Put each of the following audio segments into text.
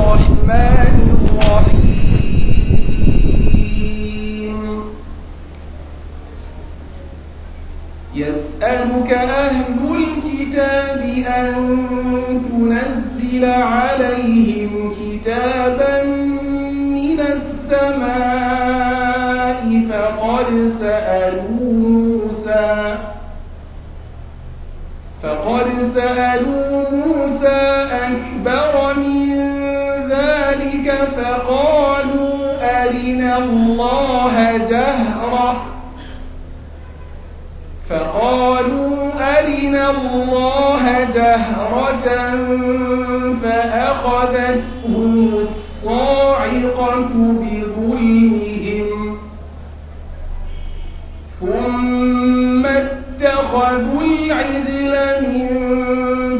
الرحمن الرحيم يسألك أهل الكتاب أن تنزل عليهم كتابا من السماء فقد سألوا موسى فقد سألوا موسى أكبر من فقالوا أرنا الله جهرة فقالوا أرنا الله جهرة فأخذتهم الصاعقة بظلمهم ثم اتخذوا العزل من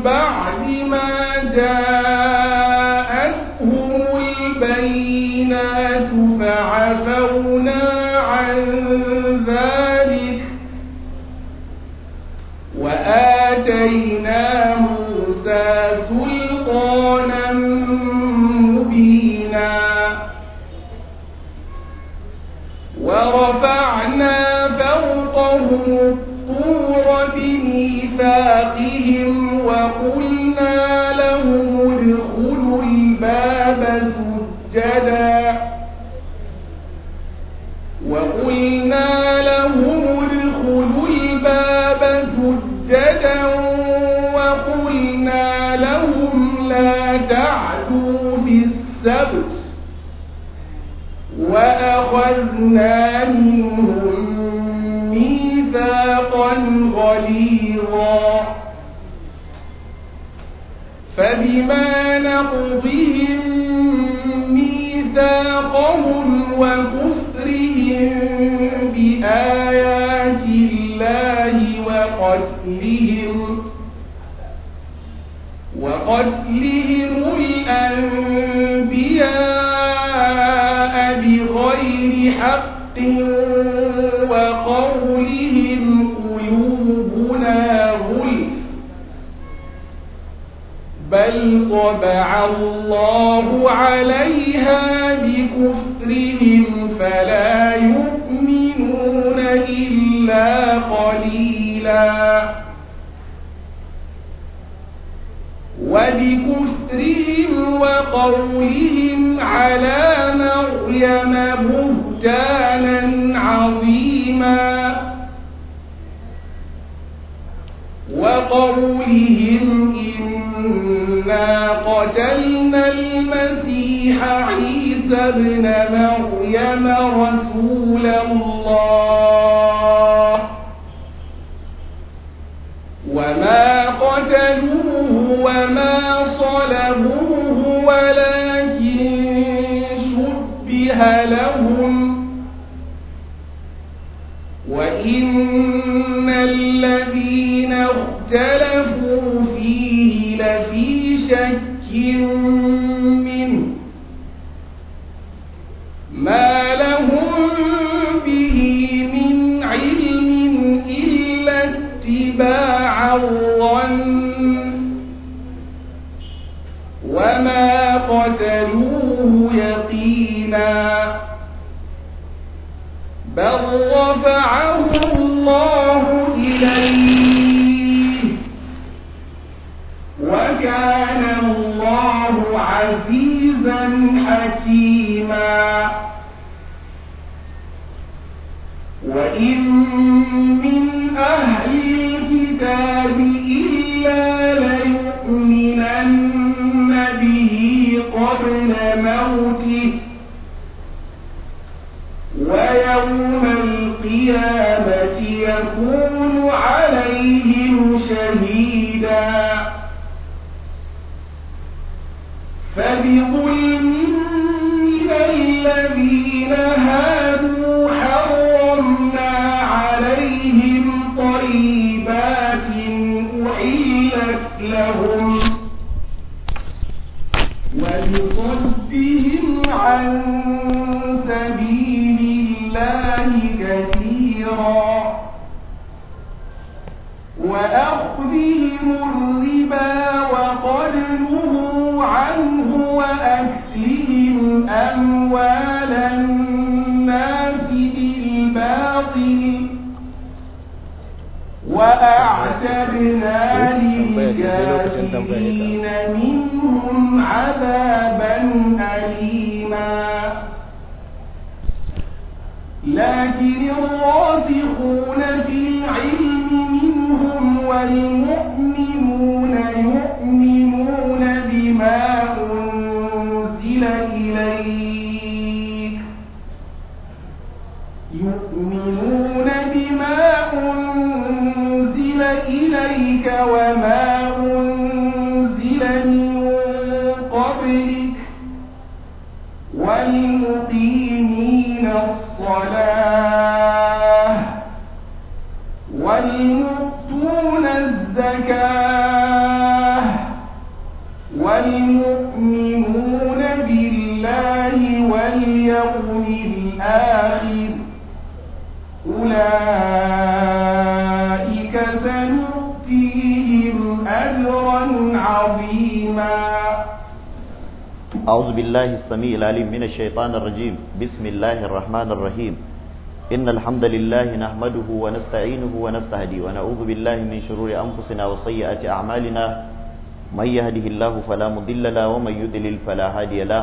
بعد ما جاءوا فعفونا عن ذلك وآتينا موسى سلطانا مبينا ورفعنا فوقه الطور بميثاقهم وقلنا لهم ادخلوا الباب سجدا السبت وأخذنا منهم ميثاقا غليظا فبما نقضهم ميثاقهم وكفرهم بآيات الله وقتلهم وقتلهم الأنبياء بغير حق وقولهم قلوبنا غلف بل طبع الله عليها بكفرهم فلا يؤمنون إلا قليلاً وبكفرهم وقولهم على مريم بهتانا عظيما وقولهم إنا قتلنا المسيح عيسى ابن مريم رسول الله وما قتلوه وما صلبوه ولكن شبه لهم وإن الذين اختلفوا فيه لفي شك وأعتدنا للكافرين منهم عذابا أليما لكن الراسخون في العلم منهم والمؤمنون يؤمنون أعوذ بالله السميع العليم من الشيطان الرجيم بسم الله الرحمن الرحيم إن الحمد لله نحمده ونستعينه ونستهدي ونعوذ بالله من شرور أنفسنا وسيئات أعمالنا من يهده الله فلا مضل له ومن يضلل فلا هادي له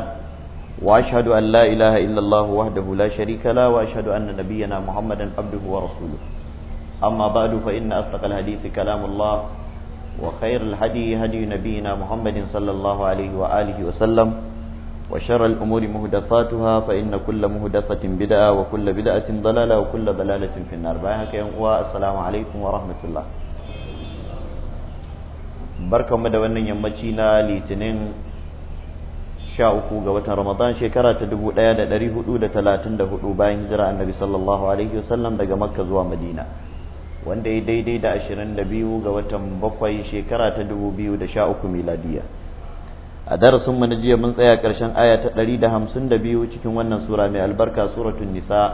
وأشهد أن لا إله إلا الله وحده لا شريك له وأشهد أن نبينا محمدا عبده ورسوله أما بعد فإن أصدق الحديث كلام الله وخير الهدي هدي نبينا محمد صلى الله عليه وآله وسلم وشر الأمور مهدفاتها فإن كل مهدفة بدعة وكل بدعة ضلالة وكل ضلالة في النار بأيهاك السلام عليكم ورحمة الله barkan mu da wannan yammaci na litinin sha uku ga watan ramadan shekara ta dubu ɗaya da ɗari hudu da talatin da hudu bayan hijira annabi sallallahu alaihi wasallam daga maka zuwa madina wanda ya daidai da ashirin da biyu ga watan bakwai shekara ta dubu biyu da sha uku a darasin mu na jiya mun tsaya ƙarshen aya ta 152 cikin wannan sura mai albarka suratun nisa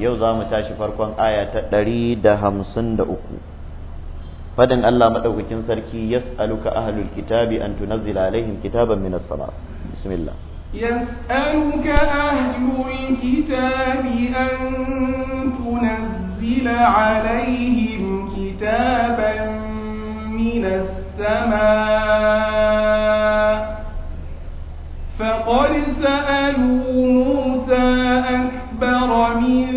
yau za mu tashi farkon aya ta 153 fadin Allah madaukakin sarki yas'aluka ahlul kitabi an tunazzila alaihim kitaban min as-sama bismillah yas'aluka ahlul kitabi an tunazzila alaihim kitaban min sama فقد سألوا موسى أكبر من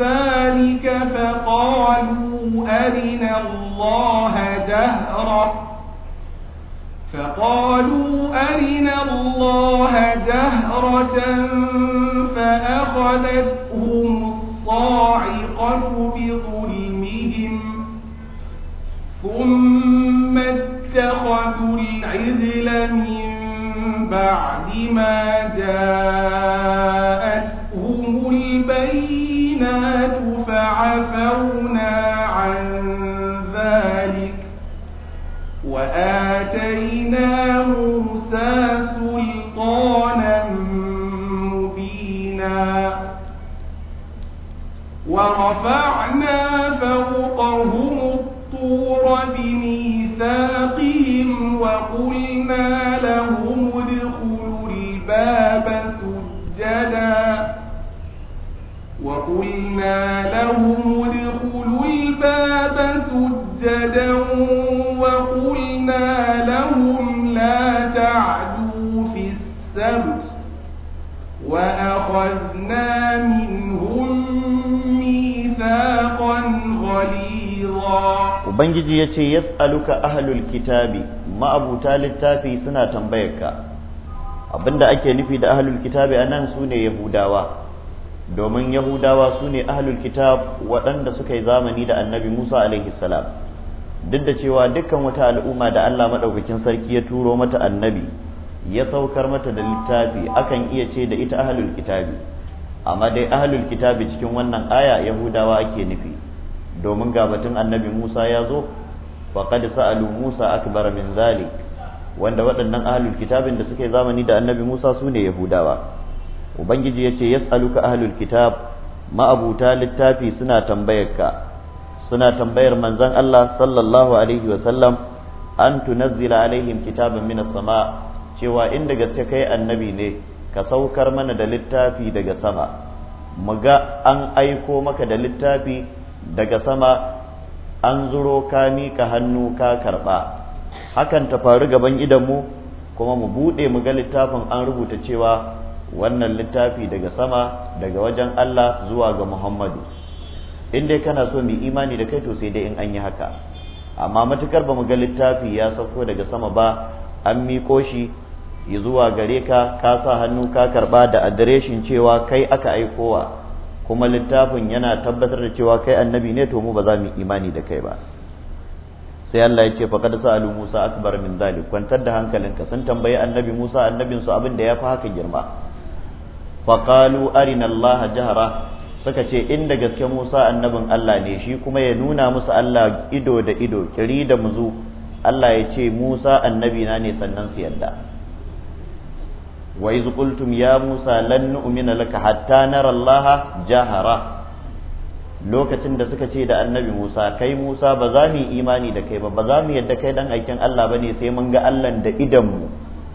ذلك فقالوا أرنا الله جهرة فقالوا أرنا الله جهرة فأخذتهم الصاعقة بظلمهم ثم اتخذوا العزل من بعد ما جاءتهم البينات فعفونا عن ذلك وآتينا موسى سلطانا مبينا ورفعنا فوقهم الطور بميثاقهم وقلنا لهم ادخلوا الباب سجدا وقلنا لهم ادخلوا الباب سجدا وقلنا لهم لا تعدوا في السبت وأخذنا منهم ميثاقا غليظا ubangiji ya ce yas'aluka ahalul kitabi ma'abuta littafi suna tambayarka abinda ake nufi da ahalul kitabi anan su ne yahudawa domin yahudawa su ne ahalul kitab waɗanda suka yi zamani da annabi musa alaihi salam duk da cewa dukkan wata al'umma da allah maɗaukakin sarki ya turo mata annabi ya saukar mata da littafi akan iya ce da ita ahalul kitabi amma dai ahalul kitabi cikin wannan aya yahudawa ake nufi domin gabatun annabi Musa ya zo faqad sa'alu Musa akbar min zalik wanda waɗannan ahlul kitabin da suke zamani da annabi Musa su ne Yahudawa ubangiji ya ce yas'aluka ahlul kitab ma'abuta littafi suna tambayarka suna tambayar manzon Allah sallallahu alaihi wa sallam an tunazzila alaihim kitaban minas sama cewa inda gaske kai annabi ne ka saukar mana da littafi daga sama mu ga an aiko maka da littafi daga sama an zuro ka mika hannu ka karba hakan ta faru gaban idanmu kuma mu bude mu ga littafin an rubuta cewa wannan littafi daga sama daga wajen Allah zuwa ga Muhammadu in dai kana so mu imani da kai to sai dai in an yi haka amma matukar ba mu ga littafi ya sauko daga sama ba an miko shi zuwa gare ka ka sa hannu ka karba da adireshin cewa kai aka aikowa kuma littafin yana tabbatar da cewa kai annabi ne to mu ba za mu imani da kai ba sai Allah ya ce faqad sa'alu Musa akbar min zalik kwantar da hankalinka sun tambayi annabi Musa annabin su abin da ya fi haka girma faqalu arina Allah jahra suka ce inda gaske Musa annabin Allah ne shi kuma ya nuna musu Allah ido da ido kiri da muzu Allah ya ce Musa annabi na ne sannan su yadda wa iz qultum ya musa lan nu'mina laka hatta nara allaha jahara lokacin da suka ce da annabi Musa kai Musa ba za mu imani da kai ba ba za mu yadda kai dan aikin Allah bane sai mun ga Allah da mu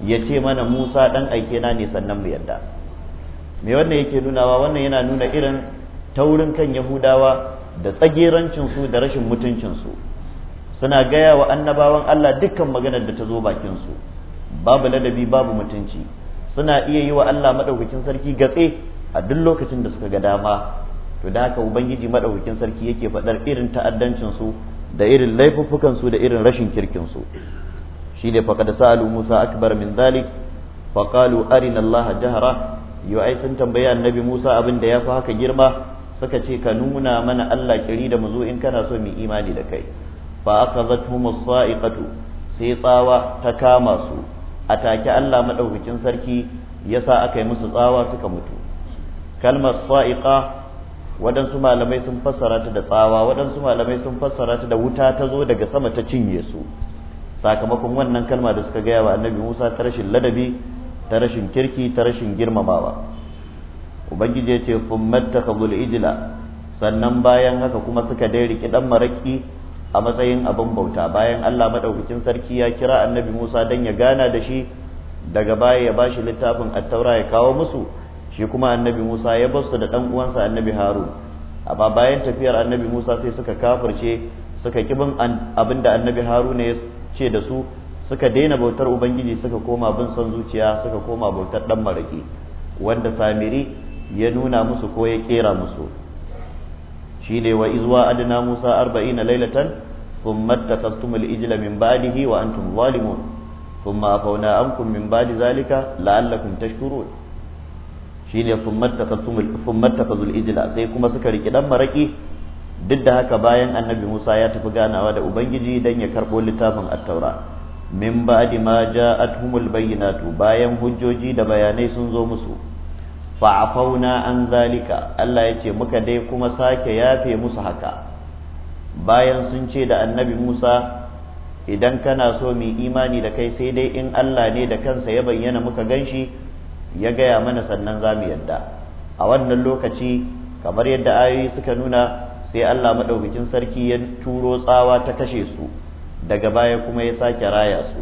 ya ce mana Musa dan aike na ne sannan mu yadda me wannan yake nunawa wannan yana nuna irin taurin kan Yahudawa da tsagerancin su da rashin mutuncin su suna gaya wa annabawan Allah dukkan maganar da ta zo bakin su babu ladabi babu mutunci suna iya yi wa Allah maɗaukakin sarki gatse a duk lokacin da suka ga dama to da haka ubangiji maɗaukakin sarki yake faɗar irin ta'addancin su da irin laifuffukan su da irin rashin kirkin su shi ne faqad sa'alu Musa akbar min zalik faqalu arina Allah jahra yau ai sun tambayi annabi Musa abin da ya fi haka girma suka ce ka nuna mana Allah kiri da mu zo in kana so mu imani da kai fa akhadhatuhum as-sa'iqatu sai tsawa ta kama su a take Allah madaukakin sarki ya sa aka yi musu tsawa suka mutu kalmar sa'iqa waɗansu malamai sun fassara ta da tsawa waɗansu malamai sun fassara ta da wuta ta zo daga sama ta cinye su sakamakon wannan kalma da suka gaya wa annabi Musa ta rashin ladabi ta rashin kirki ta rashin girmamawa ubangiji ya ce fummattakhadhul ijila sannan bayan haka kuma suka dai riki dan maraki a matsayin abin bauta bayan Allah madaukakin sarki ya kira annabi Musa dan ya gana da shi daga baya ya ba shi littafin attaura ya kawo musu shi kuma annabi Musa ya basu da ɗan uwansa annabi Harun amma bayan tafiyar annabi Musa sai suka kafirce suka kibin abin da annabi Haruna ya ce da su suka daina bautar ubangiji suka koma bin son zuciya suka koma bautar ɗan maraƙi wanda Samiri ya nuna musu ko ya kera musu shine wa izwa adna musa arba'ina lailatan, sun takastum al-ijla min ba'dihi wa antum zalimun thumma afawna ankum min ba'di zalika la'allakum tashkurun shine thumma takastum thumma takazul sai kuma suka riki ɗan maraki duk da haka bayan annabi musa ya tafi ganawa da ubangiji dan ya karɓo littafin Attaura, taura min ba'di ma ja'atuhumul bayyinatu bayan hujjoji da bayanai sun zo musu fa'afauna an zalika Allah ya ce muka dai kuma sake yafe musu haka bayan sun ce da annabi Musa idan kana so mu imani da kai sai dai in Allah ne da kansa ya bayyana muka ganshi ya gaya mana sannan za mu yadda a wannan lokaci kamar yadda ayoyi suka nuna sai Allah maɗaukakin sarki ya turo tsawa ta kashe su daga baya kuma ya sake raya su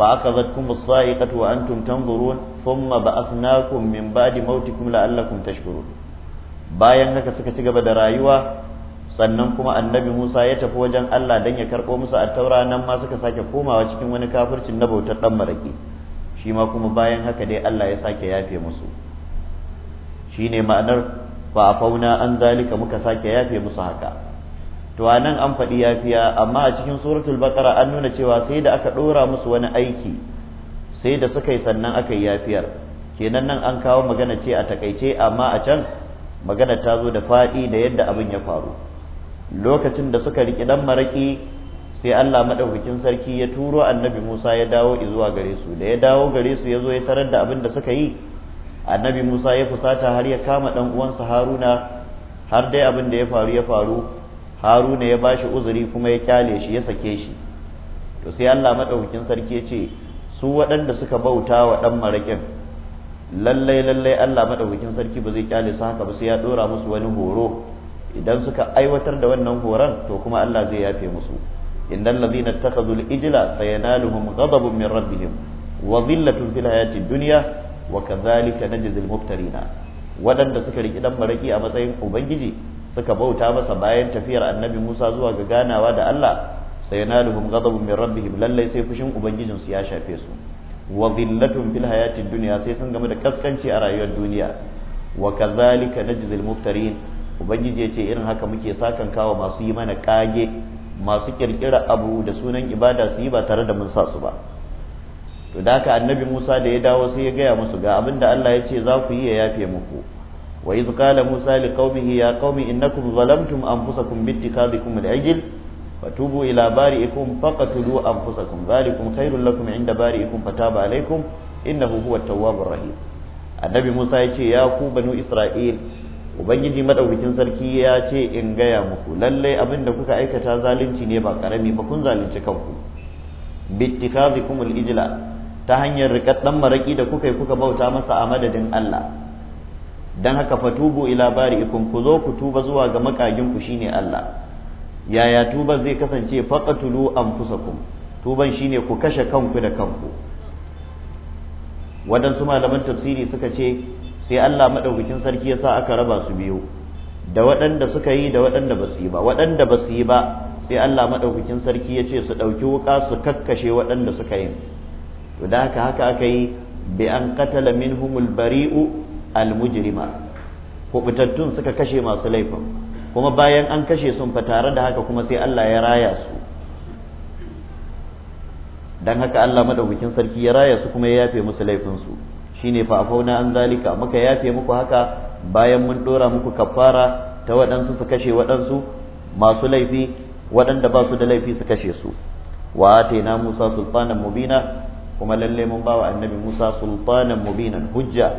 fa aka su as-sa'iqatu wa antum tanzurun thumma ba'athnakum min ba'di mautikum la'allakum tashkurun bayan haka suka ci gaba da rayuwa sannan kuma annabi Musa ya tafi wajen Allah dan ya karɓo musu attaura nan ma suka sake komawa cikin wani kafircin na bautar dan maraki shi ma kuma bayan haka dai Allah ya sake yafe musu shine ma'anar fa fauna an zalika muka sake yafe musu haka to anan an faɗi yafiya amma a cikin suratul baqara an nuna cewa sai da aka ɗora musu wani aiki sai da suka yi sannan aka yi yafiyar kenan nan an kawo magana ce a takaice amma a can magana ta zo da faɗi da yadda abin ya faru lokacin da suka riƙi ɗan maraƙi sai Allah maɗaukakin sarki ya turo annabi Musa ya dawo zuwa gare su da ya dawo gare su ya zo ya tarar da abin da suka yi annabi Musa ya fusata har ya kama ɗan uwansa Haruna har dai abin da ya faru ya faru Haruna ya bashi uzuri kuma ya kyale shi ya sake shi to sai Allah maɗaukakin sarki ya ce su waɗanda suka bauta wa ɗan maraƙin lallai lallai Allah maɗaukakin sarki ba zai kyale su haka ba sai ya ɗora musu wani horo idan suka aiwatar da wannan horon to kuma Allah zai yafe musu innal ladhina ittakhadhu al-ijla sayanaluhum ghadabun min rabbihim wa dhillatun fil hayati dunya wa kadhalika najzil mubtarina waɗanda suka riki dan maraki a matsayin ubangiji suka bauta masa bayan tafiyar annabi Musa zuwa ga ganawa da Allah sayanaluhum ghadabun min rabbihim lallai sai fushin ubangijin su ya shafe su wa dhillatun fil hayatid dunya sai sun game da kaskanci a rayuwar duniya wa kadhalika najzil muftarin ubangiji yace irin haka muke sakan kawo masu yi mana kage masu kirkira abu da sunan ibada su yi ba tare da mun sa su ba to da haka annabi Musa da ya dawo sai ya gaya musu ga abin da Allah ya ce za ku yi ya yafe muku وإذ قال موسى لقومه يا قوم إنكم bi أنفسكم باتخاذكم العجل fatubu ila bari'ikum faqatulu anfusakum zalikum khairul lakum inda bari'ikum fataba alaikum innahu huwa tawwabur rahim annabi Musa ya ce ya ku Isra'il ubangiji madaukakin sarki ya ce in gaya muku lallai abin da kuka aikata zalunci ne ba karami ba kun zalunci kanku bittikazikum al-ijla ta hanyar riƙar dan maraki da kuka yi kuka bauta masa a madadin Allah dan haka fatubu ila bari'ikum ku zo ku tuba zuwa ga makaginku shine Allah yaya tuban zai kasance an anfusakum tuban shine ku kashe kanku da kanku waɗansu malaman tafsiri suka ce sai Allah madaukakin sarki yasa aka raba su biyu da waɗanda suka yi da waɗanda ba su yi ba waɗanda ba su yi ba sai Allah maɗaukakin sarki ya ce su ɗauki wuƙa su kakkashe waɗanda suka yi to da haka haka aka yi bi an qatala minhumul bari'u al mujrima kubutattun suka kashe masu laifin kuma bayan an kashe sun fa tare da haka kuma sai Allah ya raya su dan haka Allah madaukakin sarki ya raya su kuma ya yafe musu laifin su shine fa afauna an zalika muka yafe muku haka bayan mun dora muku kafara ta waɗansu su kashe waɗansu masu laifi waɗanda ba su da laifi su kashe su wa ataina Musa sultanan mubina kuma lalle mun bawa annabi Musa sultanan mubinan hujja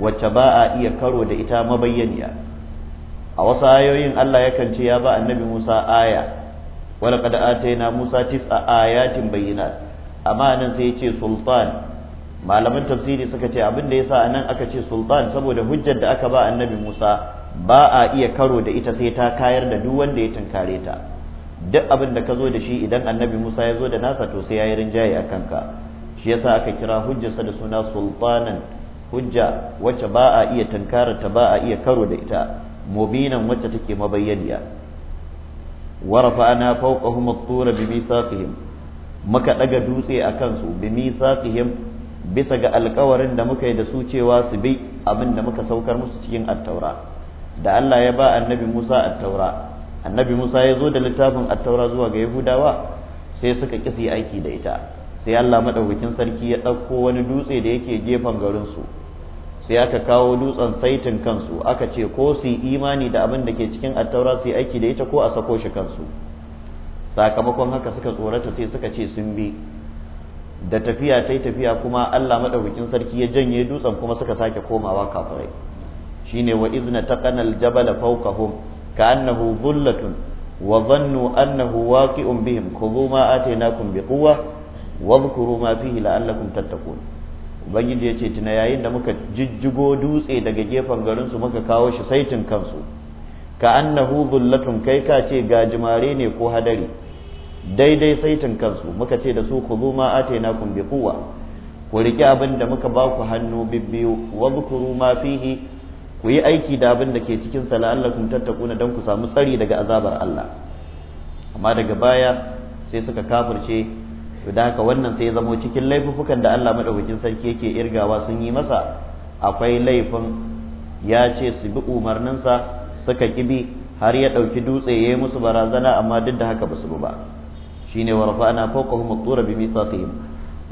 wacce ba a iya karo da ita mabayyaniya a wasu ayoyin Allah ya ce ya ba annabi Musa aya wala qad ataina Musa tis'a ayatin bayyana. amma nan sai yace sultan malaman tafsiri suka ce abin da yasa anan aka ce sultan saboda hujjar da aka ba annabi Musa ba a iya karo da ita sai ta kayar da duk wanda ya tunkare ta duk abin da ka zo da shi idan annabi Musa ya zo da nasa to sai yayi rinjaye a kanka shi yasa aka kira hujjarsa da suna sultanan hujja wacce ba a iya tunkararta ba a iya karo da ita mubinan wacce take mabayyaniya wa rafa'ana fawqahum at-tura bi mithaqihim muka daga dutse akan su bi mithaqihim bisa ga alkawarin da muka yi da su cewa su bi abin da muka saukar musu cikin at-taura da Allah ya ba annabi Musa at-taura annabi Musa ya zo da littafin at-taura zuwa ga Yahudawa sai suka kisi aiki da ita sai Allah madaukakin sarki ya ɗauko wani dutse da yake gefen garin su sai aka kawo dutsen saitin kansu aka ce ko su imani da abin da ke cikin attaura su aiki da ita ko a sako shi kansu sakamakon haka suka tsorata sai suka ce sun bi da tafiya sai tafiya kuma Allah madaukakin sarki ya janye dutsen kuma suka sake komawa kafirai shine wa izna taqana al fawqahum ka'annahu dhullatun wa dhannu annahu waqi'un bihim khudhu ma atainakum biquwwa wadhkuru ma fihi la'allakum tattaqun ubangiji ya ce tuna yayin da muka jijjigo dutse daga gefen garinsu muka kawo shi saitin kansu ka annahu zullatun kai ka ce gajimare ne ko hadari daidai saitin kansu muka ce da su ku zo ma atena kun bi kuwa ku riƙe abinda muka ba ku hannu bibbiyu wa bukuru ma fihi ku yi aiki da abin da ke cikin sa la'allakum na dan ku samu tsari daga azabar Allah amma daga baya sai suka kafirce to da haka wannan sai zamo cikin laifukan da Allah madaukakin sarki yake irgawa sun yi masa akwai laifin ya ce su bi umarninsa suka kibi har ya ɗauki dutse ya yi musu barazana amma duk da haka ba su ba shine wa rafa'na fawqahum at bi mithaqihim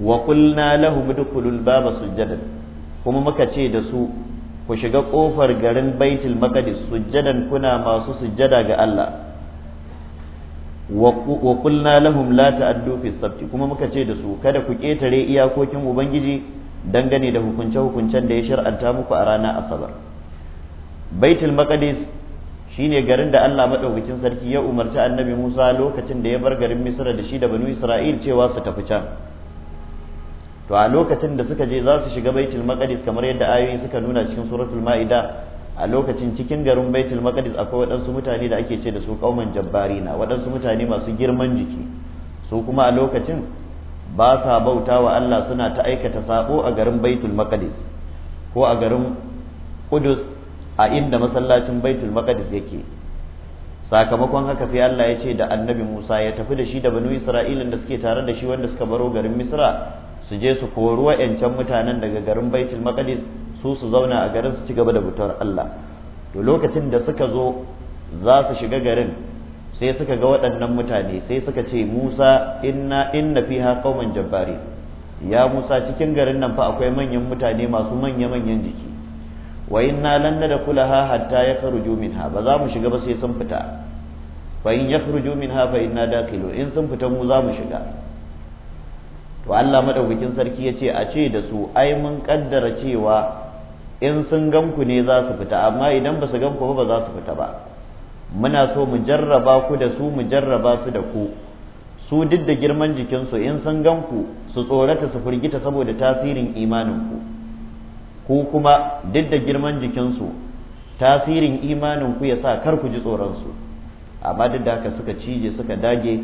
wa qulna lahum dukhulul baba sujadan kuma muka ce da su ku shiga kofar garin baitul maqdis sujadan kuna masu sujada ga Allah wa qulna lahum la ta'addu fi sabti kuma muka ce da su kada ku ketare iyakokin ubangiji dangane da hukunce hukuncen da ya shar'anta muku a rana asabar baitul maqdis shine garin da Allah madaukakin sarki ya umarci annabi Musa lokacin da ya bar garin Misra da shi da banu Isra'il cewa su tafi can to a lokacin da suka je za su shiga baitul maqdis kamar yadda ayoyi suka nuna cikin suratul ma'ida a lokacin cikin garin baitul maqdis akwai waɗansu mutane da ake ce da su kauman na waɗansu mutane masu girman jiki su kuma a lokacin ba sa bauta wa Allah suna ta aikata sabo a garin baitul maqdis ko a garin ƙudus a inda masallacin baitul maqdis yake sakamakon haka sai Allah ya ce da annabi Musa ya tafi da shi da banu Isra'ilan da suke tare da shi wanda suka baro garin Misra su je su kori wa'yancan mutanen daga garin Baitul Maqdis su su zauna a garin su ci gaba da butar Allah to lokacin da suka zo za su shiga garin sai suka ga waɗannan mutane sai suka ce Musa inna inna fiha qauman jabbari ya Musa cikin garin nan fa akwai manyan mutane masu manya manyan jiki wa inna lan nadkhulaha hatta yakhruju minha ba za mu shiga ba sai sun fita fa in yakhruju minha fa inna dakhilu in sun fita mu za mu shiga to Allah madaukakin sarki yace a ce da su ai mun kaddara cewa in sun ganku ne za su fita amma idan ba su gan ku ba za su fita ba muna so mu jarraba ku da su mu jarraba su da ku su duk da girman jikinsu in sun ganku su tsorata su firgita saboda tasirin imaninku ku kuma duk da girman jikinsu tasirin imaninku ya sa kar ku ji tsoronsu amma duk da haka suka cije suka dage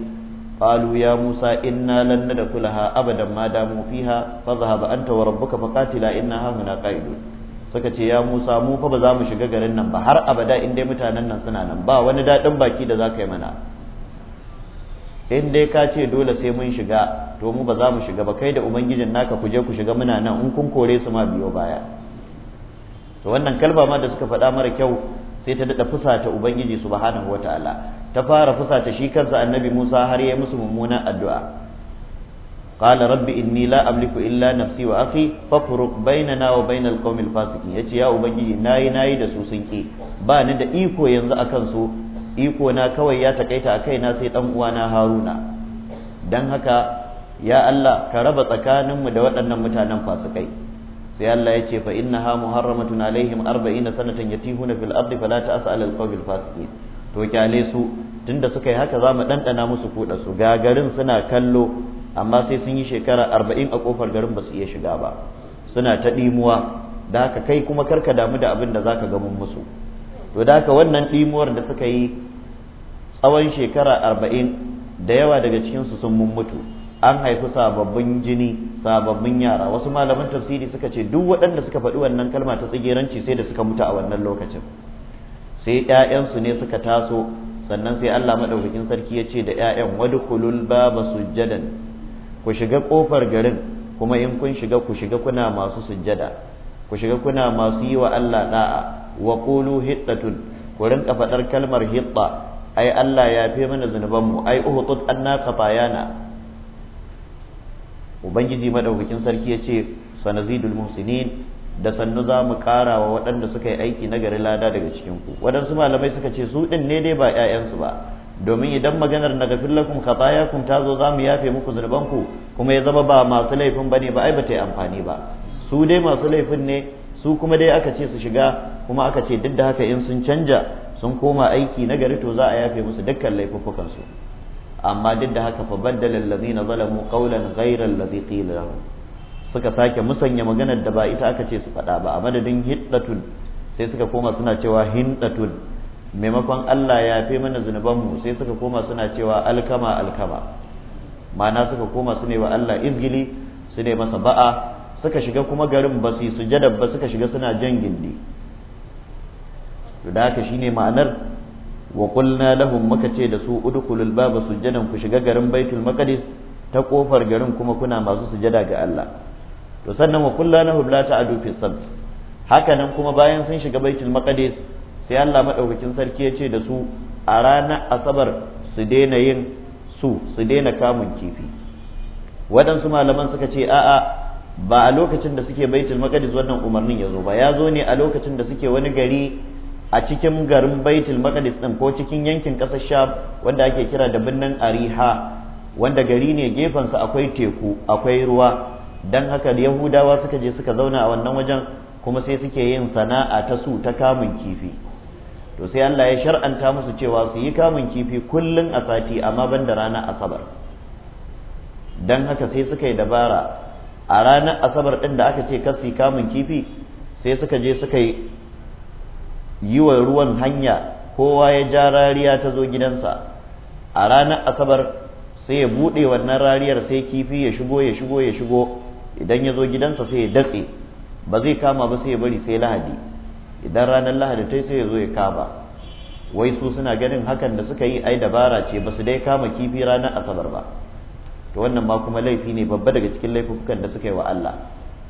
قالوا يا موسى إنا لن ندخلها أبدا ما داموا فيها فاذهب أنت وربك فقاتلا إنا هاهنا قائدون suka ce ya Musa mu fa ba za mu shiga garin nan ba har abada in dai mutanen nan suna nan ba wani daɗin baki da za ka yi mana in dai ka ce dole sai mun shiga to mu ba za mu shiga ba kai da ubangijin naka ku je ku shiga muna nan in kun kore su ma biyo baya to wannan kalba ma da suka faɗa mara kyau sai ta daɗa fusata ubangiji subhanahu wataala ta fara fusata shi kansa annabi Musa har ya yi musu mummunan addu'a قال رب إني لا أملك إلا نفسي وأخي فافرق بيننا وبين القوم الفاسقين يتي يا ubangiji nayi nayi da su sun ki ba ni da iko yanzu akan su iko na kawai ya takaita a kaina sai dan uwana Haruna dan haka ya Allah ka raba tsakaninmu da waɗannan mutanen fasikai sai Allah ya ce fa innaha muharramatun alaihim 40 sanatan yatihuna fil ardi fala ta'sa alal qawmil fasiqin to kyale su tunda suka yi haka za mu ɗanɗana musu kuɗa su gagarin suna kallo amma sai sun yi shekara arba'in a kofar garin ba su iya shiga ba suna ta ɗimuwa da haka kai kuma karka damu da abin da zaka ga mun musu to da haka wannan ɗimuwar da suka yi tsawon shekara arba'in da yawa daga cikinsu sun mummutu an haifi sababbin jini sababbin yara wasu malaman tafsiri suka ce duk waɗanda suka faɗi wannan kalma ta tsigeranci sai da suka mutu a wannan lokacin sai ƴaƴansu ne suka taso sannan sai Allah madaukakin sarki ya ce da ƴaƴan wadkhulul baba sujjadan ku shiga kofar garin kuma in kun shiga ku shiga kuna masu sujjada ku shiga kuna masu yi wa Allah da'a wa qulu hiddatun ku rinka fadar kalmar hidda ai Allah ya fi mana mu ai uhutut anna khatayana ubangiji madaukakin sarki ya ce sanazidul muhsinin da sannu za mu kara wa waɗanda suka yi aiki na gari lada daga cikin ku waɗansu malamai suka ce su ɗin ne dai ba 'ya'yansu ba domin idan maganar na gafir lakum kun ta zo zamu yafe muku zunubanku kuma ya zama ba masu laifin bane ba ai ba ta yi amfani ba su dai masu laifin ne su kuma dai aka ce su shiga kuma aka ce duk da haka in sun canja sun koma aiki na gari to za a yafe musu dukkan laifuffukan su amma duk da haka fa baddala allazina zalamu qawlan ghayra allazi qila suka sake musanya maganar da ba ita aka ce su faɗa ba a madadin hiddatun sai suka koma suna cewa hindatun maimakon Allah ya fi mana zunubanmu sai suka koma suna cewa alkama alkama ma'ana suka koma su ne wa Allah izgili su ne masa ba'a suka shiga kuma garin ba su sujada ba suka shiga suna jan gindi da haka shine ma'anar wa kulna lahum muka ce da su udkhulul baba sujadan ku shiga garin baitul maqdis ta kofar garin kuma kuna masu sujada ga Allah to sannan wa qulna lahum la ta'adu fi sabt haka kuma bayan sun shiga baitul maqdis sai Allah madaukakin sarki ya ce da su a ranar asabar su daina yin su su daina kamun kifi waɗansu malaman suka ce a'a ba a lokacin da suke baitul maqdis wannan umarnin ya zo ba ya zo ne a lokacin da suke wani gari a cikin garin baitul maqdis din ko cikin yankin ƙasar sham wanda ake kira da birnin ariha wanda gari ne gefensa akwai teku akwai ruwa dan haka yahudawa suka je suka zauna a wannan wajen kuma sai suke yin sana'a ta su ta kamun kifi to sai Allah ya shar'anta musu cewa su yi kamun kifi kullun a sati amma ban da ranar asabar dan haka sai suka yi dabara a ranar asabar ɗin da aka ce kasi kamun kifi sai suka je suka yi wa ruwan hanya kowa ya ja rariya ta zo gidansa a ranar asabar sai ya buɗe wannan rariyar sai kifi ya shigo ya shigo ya shigo idan ya zo gidansa sai ya datse ba zai kama ba sai ya bari sai lahadi idan ranar lahadi ta sai ya zo ya kama wai su suna ganin hakan da suka yi ai dabara ce ba su dai kama kifi ranar asabar ba to wannan ma kuma laifi ne babba daga cikin laifukan da suka yi wa Allah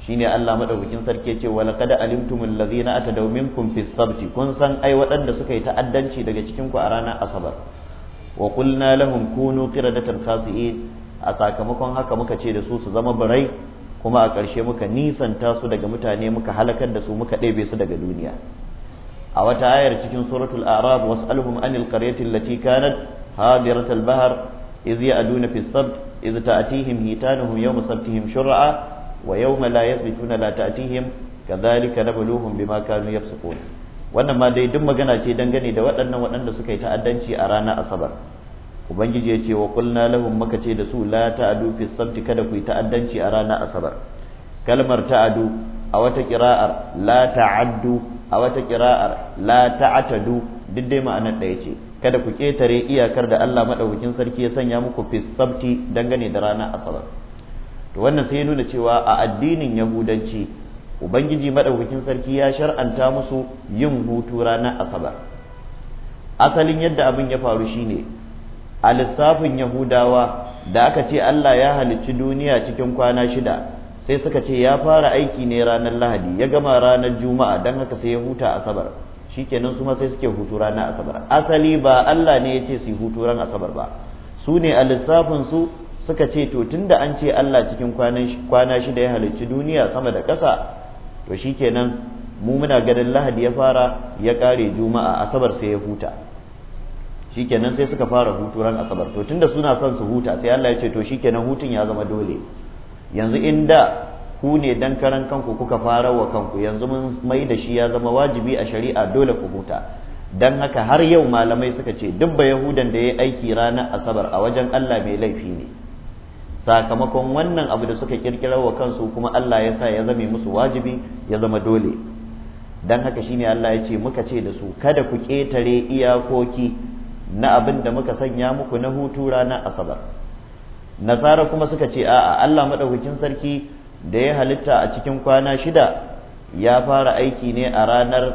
Shi ne Allah madaukakin sarki ce wa laqad alimtumul ladzina atadaw minkum fis sabti kun san ai waɗanda suka yi ta'addanci daga cikin ku a ranar asabar wa qulna lahum kunu qiradatan khasi'in a sakamakon haka muka ce da su su zama birai kuma a ƙarshe muka nisanta su daga mutane muka halakar da su muka ɗebe su daga duniya a wata ayar cikin suratul arab wasu anil qaryati allati kanat hadirat al-bahr idh ya'duna fi as-sabt idh ta'tihim hitanuhum yawma sabtihim shur'a wa yawma la yasbituna la ta'tihim kadhalika nabluhum bima kanu yafsukun wannan ma dai duk magana ce dangane da waɗannan waɗanda suka yi ta'addanci a ranar asabar ubangiji ya ce wa kulna lahum muka ce da su la ta'adu fi sabti kada ku yi ta'addanci a rana asabar kalmar ta'adu a wata kira'ar la ta'addu a wata kira'ar la ta'atadu duk dai ma'anar ɗaya ce kada ku ketare iyakar da Allah madaukakin sarki ya sanya muku fi sabti dangane da rana asabar to wannan sai ya nuna cewa a addinin yahudanci ubangiji madaukakin sarki ya shar'anta musu yin hutu rana asabar asalin yadda abin ya faru shine a lissafin yahudawa da aka ce Allah ya halicci duniya cikin kwana shida sai suka ce ya fara aiki ne ranar lahadi ya gama ranar juma'a don haka sai ya huta asabar shikenan su sai suke hutu ranar asabar asali ba Allah ne ya ce su hutu ran asabar ba su ne a lissafin su suka ce to tunda an ce Allah cikin kwana shida ya halicci duniya sama da ƙasa to shikenan mu muna ganin lahadi ya fara ya kare juma'a asabar sai ya huta shikenan sai suka fara hutu ran asabar to tunda suna son su huta sai Allah ya ce to shikenan hutun ya zama dole yanzu inda ku ne dan karan kanku kuka fara wa kanku yanzu mun mai da shi ya zama wajibi a shari'a dole ku huta dan haka har yau malamai suka ce duk ba yahudan da ya aiki ranar asabar a wajen Allah mai laifi ne sakamakon wannan abu da suka kirkira wa kansu kuma Allah ya sa ya zame musu wajibi ya zama dole dan haka shine Allah ya ce muka ce da su kada ku ketare iyakoki na abin da muka sanya muku na hutu ranar asabar nasara kuma suka ce a'a Allah maɗaukakin sarki da ya halitta a cikin kwana shida ya fara aiki ne a ranar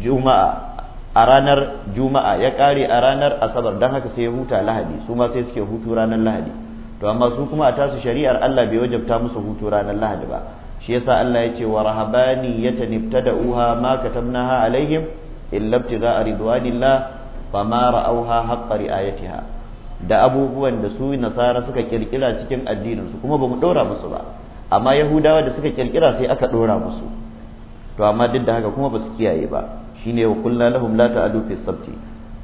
juma'a a ranar juma'a ya ƙare a ranar asabar don haka sai ya huta lahadi su ma sai suke hutu ranar lahadi to amma su kuma a tasu shari'ar Allah bai wajabta musu hutu ranar lahadi ba shi yasa Allah ya ce wa da uha ma katabnaha alaihim illa a ridwanillah fama ra'auha a ri'ayatiha da abubuwan da su nasara suka kirkira cikin addinin su kuma bamu ɗora musu ba amma yahudawa da suka kirkira sai aka ɗora musu to amma duk da haka kuma ba su kiyaye ba shine wa kullu lahum la ta'adu fi sabti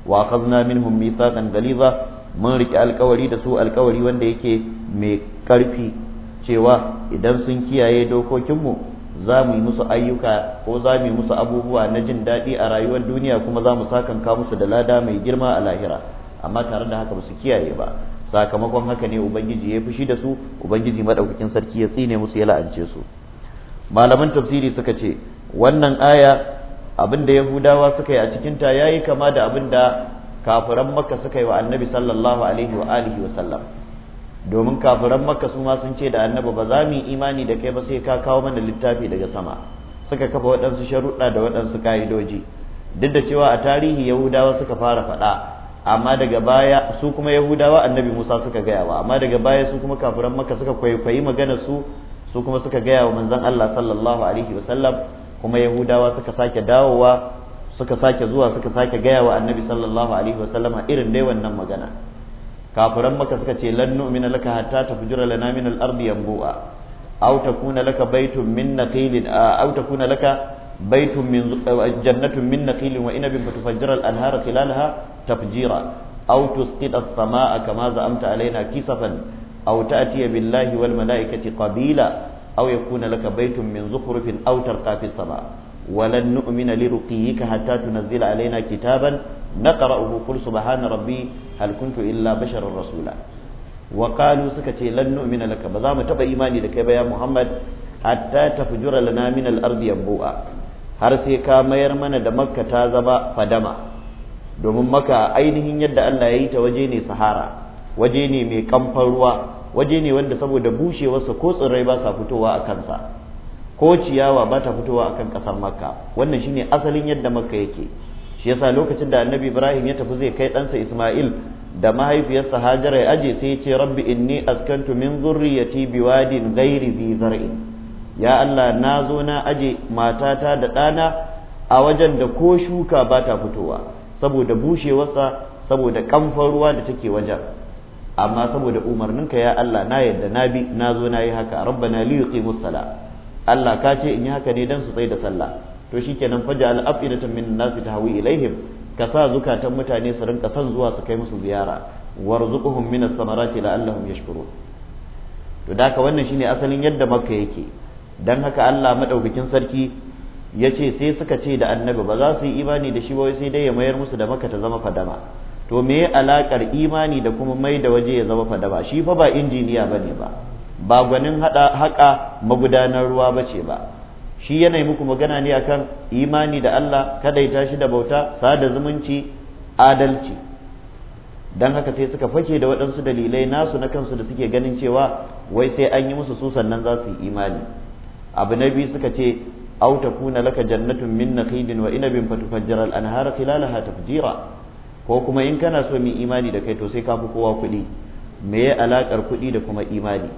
wa akhadna minhum mithaqan ghaliza mun rike alkawari da su alkawari wanda yake mai karfi cewa idan sun kiyaye dokokinmu za mu yi musu ayyuka ko za mu yi musu abubuwa na jin daɗi a rayuwar duniya kuma za mu sakanka musu da lada mai girma a lahira amma tare da haka ba su kiyaye ba sakamakon haka ne ubangiji ya fushi da su ubangiji maɗaukakin sarki ya tsine musu ya la'ance su malaman tafsiri suka ce wannan aya abin da yahudawa suka yi a cikin ta yayi kama da abin da kafiran makka suka yi wa annabi sallallahu alaihi wa alihi wa sallam domin kafiran makka su ma sun ce da annabi ba za mu yi imani da kai ba sai ka kawo mana littafi daga sama suka kafa waɗansu sharuɗa da waɗansu ƙa'idoji duk da cewa a tarihi yahudawa suka fara faɗa amma daga baya su kuma yahudawa annabi musa suka gaya wa amma daga baya su kuma kafiran makka suka kwaikwayi magana su su kuma suka gaya wa manzon allah sallallahu alaihi wasallam kuma yahudawa suka sake dawowa suka sake zuwa suka sake gaya wa annabi sallallahu alaihi wasallam irin dai wannan magana kafiran maka suka ce lan nu'mina laka hatta tafjura lana min al-ardi yanbu'a aw takuna laka baytun min naqilin aw takuna laka baytun min jannatun min naqilin wa inabin fatufajjira al-anhara khilalaha tafjira aw tusqita as-samaa'a kama za'amta alaina kisafan aw ta'tiya billahi wal mala'ikati qabila aw yakuna laka baytun min zukhrufin aw tarqa fis sama' ولن نؤمن لرقيك حتى تنزل علينا كتابا نقرأه قل سبحان ربي هل كنت إلا بشرا رسولا وقالوا سكتي لن نؤمن لك بزام تبا إيماني لك يا محمد حتى تفجر لنا من الأرض ينبوءا har sai ka mayar mana da makka ta zama fadama domin maka ainihin yadda Allah ya yi ta waje ne sahara waje ne mai kamfan ruwa waje ne wanda saboda bushewarsa ko tsirrai ba sa fitowa a kansa ko ciyawa ba ta fitowa akan kasar makka wannan shine asalin yadda makka yake shi yasa lokacin da annabi ibrahim ya tafi zai kai ɗansa isma'il da mahaifiyarsa hajara ya aje sai ya ce rabbi inni askantu min zurriyati biwadin ghairi zi zar'in ya allah na zo na aje matata da ɗana a wajen da ko shuka ba ta fitowa saboda bushewarsa saboda kamfan ruwa da take wajen amma saboda umarninka ya allah na yadda na bi na zo na yi haka rabbana li yuqimus salat Allah ka ce in yi haka ne dan su tsaye da sallah to shi shikenan faja al afidatan min ta tahwi ilaihim ka sa zukatan mutane su rinka san zuwa su kai musu ziyara warzuquhum min as-samarati la'allahum yashkurun to da ka wannan shine asalin yadda makka yake dan haka Allah madaukakin sarki ya ce sai suka ce da annabi ba za su yi imani da shi ba sai dai ya mayar musu da maka ta zama fadama to me alakar imani da kuma mai da waje ya zama fadama shi fa ba injiniya bane ba ba gwanin haƙa magudanar ruwa ba ce ba shi yanayi muku magana ne akan imani da Allah kadaita tashi da bauta sada zumunci adalci don haka sai suka fake da waɗansu dalilai nasu na kansu da suke ganin cewa wai sai an yi musu su sannan za su yi imani abu na biyu suka ce au kuna laka jannatun min nakhilin wa inabin fatufajjira al-anhara khilalaha tafjira ko kuma in kana so mai imani da kai to sai ka fi kowa kuɗi me ya alakar kuɗi da kuma imani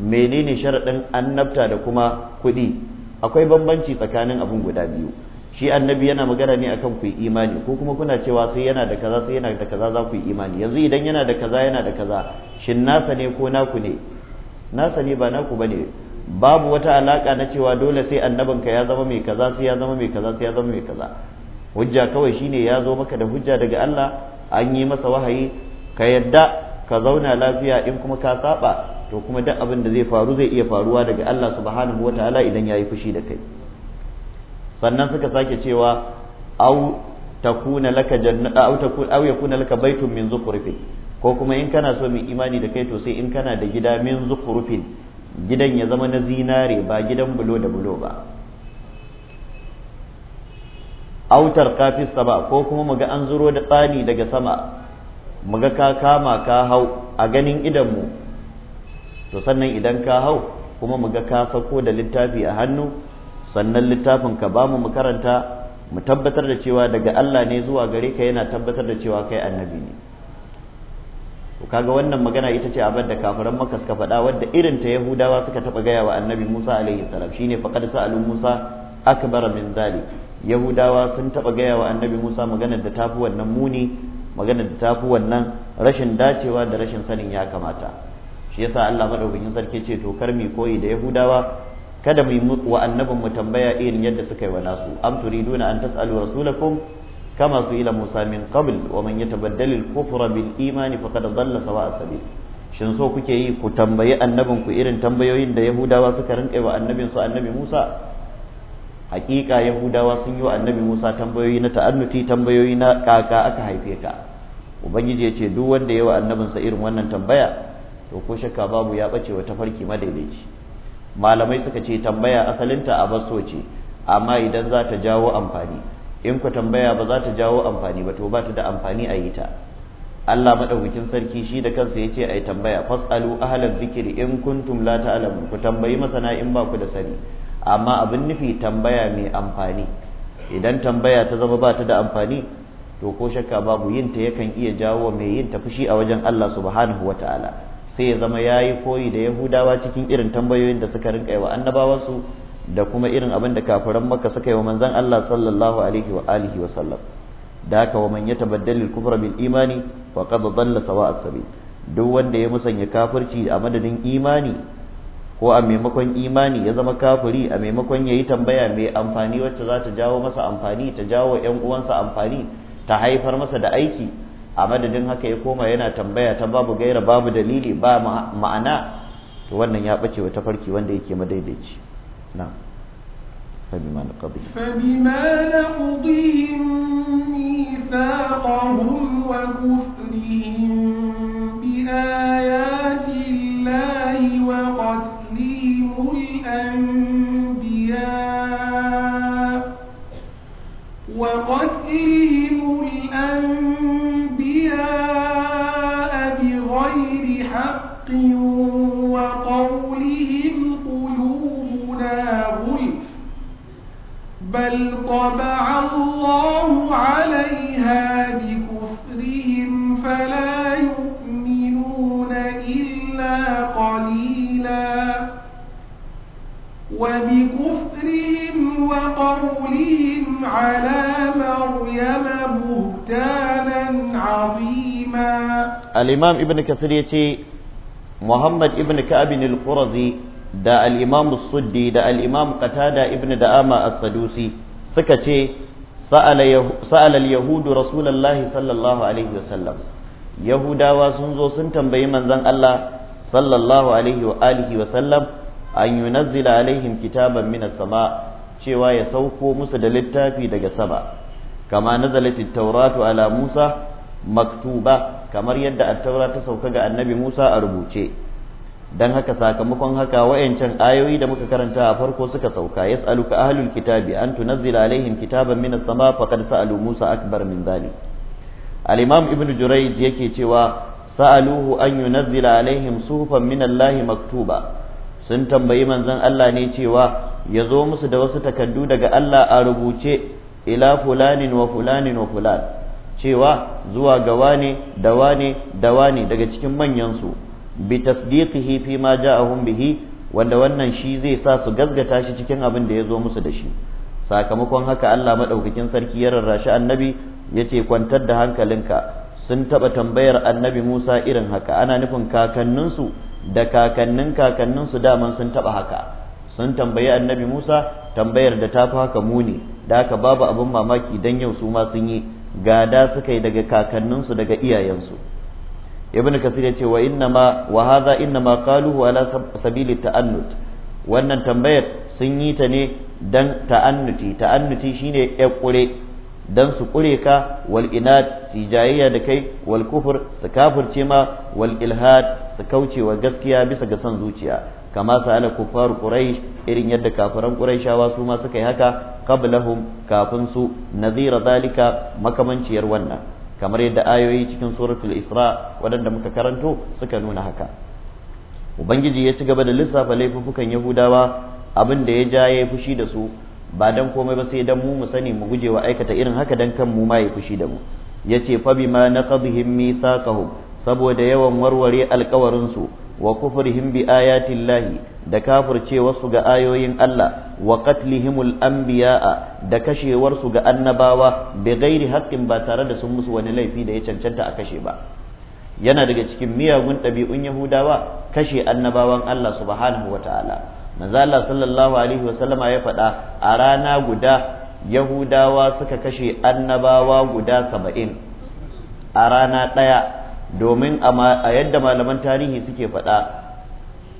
menene sharaɗin annabta da kuma kuɗi akwai bambanci tsakanin abun guda biyu shi annabi yana magana ne akan ku imani ko kuma kuna cewa sai yana da kaza sai yana da kaza za ku imani yanzu idan yana da kaza yana da kaza shin nasa ne ko naku ne nasa ne ba naku bane babu wata alaka na cewa dole sai annabinka ya zama mai kaza sai ya zama mai kaza sai ya zama mai kaza hujja kawai shine ya zo maka da hujja daga Allah an yi masa wahayi ka yadda ka zauna lafiya in kuma ka saba to kuma duk abin da zai faru zai iya faruwa daga Allah subhanahu wataala idan ya yi fushi da kai sannan suka sake cewa au ya laka laka baitun min zukhrufin ko kuma in kana so mai imani da kai to sai in kana da gida min zukhrufin gidan ya zama na zinare ba gidan bulo da bulo ba autar kafis ba ko kuma muga an zuro da tsani daga sama muga ka kama ka hau a ganin idanmu to sannan idan ka hau kuma mu ga ka sauko da littafi a hannu sannan littafin ka ba mu mu karanta mu tabbatar da cewa daga Allah ne zuwa gare ka yana tabbatar da cewa kai annabi ne to kaga wannan magana ita ce abin da kafiran Makka suka faɗa wadda irin ta Yahudawa suka taba gaya wa annabi Musa alaihi salam shine faqad sa'alu Musa akbar min dhalik Yahudawa sun taba gaya wa annabi Musa maganar da tafi wannan muni maganar da tafi wannan rashin dacewa da rashin sanin ya kamata shi yasa Allah madaukakin sarki ce to kar mi koyi da yahudawa kada mu wa annabin mu tambaya irin yadda suka yi wa nasu am turiduna an tas'alu rasulakum kama su ila musa min qabl wa man yatabaddal al-kufra bil imani faqad dhalla sawa'a sabil shin so kuke yi ku tambayi annabin ku irin tambayoyin da yahudawa suka rinka wa annabin su annabi musa hakika yahudawa sun yi wa annabi musa tambayoyi na ta'annuti tambayoyi na kaka aka haife ka ubangiji ya ce duk wanda ya wa annabinsa irin wannan tambaya to ko shakka babu ya bace wata farki madaidaici malamai suka ce tambaya asalinta a baso ce amma idan za ta jawo amfani in ku tambaya ba za ta jawo amfani ba to ba ta da amfani a yi ta Allah madaukakin sarki shi da kansa yace ai tambaya fasalu ahlal zikri in kuntum la ta'lamun ku tambayi masana in ba ku da sani amma abin nufi tambaya mai amfani idan tambaya ta zama ba ta da amfani to ko shakka babu yin ta yakan iya jawo mai yin ta fushi a wajen Allah subhanahu wataala sai ya zama ya yi koyi da yahudawa cikin irin tambayoyin da suka rinka yi wa annabawansu da kuma irin abin da kafiran makka suka yi wa manzon Allah sallallahu alaihi wa alihi wa sallam da haka wa man yatabaddal al-kufra bil imani wa faqad dhalla sawa'a sabil duk wanda ya musanya kafirci a madadin imani ko a maimakon imani ya zama kafiri a maimakon yayi tambaya mai amfani wacce za ta jawo masa amfani ta jawo yan uwansa amfani ta haifar masa da aiki a madadin haka ya koma yana tambaya ta babu gaira babu dalili ba ma'ana to wannan ya bace wata farki wanda yake madaidaici na'am فبما نقضيهم فبما نقضيهم ميثاقهم وكفرهم بآيات الله وقتلهم الأنبياء وقتلهم الأنبياء جاء بغير حق وقولهم قلوبنا غلف بل طبع الله عليها بكفرهم فلا يؤمنون إلا قليلاً وبكفرهم وقولهم على مريم بهتانا عظيما الإمام ابن كثير يتي محمد ابن كعب القرزي da al'imam suddi da al'imam qatada ibn da'ama as-sadusi suka ce sa'alal yahudu rasulallahi sallallahu yahudawa sun zo sun tambayi manzon Allah sallallahu alaihi an yunazzila alaihim kitaban minas sama cewa ya sauko musu da littafi daga sama kama nazalat at-tauratu ala Musa maktuba kamar yadda at ta sauka ga annabi Musa a rubuce dan haka sakamakon haka wayancan ayoyi da muka karanta a farko suka sauka yas'aluka ahlul kitabi an tunazzila alaihim kitaban minas sama faqad sa'alu Musa akbar min dhalik al-imam ibnu jurayj yake cewa sa'aluhu an yunazzila alaihim suhufan min allahi maktuba sun tambayi manzan Allah ne cewa ya zo musu da wasu takaddu daga Allah a rubuce ila fulanin wa fulanin wa fulan cewa zuwa ga wane da wane da wane daga cikin manyansu bi tasdiqihi fi ma ja'ahum bihi wanda wannan shi zai sa su gazgata shi cikin abin da ya zo musu da shi sakamakon haka Allah maɗaukakin sarki ya rarrashi annabi ya ce kwantar da hankalinka sun taɓa tambayar annabi Musa irin haka ana nufin kakanninsu da kakannin kakannin su daman sun taba haka sun tambayi annabi Musa tambayar da ta fi haka muni da haka babu abin mamaki dan yau su ma sun yi gada suka yi daga kakanninsu daga iyayensu ibn kasir ya ce wa ma wa hadha innama qaluhu ala sabili ta'annut wannan tambayar sun yi ta ne dan ta'annuti ta'annuti shine ya kure dan su kure ka wal inad su jayayya da kai wal kufur su kafirce ma wal ilhad su kauce wa gaskiya bisa ga son zuciya kama ala kufar quraish irin yadda kafiran quraishawa su ma suka yi haka qablahum kafin su nazira zalika makamanciyar wannan kamar yadda ayoyi cikin suratul isra wadanda muka karanto suka nuna haka ubangiji ya ci gaba da lissafa laifukan yahudawa abin da ya ja ya fushi da su ba dan komai ba sai dan mu mu sani mu guje wa aikata irin haka dan kan mu ma ya fushi da mu ya ce yace fa bima misa kahu saboda yawan warware alkawarinsu su wa kufur bi lahi da kafirce wasu ga ayoyin Allah wa qatlihimul anbiya'a da kashewarsu ga annabawa bai gairi haƙƙin ba tare da sun musu wani laifi da ya cancanta a kashe ba yana daga cikin miyagun ɗabi'un Yahudawa kashe annabawan Allah subhanahu wa ta'ala manzo Allah sallallahu alaihi wa sallama ya faɗa a rana guda yahudawa suka kashe annabawa guda saba'in a rana ɗaya domin a yadda malaman tarihi suke faɗa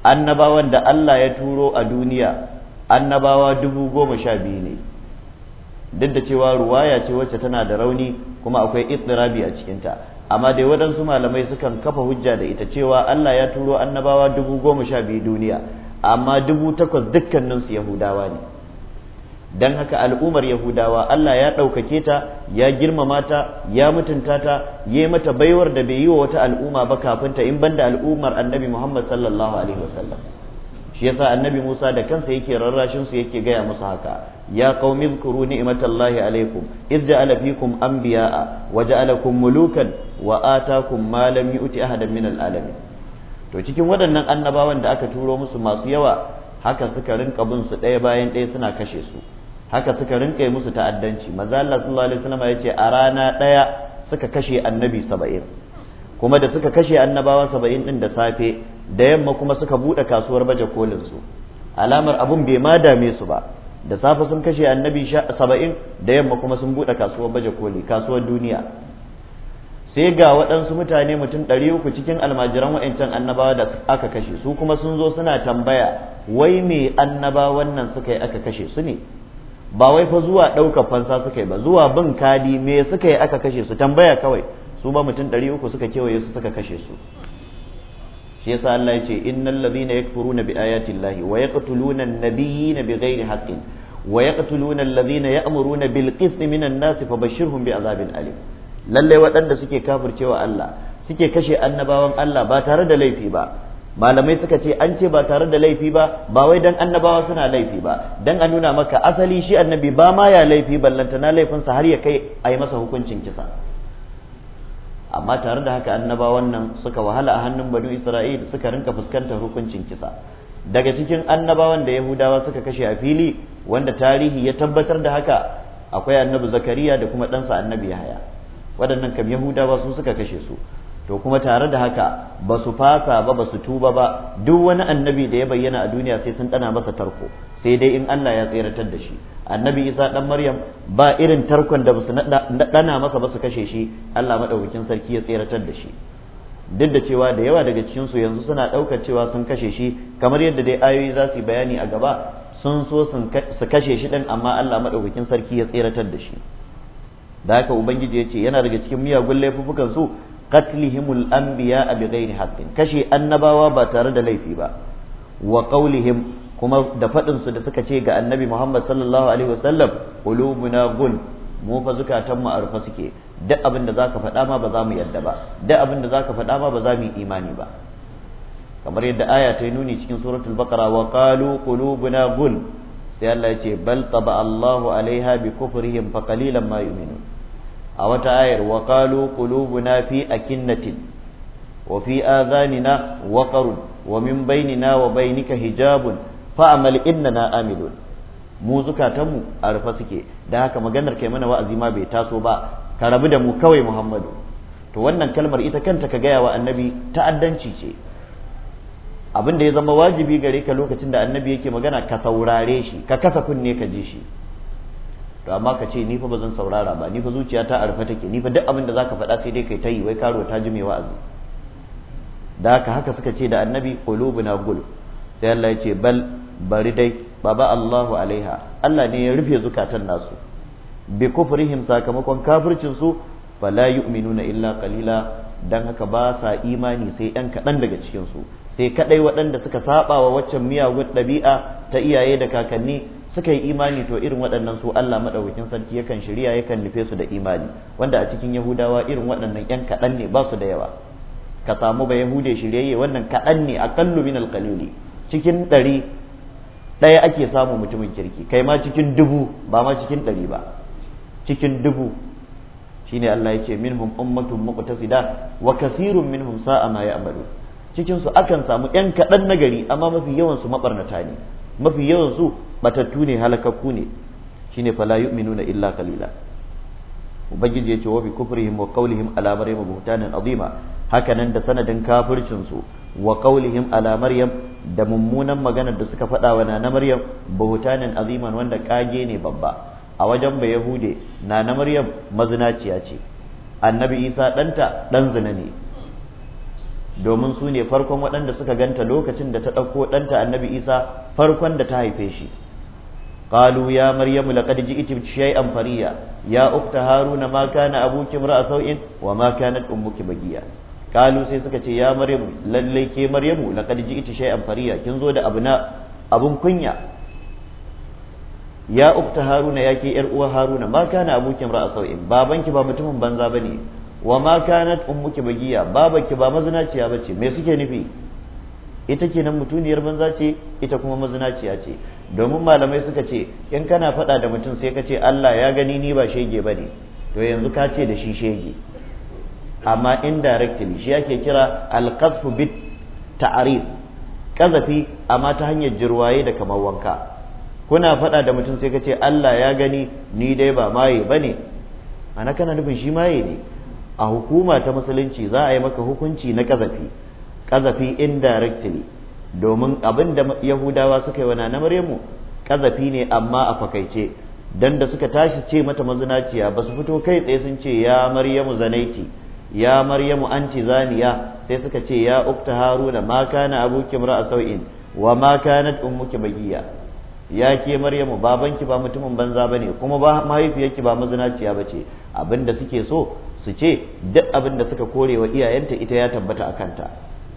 annabawan da Allah ya turo a duniya annabawa dubu goma sha biyu ne duk da cewa ruwaya ce wacce tana da rauni kuma akwai itirabi a cikinta amma dai waɗansu malamai sukan kafa hujja da ita cewa Allah ya turo annabawa dubu goma sha biyu duniya amma dubu takwas dukkaninsu yahudawa ne dan haka al'ummar yahudawa Allah ya ɗaukake ta ya girmama ta ya mutunta ta ya mata baiwar da bai yi wa wata al'umma ba kafin ta in banda al'ummar annabi Muhammad sallallahu alaihi wasallam shi yasa annabi Musa da kansa yake rarrashin su yake gaya musu haka ya qaumi zkuru ni'matallahi alaikum iz ja'ala fikum anbiya'a wa ja'alakum mulukan wa atakum ma lam yu'ti ahadan min alamin to cikin waɗannan annabawan da aka turo musu masu yawa haka suka rinka bin su ɗaya bayan ɗaya suna kashe su haka suka rinka yi musu ta'addanci maza Allah sallallahu alaihi wasallam ya ce a rana ɗaya suka kashe annabi saba'in kuma da suka kashe annabawa saba'in din da safe da yamma kuma suka buɗe kasuwar baje kolin su alamar abun bai ma dame su ba da safe sun kashe annabi saba'in da yamma kuma sun buɗe kasuwar baje koli kasuwar duniya sai ga waɗansu mutane mutum ɗari uku cikin almajiran wa'ancan annabawa da aka kashe su kuma sun zo suna tambaya wai me annabawan nan suka yi aka kashe su ne ba wai fa zuwa ɗaukar fansa suka yi ba zuwa bin kadi me suka yi aka kashe su tambaya kawai su ba mutum ɗari uku suka kewaye su suka kashe su shi yasa Allah ya ce innal ladhina yakfuruna bi ayati llahi wa yaqtuluna an-nabiyina bighairi haqqin wa yaqtuluna alladhina ya'muruna bil qisti minan nas fabashshirhum bi azabin alim lalle waɗanda suke kafircewa Allah suke kashe annabawan Allah ba tare da laifi ba malamai suka ce an ce ba tare da laifi ba ba wai dan annabawa suna laifi ba dan a nuna maka asali shi annabi ba ma ya laifi ballanta ballantana laifinsa har ya kai a yi masa hukuncin kisa amma tare da haka annabawan nan suka wahala a hannun banu isra'il suka rinka fuskantar hukuncin kisa daga cikin annabawan da yahudawa suka kashe a fili wanda tarihi ya tabbatar da haka akwai annabi zakariya da kuma ɗansa annabi yahaya waɗannan kam yahudawa su suka kashe su to kuma tare da haka ba su fasa ba ba su tuba ba duk wani annabi da ya bayyana a duniya sai sun tana masa tarko sai dai in Allah ya tseratar da shi annabi isa dan maryam ba irin tarkon da su dana masa ba su kashe shi Allah madaukakin sarki ya tseratar da shi duk da cewa da yawa daga cikin su yanzu suna daukar cewa sun kashe shi kamar yadda dai ayoyi za su yi bayani a gaba sun so su kashe shi din amma Allah madaukakin sarki ya tseratar da shi da haka ubangiji ya ce yana daga cikin miyagun laifukan su qatlihimul anbiya bi ghairi haqqin kashe annabawa ba tare da laifi ba wa qawlihim kuma da faɗin su da suka ce ga annabi Muhammad sallallahu alaihi wasallam qulubuna gul mu fa zukatan mu arfa suke duk abin da zaka faɗa ma ba za mu yadda ba duk abin da zaka faɗa ma ba za mu yi imani ba kamar yadda aya ta yi nuni cikin suratul baqara wa qalu qulubuna gul sai Allah ya ce bal taba Allahu alaiha bi kufrihim fa qalilan ma yu'minun a wata ayar wa kulubu qulubuna fi akinnatin wa fi adhanina waqarun wa min bainina wa bainika hijabun fa'amal innana amilun mu zukatanmu a rufe suke da haka maganar kai mana wa'azi ma bai taso ba ka rabu da mu kawai muhammadu to wannan kalmar ita kanta ka gaya wa annabi ta'addanci ce abin da ya zama wajibi gare ka lokacin da annabi yake magana ka saurare shi ka kasa kunne ka ji shi to amma ka ce ni fa bazan saurara ba nifa fa zuciya ta arfa take nifa duk abin da zaka faɗa sai dai kai ta yi wai karo ta ji mai wa'azi da haka haka suka ce da annabi qulubuna gul sai Allah ya ce bal bari dai baba Allahu alaiha Allah ne ya rufe zukatan nasu bi kufrihim sakamakon kafircin su fala yu'minuna illa qalila dan haka ba sa imani sai ɗan kaɗan daga cikin su sai kadai waɗanda suka saba wa waccan miyagun ɗabi'a ta iyaye da kakanni suka yi imani to irin waɗannan su Allah maɗaukin sarki yakan shirya yakan nufe su da imani wanda a cikin Yahudawa irin waɗannan ƴan kaɗan ne ba su da yawa ka samu ba Yahude shiryayye wannan kaɗan ne aqallu min alqalili cikin ɗari ɗaya ake samu mutumin kirki kai ma cikin dubu ba ma cikin ɗari ba cikin dubu shine Allah yake minhum ummatun muqtasida wa kasirun minhum sa'a ma ya'malu cikin su akan samu ƴan kaɗan nagari amma mafi yawan su maɓarnata ne mafi yawan su matattu ne halakakku ne shine fala nuna illa kalila ubangiji yace wa bi kufrihim wa qawlihim ala maryam buhtanan azima hakanan da sanadin kafircin su wa qawlihim ala maryam da mummunan maganar da suka faɗa wa na maryam buhtanan aziman wanda kage ne babba a wajen ba yahude na na maryam mazinaciya ce annabi isa ɗanta ɗan zina ne domin su ne farkon waɗanda suka ganta lokacin da ta ɗauko ɗanta annabi isa farkon da ta haife shi قالوا يا مريم لقد جئت بشيئا فريا يا أخت هارون ما كان أبوك sau'in سوء وما كانت أمك بغيا قالوا sai suka ce ya maryam lalle ke maryamu laqad ya shay'an fariya kin zo da abuna abun kunya ya ukta haruna ya ke yar uwa haruna ma kana abuki imra'a sau'in babanki ba mutumin banza bane wa ma kanat ummuki bagiya babaki ba mazinaciya bace me suke nufi ita kenan mutuniyar banza ce ita kuma mazinaciya ce domin malamai suka ce in kana faɗa da mutum sai ka ce Allah ya gani ni ba shege bane to yanzu ka ce da shi shege amma indirectly shi ake kira alqazf bit ta'rif kazafi amma ta hanyar jirwaye da kamar wanka kuna faɗa da mutum sai ka ce Allah ya gani ni dai ba maye bane ana kana nufin shi maye ne a hukuma ta musulunci za a yi maka hukunci na kazafi kazafi indirectly domin abin da yahudawa suka yi wa na maryamu kazafi ne amma a fakaice dan da suka tashi ce mata mazinaciya ba su fito kai tsaye sun ce ya maryamu zanaiti ya maryamu anti zaniya sai suka ce ya ukta haruna ma kana abuki mar'a sau'in wa ma kanat ummuki bagiya ya ke maryamu babanki ba mutumin banza bane kuma ba mahaifiyarki ba mazinaciya bace abinda suke so su ce duk abin da suka kore wa iyayenta ita ya tabbata a kanta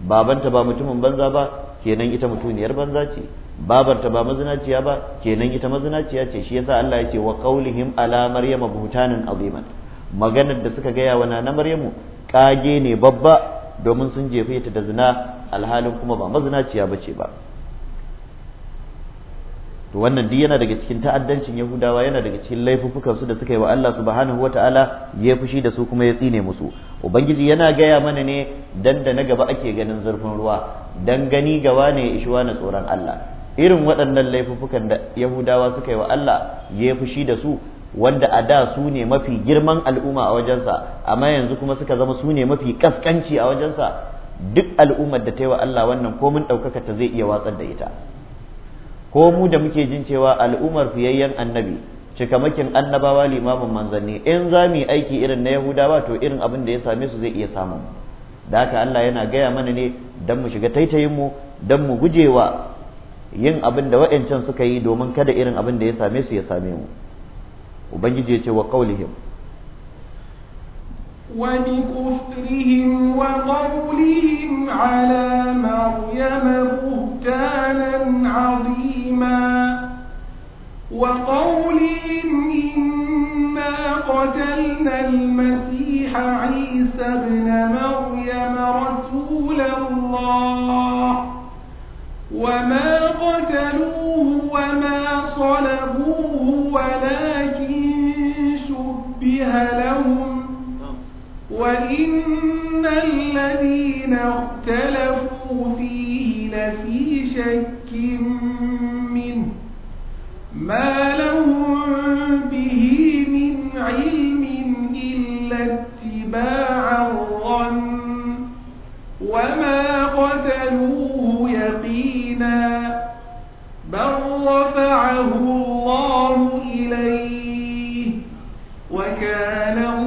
babanta ba mutumin banza ba kenan ita mutuniyar banza ce babarta ba mazinaciya ba kenan ita mazinaciya ce shi yasa Allah ya ce wa qaulihim ala maryam buhtanan aziman maganar da suka gaya wa na maryamu kage ne babba domin sun jefe ta da zina alhalin kuma ba mazinaciya bace ba to wannan duk yana daga cikin ta'addancin yahudawa yana daga cikin laifukan su da suka yi wa Allah subhanahu wataala ya fushi da su kuma ya tsine musu ubangiji yana gaya mana ne dan da na gaba ake ganin zurfin ruwa dan gani gaba ne ishuwa na tsoron Allah irin waɗannan laifukan da yahudawa suka yi wa Allah ya fushi da su wanda a da su ne mafi girman al'umma a wajensa amma yanzu kuma suka zama su ne mafi kaskanci a wajensa duk al'ummar da ta yi wa Allah wannan komin ɗaukaka ta zai iya watsar da ita ko mu da muke jin cewa al'umar fiyayyen annabi cikamakin annabawa limamin manzanni in za mu yi aiki irin na yahudawa to irin abin da ya same su zai iya samun da haka Allah yana gaya mana ne don mu shiga taitayin mu don mu gujewa yin abin da wa'ancan suka yi domin kada irin abin da ya same su ya same mu ubangiji ya ce wa qaulihim ولكفرهم وقولهم على مريم بهتانا عظيما وقولهم إنا قتلنا المسيح عيسى ابن مريم رسول الله وما قتلوه وما صلبوه ولكن شبه لهم وإن الذين اختلفوا فيه لفي شك منه ما لهم به من علم إلا اتباع الظن وما قتلوه يقينا بل رفعه الله إليه وكان الله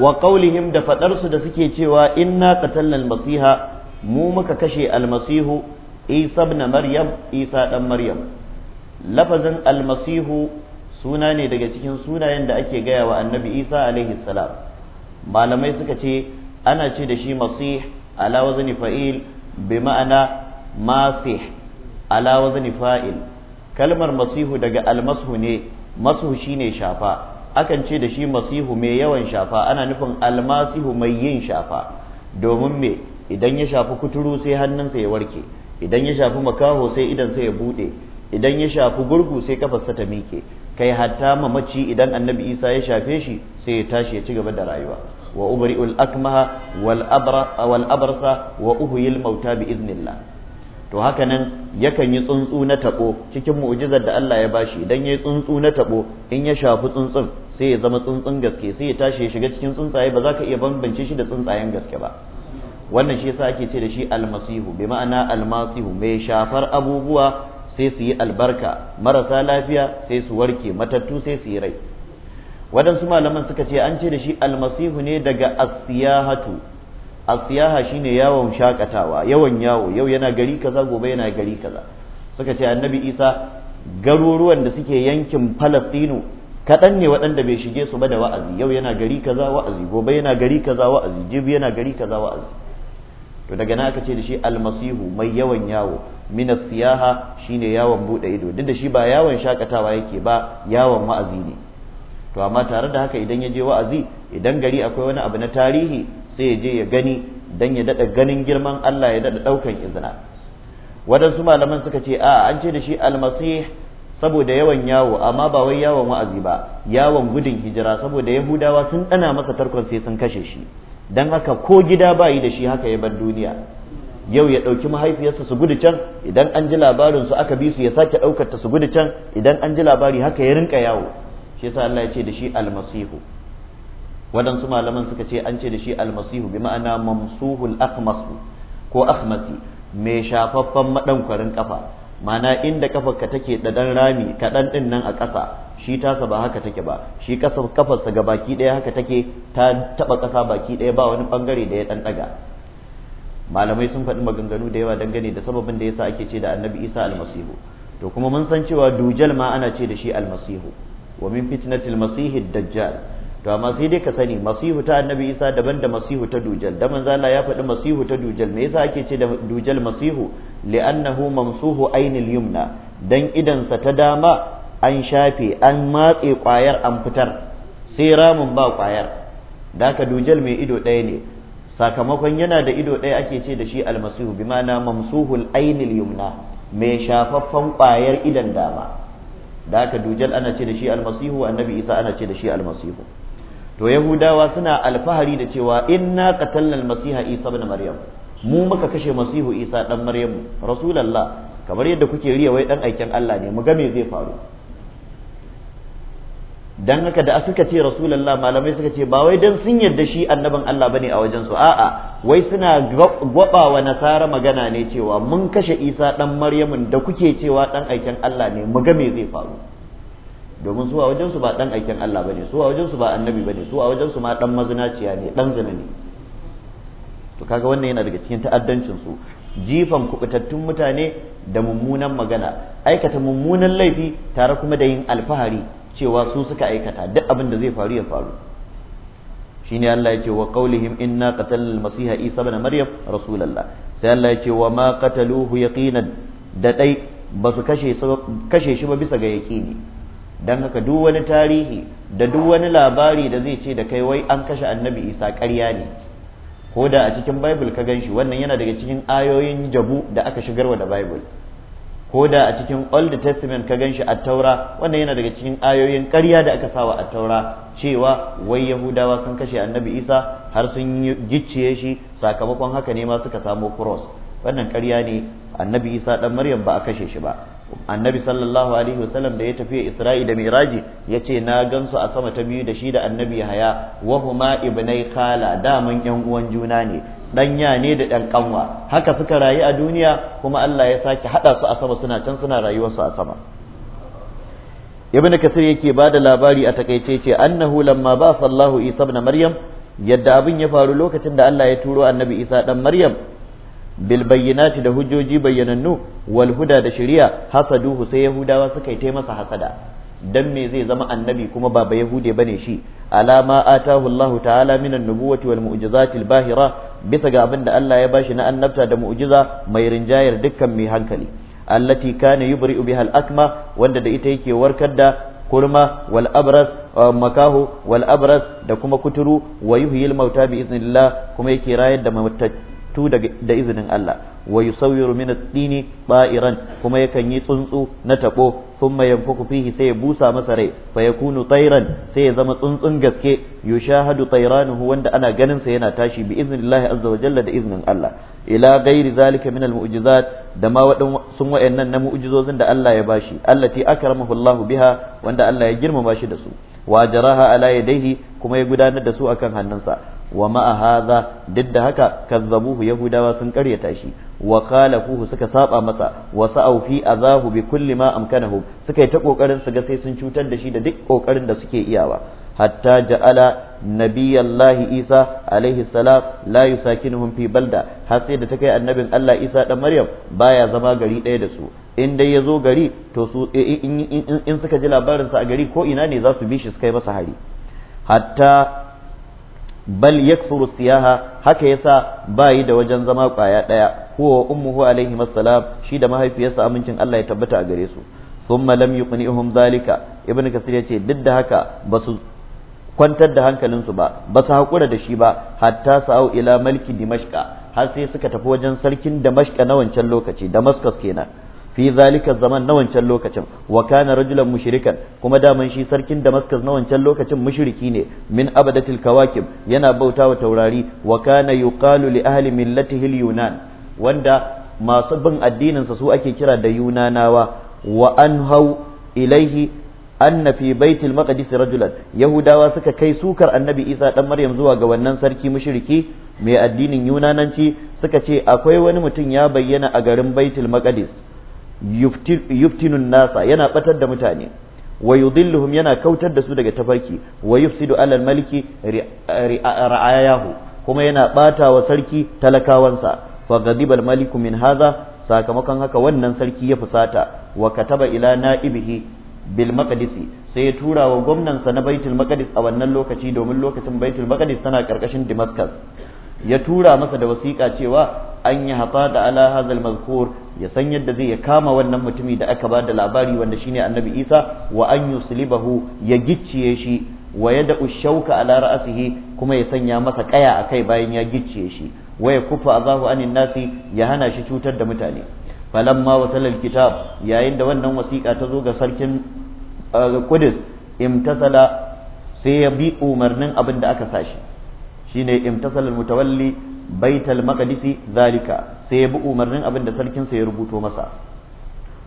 wa qaulihim da faɗarsu da suke cewa inna qatalna al-masiha mu muka kashe almasihu masihu isa maryam isa dan maryam lafazin almasihu suna ne daga cikin sunayen da ake gaya wa annabi isa alaihi salam malamai suka ce ana ce da shi masih ala fa'il bi ma'ana masih ala fa'il kalmar masihu daga almasu ne masu shine shafa akan ce da shi masihu mai yawan shafa ana nufin almasihu mai yin shafa domin me idan ya shafi kuturu sai hannunsa ya warke idan ya shafi makaho sai idansa ya bude idan ya shafi gurgu sai kafarsa ta mike kai hatta mamaci idan annabi isa ya shafe shi sai ya tashi ya ci gaba da rayuwa wa ubri'ul akmaha wal abrasa wa uhyil mauta bi idnillah to haka nan yakan yi tsuntsu na tabo cikin mu'jizar da Allah ya bashi idan yayi tsuntsu na tabo in ya shafi tsuntsun sai ya zama tsuntsun gaske sai ya tashi ya shiga cikin tsuntsaye ba za ka iya bambance shi da tsuntsayen gaske ba wannan shi yasa ake ce da shi almasihu bi ma'ana almasihu mai shafar abubuwa sai su yi albarka marasa lafiya sai su warke matattu sai su yi rai waɗansu malaman suka ce an ce da shi almasihu ne daga asiyahatu asiyaha shine yawon shakatawa yawan yawo yau yana gari kaza gobe yana gari kaza suka ce annabi isa garuruwan da suke yankin falastinu kaɗan ne waɗanda bai shige su ba da wa'azi yau yana gari kaza wa'azi gobe yana gari kaza wa'azi jibi yana gari kaza wa'azi to daga nan aka ce da shi almasihu mai yawan yawo min siyaha shine yawon bude ido duk da shi ba yawon shakatawa yake ba yawon wa'azi ne to amma tare da haka idan ya je wa'azi idan gari akwai wani abu na tarihi sai ya je ya gani dan ya dada ganin girman Allah ya daɗa ɗaukan izina wadansu malaman suka ce a an ce da shi almasih saboda yawan yawo amma ba wai yawon wa'azi ba yawon gudun hijira saboda yahudawa sun dana masa tarkon sai sun kashe shi dan haka ko gida bayi da shi haka ya bar duniya yau ya ɗauki mahaifiyarsa su gudu can idan an ji labarin su aka bi su ya sake ɗaukar ta su gudu can idan an ji labari haka ya rinka yawo shi yasa Allah ya ce da shi almasihu wadansu malaman suka ce an ce da shi almasihu bi ma'ana mamsuhul akhmasu ko akhmasi mai shafaffen madankwarin kafa mana inda ka take da dan rami kaɗan ɗin nan a ƙasa shi tasa ba haka take ba shi kasar kafarsa ga baki ɗaya haka take ta taba ƙasa baki ɗaya ba wani ɓangare da ya ɗanɗaga daga malamai sun faɗi maganganu da yawa dangane da sababin da yasa ake ce da annabi isa almasihu to kuma mun san cewa dujal ma ana ce da shi almasihu wa min fitnatil masihid dajjal to amma sai dai ka sani masihu ta annabi isa daban da masihu ta dujal da manzo Allah ya faɗi masihu ta dujal me yasa ake ce da dujal masihu li'annahu mamsuhu ainil yumna dan idan sa ta dama an shafe an matse kwayar an fitar sai ramin ba kwayar da ka dujal mai ido ɗaya ne sakamakon yana da ido ɗaya ake ce da shi almasihu bi ma'ana mamsuhu ainil yumna mai shafaffen kwayar idan dama da ka dujal ana ce da shi almasihu annabi isa ana ce da shi almasihu to yahudawa suna alfahari da cewa inna qatalna al-masiha isa ibn maryam mu muka kashe masihu isa dan maryam rasulullah kamar yadda kuke riya wai dan aikin Allah ne mu ga me zai faru dan haka da suka ce rasulullah malamai suka ce ba wai dan sun yarda shi annabin Allah bane a wajen su a'a wai suna gwaba wa nasara magana ne cewa mun kashe isa dan maryam da kuke cewa dan aikin Allah ne mu ga me zai faru domin su a wajen su ba dan aikin Allah bane su a wajen su ba annabi bane su a wajen su ma dan mazinaciya ne dan zina ne to kaga wannan yana daga cikin ta'addancin su jifan kubutattun mutane da mummunan magana aikata mummunan laifi tare kuma da yin alfahari cewa su suka aikata duk abin da zai faru ya faru shine Allah yake wa qaulihim inna qatalal masiha isa ibn maryam rasulullah sai Allah yake wa ma qataluhu yaqinan da dai ba su kashe shi ba bisa ga yaqini dan haka duk wani tarihi da duk wani labari da zai ce da kai wai an kashe annabi isa ƙarya ne ko da a cikin bible ka ganshi wannan yana daga cikin ayoyin jabu da aka shigarwa da bible ko da a cikin old testament ka ganshi a taura wannan yana daga cikin ayoyin ƙarya da aka sawa a taura cewa wai yahudawa sun kashe annabi isa har sun gicciye shi sakamakon haka ne ma suka samo cross wannan ƙarya ne annabi isa dan maryam ba a kashe shi ba annabi sallallahu alaihi wasallam da ya tafi isra'i da miraji ya ce na gansu a sama ta biyu da shi da annabi haya wa huma ibnai khala da daman yan uwan juna ne danya ne da dan kanwa haka suka rayu a duniya kuma Allah ya sake haɗa su a sama suna can suna rayuwarsu a sama ibn kasir yake ba da labari a takaice ce annahu lamma ba sallahu isa ibn maryam yadda abin ya faru lokacin da Allah ya turo annabi isa dan maryam bil da hujjoji bayyanannu wal huda da shari'a hasaduhu sai yahudawa suka yi ta masa hasada dan me zai zama annabi kuma ba ba yahude bane shi alama atahu Allah ta'ala minan nubuwati wal mu'jizati al bahira bisa ga abin da Allah ya bashi na annabta da mu'jiza mai rinjayar dukkan mai hankali allati kana yubri'u biha al akma wanda da ita yake warkar da kurma wal abras makahu wal abras da kuma kuturu wa yuhyil mauta bi idnillah kuma yake rayar da tu da izinin Allah wa yusawwiru min at-tini ta'iran kuma yakan yi tsuntsu na tabo thumma yanfuku fihi sai ya busa masa rai fa yakunu tayran sai ya zama tsuntsun gaske yushahadu tayranuhu wanda ana ganin sa yana tashi bi iznillahi azza wa jalla da iznin Allah ila ghairi zalika min al-mu'jizat da ma wadan sun wayannan na mu'jizozin da Allah ya bashi allati akramahu Allahu biha wanda Allah ya girmama shi da su wa jaraha ala yadayhi kuma ya gudanar da su akan hannunsa wa ma'a duk da haka kazzabuhu yahudawa sun karyata shi wa khalafuhu suka saba masa wa sa'u fi azahu bi kulli ma amkanahu suka yi ta kokarin su ga sai sun cutar da shi da duk kokarin da suke iyawa hatta ja'ala nabiyallahi isa alaihi salam la yusakinuhum fi balda har sai da ta kai annabin Allah isa dan maryam baya zama gari ɗaya da su in dai ya gari to su eh, eh, in suka ji labarin sa a gari ko ina ne za su bi shi su kai masa hari hatta bal yakfuru siyaha haka yasa bayi da wajen zama kwaya daya ko wa ummuhu alaihi assalam shi da mahaifiyarsa amincin Allah ya tabbata a gare su thumma lam yuqnihum zalika ibn kasir yace duk da haka basu kwantar da hankalinsu ba basu hakura da shi ba hatta sa'u ila malki dimashqa har sai suka tafi wajen sarkin damashqa na wancan lokaci damascus kenan fi zalika zaman na wancan lokacin wa kana rajulan mushrikan kuma daman shi sarkin damaskas na wancan lokacin mushriki ne min abadatil kawakib yana bautawa taurari wa kana yuqalu li ahli millatihi yunan wanda masu bin addinin sa su ake kira da yunanawa wa anhau ilaihi anna fi baitil maqdis rajulan yahudawa suka kai sukar annabi isa dan maryam zuwa ga wannan sarki mushriki mai addinin yunananci suka ce akwai wani mutum ya bayyana a garin baitul maqdis yuftinu nasa yana batar da mutane wa yudilluhum yana kautar da su daga tafarki wa yufsidu alal maliki ra'ayahu kuma yana bata wa sarki talakawansa fa ghadibal maliku min hadha sakamakon haka wannan sarki ya fusata wa kataba ila na'ibihi bil maqdisi sai ya tura wa gwamnansa na baitul maqdis a wannan lokaci domin lokacin baitul maqdis tana karkashin damascus ya tura masa da wasiƙa cewa an yi hafa da ala hazal mazkur ya san yadda zai ya kama wannan mutumi da aka ba da labari wanda shine annabi isa wa an ya gicciye shi wa ya da'u shauka ala ra'asihi kuma ya sanya masa kaya a kai bayan ya gicciye shi wa ya kufa azahu anin nasi ya hana shi cutar da mutane falamma wasala kitab yayin da wannan wasiƙa ta zo ga sarkin eh, kudus imtasala sai ya bi umarnin abin da aka sa shi. shine imtasal mutawalli baital maqdisi zalika sai ya bi umarnin abin da sarkin sa ya rubuto masa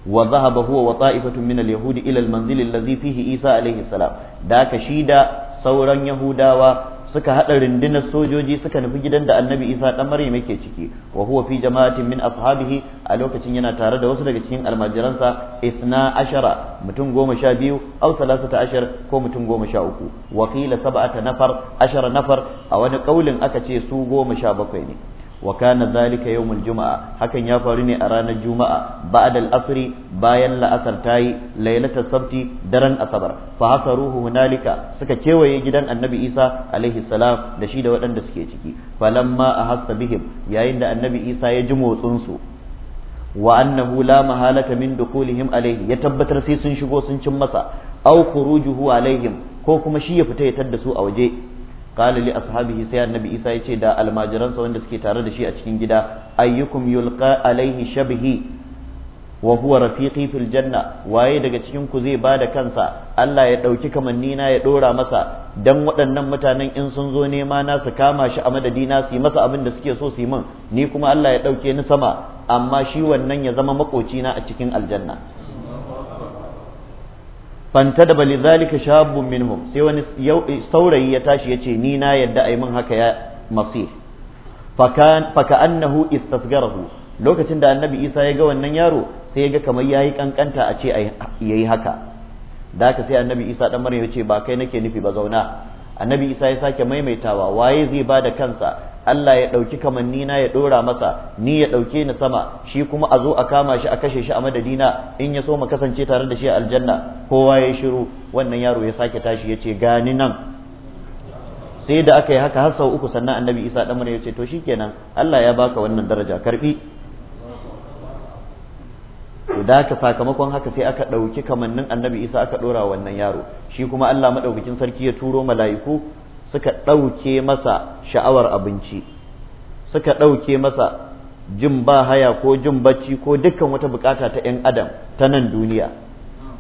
wa dhahaba huwa wa ta'ifatun min al-yahudi ila al-manzil alladhi fihi Isa alayhi salam da ka shi da sauran yahudawa suka hada rundunar sojoji suka nufi gidan da annabi isa dan maryam yake ciki wa huwa fi jama'atin min ashabihi a lokacin yana tare da wasu daga cikin almajiransa isna ashara mutum goma sha biyu aw salasata ashar ko mutum goma sha uku wakila qila sab'ata nafar ashara nafar a wani ƙaulin aka ce su goma sha bakwai ne wa kana zalika yawmul juma'a hakan ya faru ne a ranar juma'a ba'da al-asri bayan la'asar tayi lailatul sabti daren asabar fa hasaruhu nalika suka kewaye gidan annabi isa alaihi salam da shi da waɗanda suke ciki falamma ahassa bihim yayin da annabi isa ya ji motsin su wa annahu la mahalata min dukulihim alaihi ya tabbatar sai sun shigo sun cin masa aw khurujuhu alaihim ko kuma shi ya fita ya tadda su a waje qala li ashabihi sai annabi isa ya ce da almajiransa wanda suke tare da shi a cikin gida ayyukum yulqa alaihi shabhi wa huwa rafiqi fil janna waye daga cikin ku zai bada kansa Allah ya dauki kamanni na ya dora masa dan waɗannan mutanen in sun zo nema na su kama shi a na su yi masa abin da suke so su yi min ni kuma Allah ya dauke ni sama amma shi wannan ya zama makoci na a cikin aljanna Fanta da bali zalika shabun minhum sai wani saurayi ya tashi ya ce ni na yadda ai min haka ya masih faka annahu istasgarahu lokacin da annabi isa ya ga wannan yaro sai ya ga kamar yayi kankanta a ce yayi haka da haka sai annabi isa dan maryam ya ce ba kai nake nufi ba zauna annabi isa ya sake maimaitawa waye zai ba da kansa Allah ya ɗauki kamanni na ya ɗora masa ni ya ɗauke ni sama shi kuma a zo a kama shi a kashe shi a madadina in ya so mu kasance tare da shi a aljanna kowa ya shiru wannan yaro ya sake tashi ya ce gani nan sai da aka yi haka har sau uku sannan annabi isa ɗan ya ce to shi kenan Allah ya baka wannan daraja karbi da ka sakamakon haka sai aka ɗauki kamannin annabi isa aka ɗora wannan yaro shi kuma Allah maɗaukakin sarki ya turo mala'iku suka ɗauke masa sha'awar abinci suka ɗauke masa jin ba haya ko jin bacci ko dukkan wata bukata ta 'yan adam ta nan duniya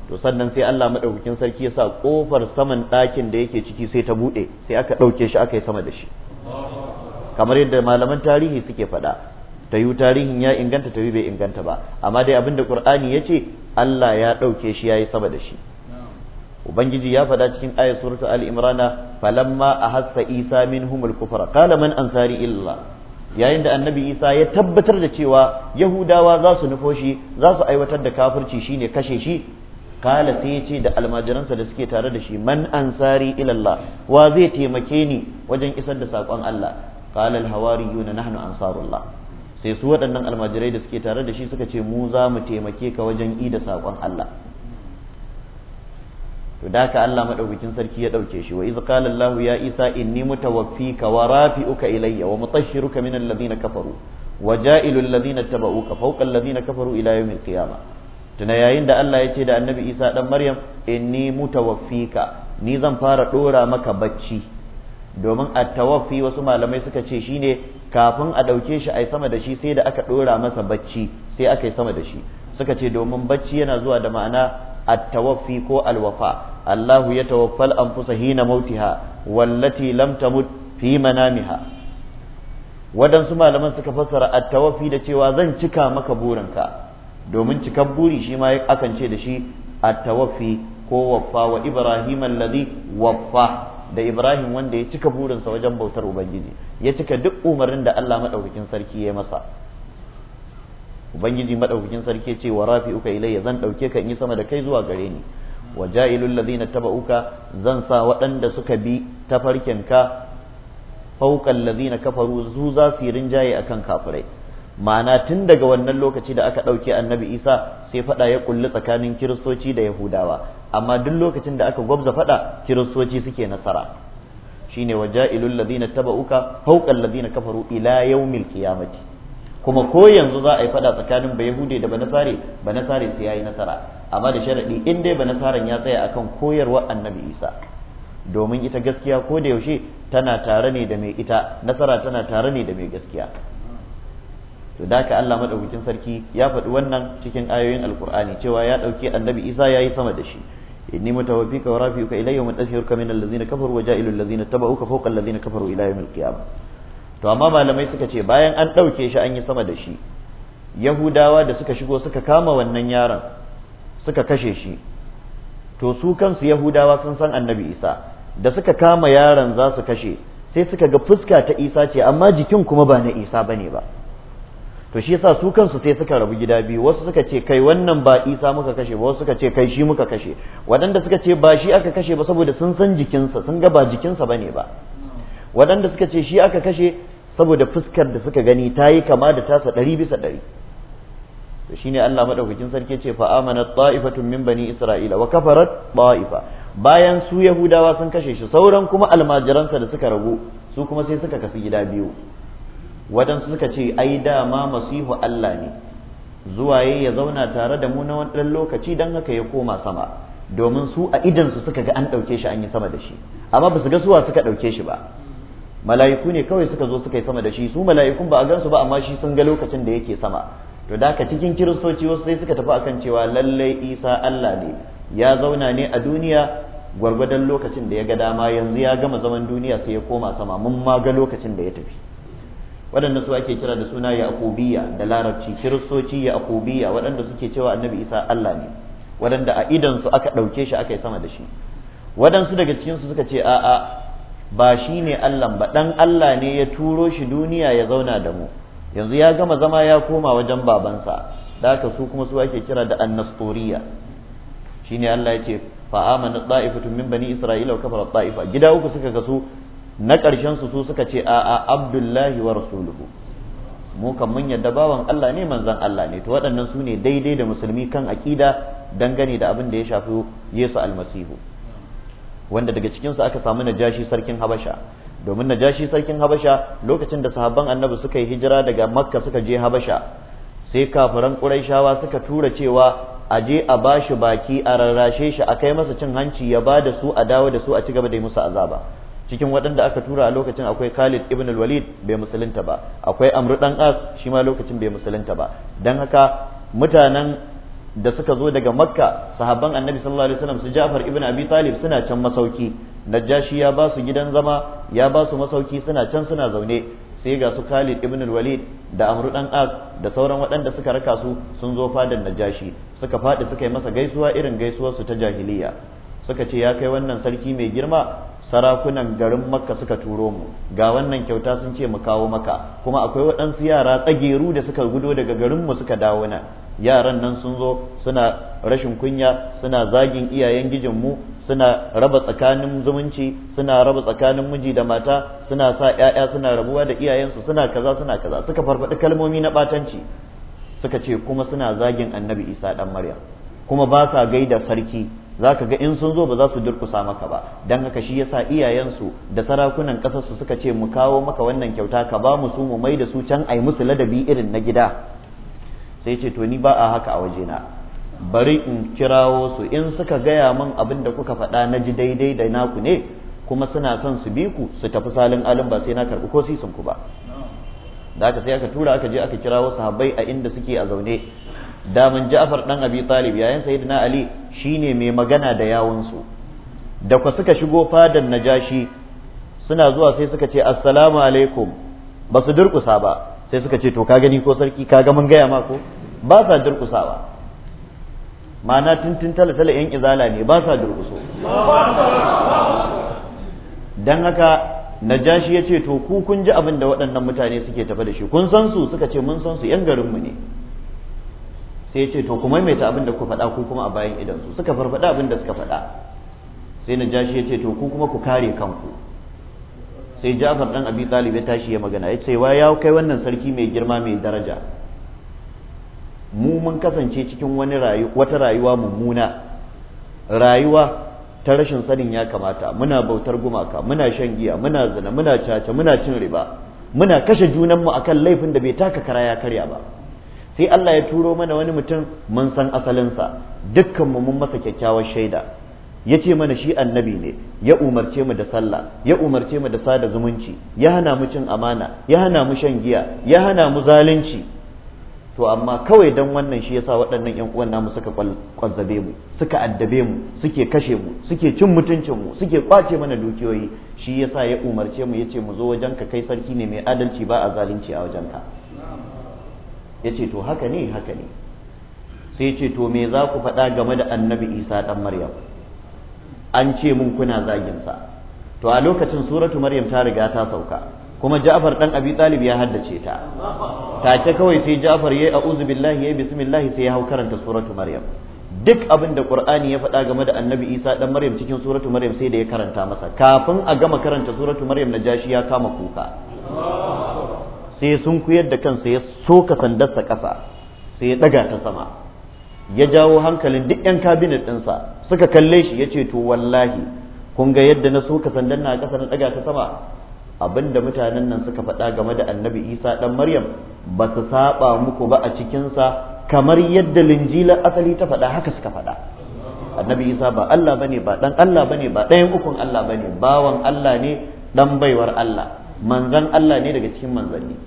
to sannan sai Allah maɗaukakin sarki ya sa ƙofar saman ɗakin da yake ciki sai ta buɗe sai aka ɗauke shi aka yi sama da shi kamar yadda malaman tarihi suke faɗa ta yi tarihin ya inganta ta yi bai inganta ba amma dai abin da ƙur'ani ya ce Allah ya ɗauke shi ya yi sama da shi ubangiji ya faɗa cikin ayat suratu ali imrana falamma ahassa isa minhumul kufra qala man ansari illa yayin da annabi isa ya tabbatar da cewa yahudawa za su nufo shi za su aiwatar da kafirci shine kashe shi kala sai ya ce da almajiransa da suke tare da shi man ansari ilallah wa zai taimake ni wajen isar da saƙon Allah kala alhawariyuna nahnu ansarullah sai su waɗannan almajirai da suke tare da shi suka ce mu za mu taimake ka wajen ida sakon saƙon Allah to da Allah madaukakin sarki ya dauke shi wa iz qala Allah ya Isa inni mutawaffika wa rafi'uka ilayya wa mutashiruka min alladhina kafaru wa ja'ilu alladhina tabauka fawqa alladhina kafaru ila yawmil qiyamah tuna yayin da Allah ya ce da Annabi Isa dan Maryam inni mutawaffika ni zan fara dora maka bacci domin a tawaffi wasu malamai suka ce shine kafin a dauke shi ai sama da shi sai da aka dora masa bacci sai aka yi sama da shi suka ce domin bacci yana zuwa da ma'ana at-tawaffi ko alwafa. Allahu ya tawaffal anfusa hina mautiha wallati lam tamut fi manamiha wadansu malaman suka fassara a tawafi da cewa zan cika maka burinka domin cikar buri shi ma akan ce da shi a tawafi ko waffa wa Ibrahim waffa da Ibrahim wanda ya cika burinsa wajen bautar Ubangiji ya cika duk umarnin da Allah maɗaukakin sarki ya masa ubangiji maɗaukakin sarki ce wa rafi uka ilayya zan ɗauke ka in yi sama da kai zuwa gare ni wa ja'ilul ladhina taba'uka zan sa waɗanda suka bi tafarkinka fawqal lazina kafaru su za su rinjaye akan kafirai ma'ana tun daga wannan lokaci da aka ɗauke annabi isa sai faɗa ya kulli tsakanin kiristoci da yahudawa amma duk lokacin da aka gwabza faɗa kiristoci suke nasara shine wa ja'ilul ladhina uka fawqal lazina kafaru ila yawmil qiyamati kuma ko yanzu za a yi faɗa tsakanin bayahude da banasare banasare sai yayi nasara amma da sharaɗi in dai ba nasaran ya tsaya akan koyarwa annabi isa domin ita gaskiya ko da yaushe tana tare ne da mai ita nasara tana tare ne da mai gaskiya to da ka Allah madaukakin sarki ya faɗi wannan cikin ayoyin alkur'ani cewa ya ɗauki annabi isa ya yi sama da shi inni mutawaffika wa rafi'uka ilayya wa mutahhiruka min allazina kafaru wa ja'ilu allazina tabauka fawqa allazina kafaru ila yawmil qiyamah to amma malamai suka ce bayan an ɗauke shi an yi sama da shi yahudawa da suka shigo suka kama wannan yaron suka kashe shi to su kansu yahudawa sun san annabi isa da suka kama yaron za su kashe sai suka ga fuska ta isa ce amma jikin kuma ba na isa bane ba to shi yasa su kansu sai suka rabu gida biyu wasu suka ce kai wannan ba isa muka kashe ba wasu suka ce kai shi muka kashe waɗanda suka ce ba shi aka kashe ba saboda sun san jikinsa sun ga ba jikinsa bane ba waɗanda suka ce shi aka kashe saboda fuskar da suka gani ta yi kama da tasa ɗari bisa ɗari to shine Allah madaukakin sarki ce fa amanat ta'ifatun min bani isra'ila wa kafarat ta'ifa bayan su yahudawa sun kashe shi sauran kuma almajiransa da suka ragu su kuma sai suka kasu gida biyu waɗansu suka ce ai da ma masihu Allah ne zuwa ya zauna tare da mu na wani ɗan lokaci dan haka ya koma sama domin su a su suka ga an ɗauke shi an yi sama da shi amma ba su ga suwa suka ɗauke shi ba mala'iku ne kawai suka zo suka yi sama da shi su mala'ikun ba a gan su ba amma shi sun ga lokacin da yake sama to da ka cikin kiristoci wasu sai suka tafi akan cewa lallai isa allah ne ya zauna ne a duniya gwargwadon lokacin da ya ga dama yanzu ya gama zaman duniya sai ya koma sama mun ma ga lokacin da ya tafi waɗanda su ake kira da suna akubiya da larabci kiristoci akubiya waɗanda suke cewa annabi isa allah ne waɗanda a idan su aka ɗauke shi aka yi sama da shi waɗansu daga cikin su suka ce a'a ba shi ne allah ba ɗan allah ne ya turo shi duniya ya zauna da mu yanzu ya gama zama ya koma wajen babansa da haka su kuma su ake kira da annasturiya shine Allah ya ce fa amana da'ifatun min bani isra'ila wa kafara da'ifa gida uku suka ga su na ƙarshen su su suka ce a a abdullahi wa rasuluhu mu kan mun yadda bawan Allah ne manzon Allah ne to waɗannan su ne daidai da musulmi kan aƙida dangane da abin da ya shafi Yesu almasihu wanda daga cikinsu aka samu najashi sarkin habasha domin na najashi sarkin habasha lokacin da sahabban annabi suka yi hijira daga makka suka je habasha sai kafiran ƙuraishawa suka tura cewa a je a bashi baki a rarrashe shi a kai masa cin hanci ya ba da su a dawo da su a ci gaba da musu azaba cikin waɗanda aka tura a lokacin akwai Khalid ibn al-Walid bai musulunta ba akwai Amru dan As shi ma lokacin bai musulunta ba dan haka mutanen da suka zo daga makka sahabban annabi sallallahu alaihi wasallam su jafar ibn abi talib suna can masauki najashi ya ba su gidan zama ya ba su masauki suna can suna zaune sai ga su khalid ibn walid da amru dan as da sauran waɗanda suka raka su sun zo fadar najashi suka fadi suka yi masa gaisuwa irin gaisuwar su ta jahiliya suka ce ya kai wannan sarki mai girma sarakunan garin makka suka turo mu ga wannan kyauta sun ce mu kawo maka kuma akwai waɗansu yara tsageru da suka gudo daga garin mu suka dawo nan yaran nan sun zo suna rashin kunya suna zagin iyayen gijin mu suna raba tsakanin zumunci suna raba tsakanin miji da mata suna sa ƴaƴa suna rabuwa da iyayensu suna kaza suna kaza suka farfaɗi kalmomi na ɓatanci suka ce kuma suna zagin annabi isa ɗan maryam kuma ba sa gaida sarki zaka ga in sun zo ba za su durkusa maka ba dan haka shi yasa iyayensu da sarakunan ƙasarsu suka ce mu kawo maka wannan kyauta ka ba mu su mu mai da su can ai musu ladabi irin na gida sai ce to ni ba a haka a waje na bari in kirawo su in suka gaya min abin da kuka faɗa na ji daidai da naku ne kuma suna son su bi ku su tafi salin alin ba sai na karbi ko sisin ku ba da aka sai aka tura aka je aka kirawo sahabbai a inda suke a zaune daman Ja'far dan Abi Talib yayin Sayyidina Ali Shi ne mai magana da yawunsu da ku suka shigo fadan najashi suna zuwa sai suka ce assalamu alaikum ba su durkusa ba sai suka ce to ka gani ko sarki ka ga mun gaya ma ba sa ba ma'ana tuntun tala yan izala ne ba sa durkuso don haka najashi ya ce to ku kun ji abin da waɗannan mutane suke tafe da shi kun san su suka ce mun san su yan garinmu ne sai ya ce to ku maimaita abin da ku faɗa ku kuma a bayan idan su suka farfaɗa abin da suka faɗa sai na jashi ya ce to ku kuma ku kare kanku sai Ja'far dan Abi Talib ya tashi ya magana ya ce wa ya kai wannan sarki mai girma mai daraja mu mun kasance cikin wani wata rayuwa mummuna rayuwa ta rashin sanin ya kamata muna bautar gumaka muna shan giya muna zina muna caca muna cin riba muna kashe junanmu akan laifin da bai taka kara ya karya ba sai Allah ya turo mana wani mutum mun san asalinsa dukkan mu mun masa kyakkyawar shaida ya ce mana shi annabi ne ya umarce mu da sallah ya umarce mu da sada zumunci ya hana mu cin amana ya hana mu shan giya ya hana mu zalunci to amma kawai dan wannan shi yasa waɗannan ƴan uwan namu suka kwazzabe mu suka addabe mu suke kashe mu suke cin mutuncin mu suke kwace mana dukiyoyi shi yasa ya umarce mu yace mu zo wajenka kai sarki ne mai adalci ba a zalunci a wajenka ya ce to haka ne haka ne sai ce to me za ku faɗa game da annabi isa ɗan maryam an ce mun kuna zaginsa to a lokacin suratu maryam ta riga ta sauka kuma ja'far ɗan abi talib ya haddace ta take kawai sai ja'far ya yi a'udhu billahi yi bismillah sai ya hau karanta suratu maryam duk abin da qur'ani ya faɗa game da annabi isa ɗan maryam cikin suratu maryam sai da ya karanta masa kafin a gama karanta suratu maryam na jashi ya kama kuka sai sun kuyar da kansa ya soka sandarsa ƙasa sai ya ɗaga ta sama ya jawo hankalin duk 'yan kabinet ɗinsa suka kalle shi ya ce to wallahi kun ga yadda na soka sandar na ƙasa na ɗaga ta sama abinda mutanen nan suka faɗa game da annabi isa ɗan maryam ba su saba muku ba a cikinsa kamar yadda linjilar asali ta faɗa haka suka faɗa annabi isa ba allah bane ba ɗan allah bane ba ɗayan ukun allah bane bawan allah ne ɗan baiwar allah manzan allah ne daga cikin manzanni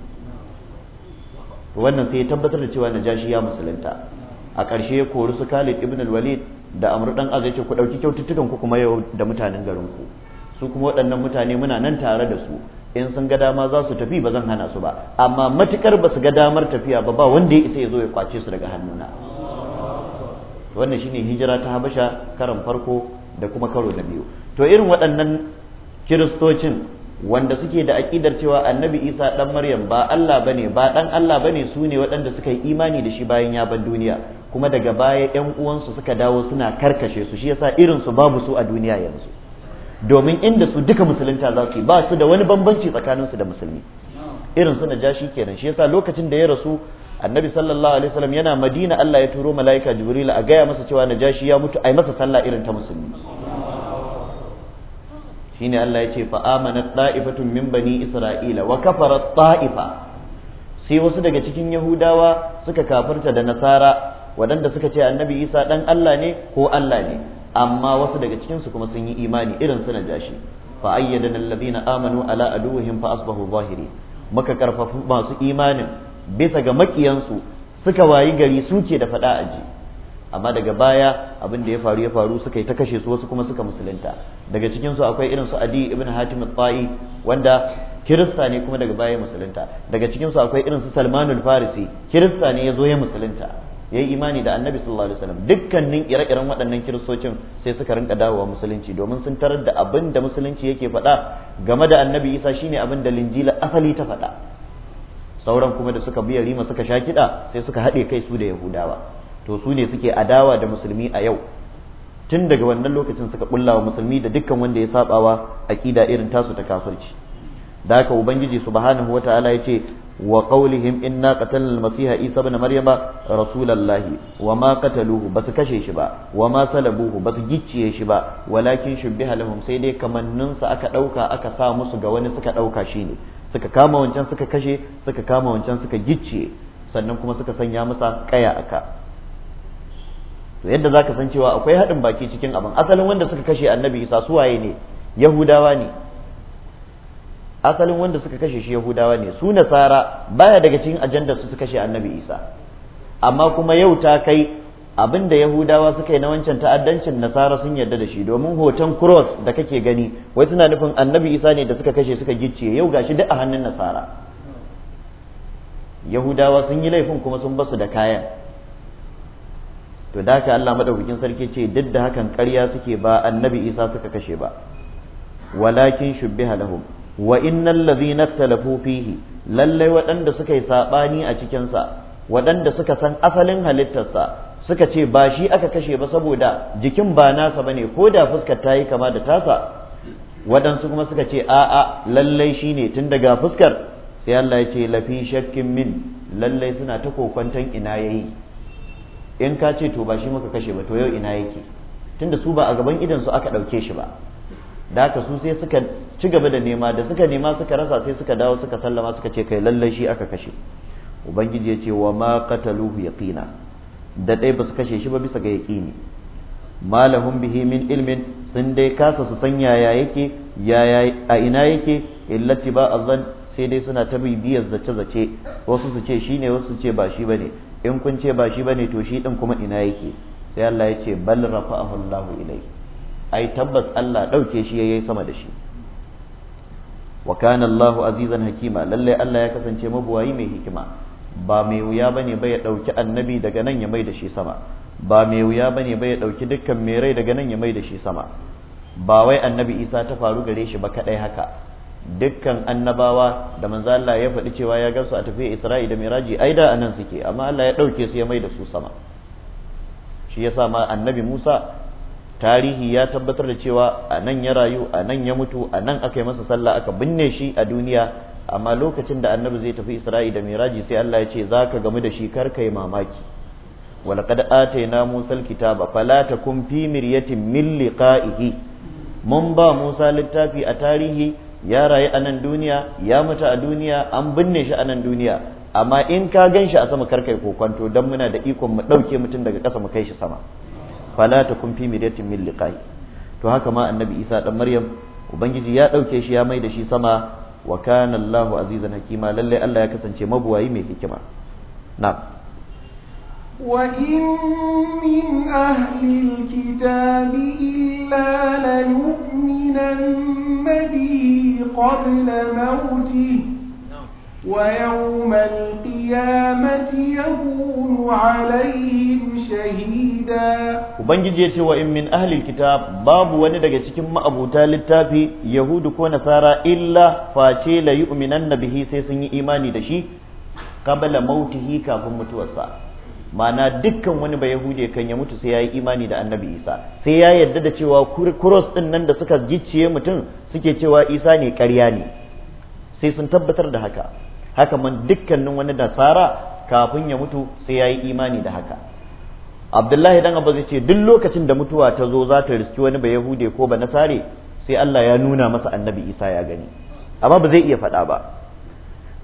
wannan sai ya tabbatar da cewa najashi ya musulunta a ƙarshe ya kori su Khalid ibn al-Walid da amru dan Azai ce ku dauki kyaututtukan ku kuma yau da mutanen garin ku su kuma waɗannan mutane muna nan tare da su in sun ga dama za su tafi ba zan hana su ba amma matukar ba su ga damar tafiya ba ba wanda ya isa ya zo ya kwace su daga hannuna wannan shine hijira ta Habasha karan farko da kuma karo na biyu to irin waɗannan kiristocin wanda suke da aƙidar cewa annabi isa ɗan maryam ba allah bane ba ɗan allah bane su ne waɗanda suka yi imani da shi bayan ya ban duniya kuma daga baya ƴan uwansu suka dawo suna karkashe su shi yasa irin babu su a duniya yanzu domin inda su duka musulunta za su ba su da wani bambanci tsakanin su da musulmi irin su najashi kenan shi yasa lokacin da ya rasu annabi sallallahu alaihi wasallam yana madina allah ya turo mala'ika jibril a gaya masa cewa na najashi ya mutu ai masa sallah irin ta musulmi shine Allah ya ce fa amanat ta'ifatun min isra'ila wa kafarat ta'ifa sai wasu daga cikin yahudawa suka kafirta da nasara waɗanda suka ce annabi isa dan Allah ne ko Allah ne amma wasu daga cikin su kuma sun yi imani irin su jashi. fa ayyadana alladhina amanu ala aduwwihim fa asbahu zahiri muka masu imanin bisa ga makiyansu suka wayi gari suke da a aji amma daga baya abin da ya faru ya faru suka yi ta kashe su wasu kuma suka musulunta daga cikin su akwai irin su Adi ibn Hatim al-Ta'i wanda kirista ne kuma daga baya musulunta daga cikin su akwai irin su Salman al-Farisi kirista ne ya zo ya musulunta yayi imani da annabi sallallahu alaihi wasallam dukkanin ire-iren waɗannan kiristocin sai suka rinka dawowa musulunci domin sun tarar da abin da musulunci yake faɗa game da annabi isa shine abin da linjila asali ta faɗa sauran kuma da suka biya rima suka sha kiɗa sai suka haɗe kai su da yahudawa to su ne suke adawa da musulmi a yau tun daga wannan lokacin suka kulla wa musulmi da dukkan wanda ya sabawa aqida irin tasu ta kafirci da haka ubangiji subhanahu wataala yace wa qawlihim inna qatalna al-masiha isa ibn maryama rasulallahi wa ma qataluhu basu kashe shi ba wa ma salabuhu basu gicciye shi ba walakin shubbiha lahum sai dai kamannin sa aka dauka aka sa musu ga wani suka dauka shine suka kama wancan suka kashe suka kama wancan suka gicciye sannan kuma suka sanya masa kaya aka to yadda zaka san cewa akwai haɗin baki cikin abin asalin wanda suka kashe annabi isa suwaye ne yahudawa ne asalin wanda suka kashe shi yahudawa ne su nasara baya daga cikin ajandar su suka kashe annabi isa amma kuma yau ta kai abin da yahudawa suka yi na wancan ta'addancin nasara sun yarda da shi domin hoton cross da kake gani wai suna nufin annabi isa ne da suka kashe suka gicciye yau gashi duk a hannun nasara yahudawa sun yi laifin kuma sun basu da kayan to da haka Allah madaukakin sarki ce duk da hakan ƙarya suke ba annabi Isa suka kashe ba walakin shubbiha lahum wa innal ladhina ikhtalafu fihi lallai waɗanda suka yi sabani a cikin sa waɗanda suka san asalin halittarsa suka ce ba shi aka kashe ba saboda jikin ba nasa bane ko da fuskar ta yi kama da tasa waɗansu kuma suka ce a'a lallai shi ne tun daga fuskar sai Allah ya ce lafi shakkin min lallai suna ta kokwanton ina yayi in ka ce to ba shi muka kashe ba to yau ina yake tunda su ba a gaban idan su aka ɗauke shi ba da haka su sai suka ci gaba da nema da suka nema suka rasa sai suka dawo suka sallama suka ce kai lallai shi aka kashe ubangiji ya ce wa ma qataluhu yaqina da dai ba su kashe shi ba bisa ga yaqini malahum bihi min ilmin sun dai kasa su san yaya yake yaya a ina yake illati ba azan sai dai suna ta bibiyar zace zace wasu su ce shine wasu su ce ba shi bane in kun ce ba shi bane to shi din kuma ina yake sai Allah ya ce bal rafa'ahu Allahu ilai. ai tabbas Allah dauke shi yayi sama da shi wa kana Allahu azizan hakima lalle Allah ya kasance mabuwayi mai hikima ba mai wuya bane bai ya dauki annabi daga nan ya mai da shi sama ba mai wuya bane bai ya dauki dukkan mai rai daga nan ya mai da shi sama ba wai annabi Isa ta faru gare shi ba kadai haka dukkan annabawa da manzo Allah ya faɗi cewa ya gansu a tafiya Isra'i da Miraji ai da anan suke amma Allah ya ɗauke su ya mai da su sama shi yasa ma annabi Musa tarihi ya tabbatar da cewa anan ya rayu a nan ya mutu anan nan aka yi masa sallah aka binne shi a duniya amma lokacin da annabi zai tafi isra'i da miraji sai Allah ya ce za ka gamu da shi kar ka yi mamaki walaƙad atayna musa alkitaba fala takum fi miryatin min liqa'ihi mun ba musa littafi a tarihi ya rayu a nan duniya ya mutu a duniya an binne shi a nan duniya amma in ka gan shi a sama karkai kwanto don muna da ikon mu ɗauke mutum daga ƙasa mu kai shi sama fala ta kun fi midatin min liqai to haka ma annabi isa dan maryam ubangiji ya ɗauke shi ya mai da shi sama wa kana allah azizan hakima lallai allah ya kasance mabuwayi mai hikima na'am وَإِنْ مِنْ أَهْلِ الْكِتَابِ إِلَّا لَنُؤْمِنَنَّ بِهِ قَبْلَ مَوْتِهِ وَيَوْمَ الْقِيَامَةِ يَكُونُ عَلَيْهِمْ شَهِيدًا وبنجي يتي وإن من أهل الكتاب babu wani daga cikin ma'abuta littafi yahudu ko nasara illa face la yu'minanna bihi sai sun yi imani da shi qabla mautihi kafin mutuwarsa ma'ana dukkan wani bai yahudi kan ya mutu sai ya yi imani da annabi isa sai ya yarda da cewa kuros din nan da suka gicciye mutum suke cewa isa ne ƙarya ne sai sun tabbatar da haka haka man dukkanin wani nasara kafin ya mutu sai ya yi imani da haka abdullahi dan abu zai ce duk lokacin da mutuwa ta zo za ta riski wani bai yahudi ko ba nasare sai allah ya nuna masa annabi isa ya gani amma ba zai iya faɗa ba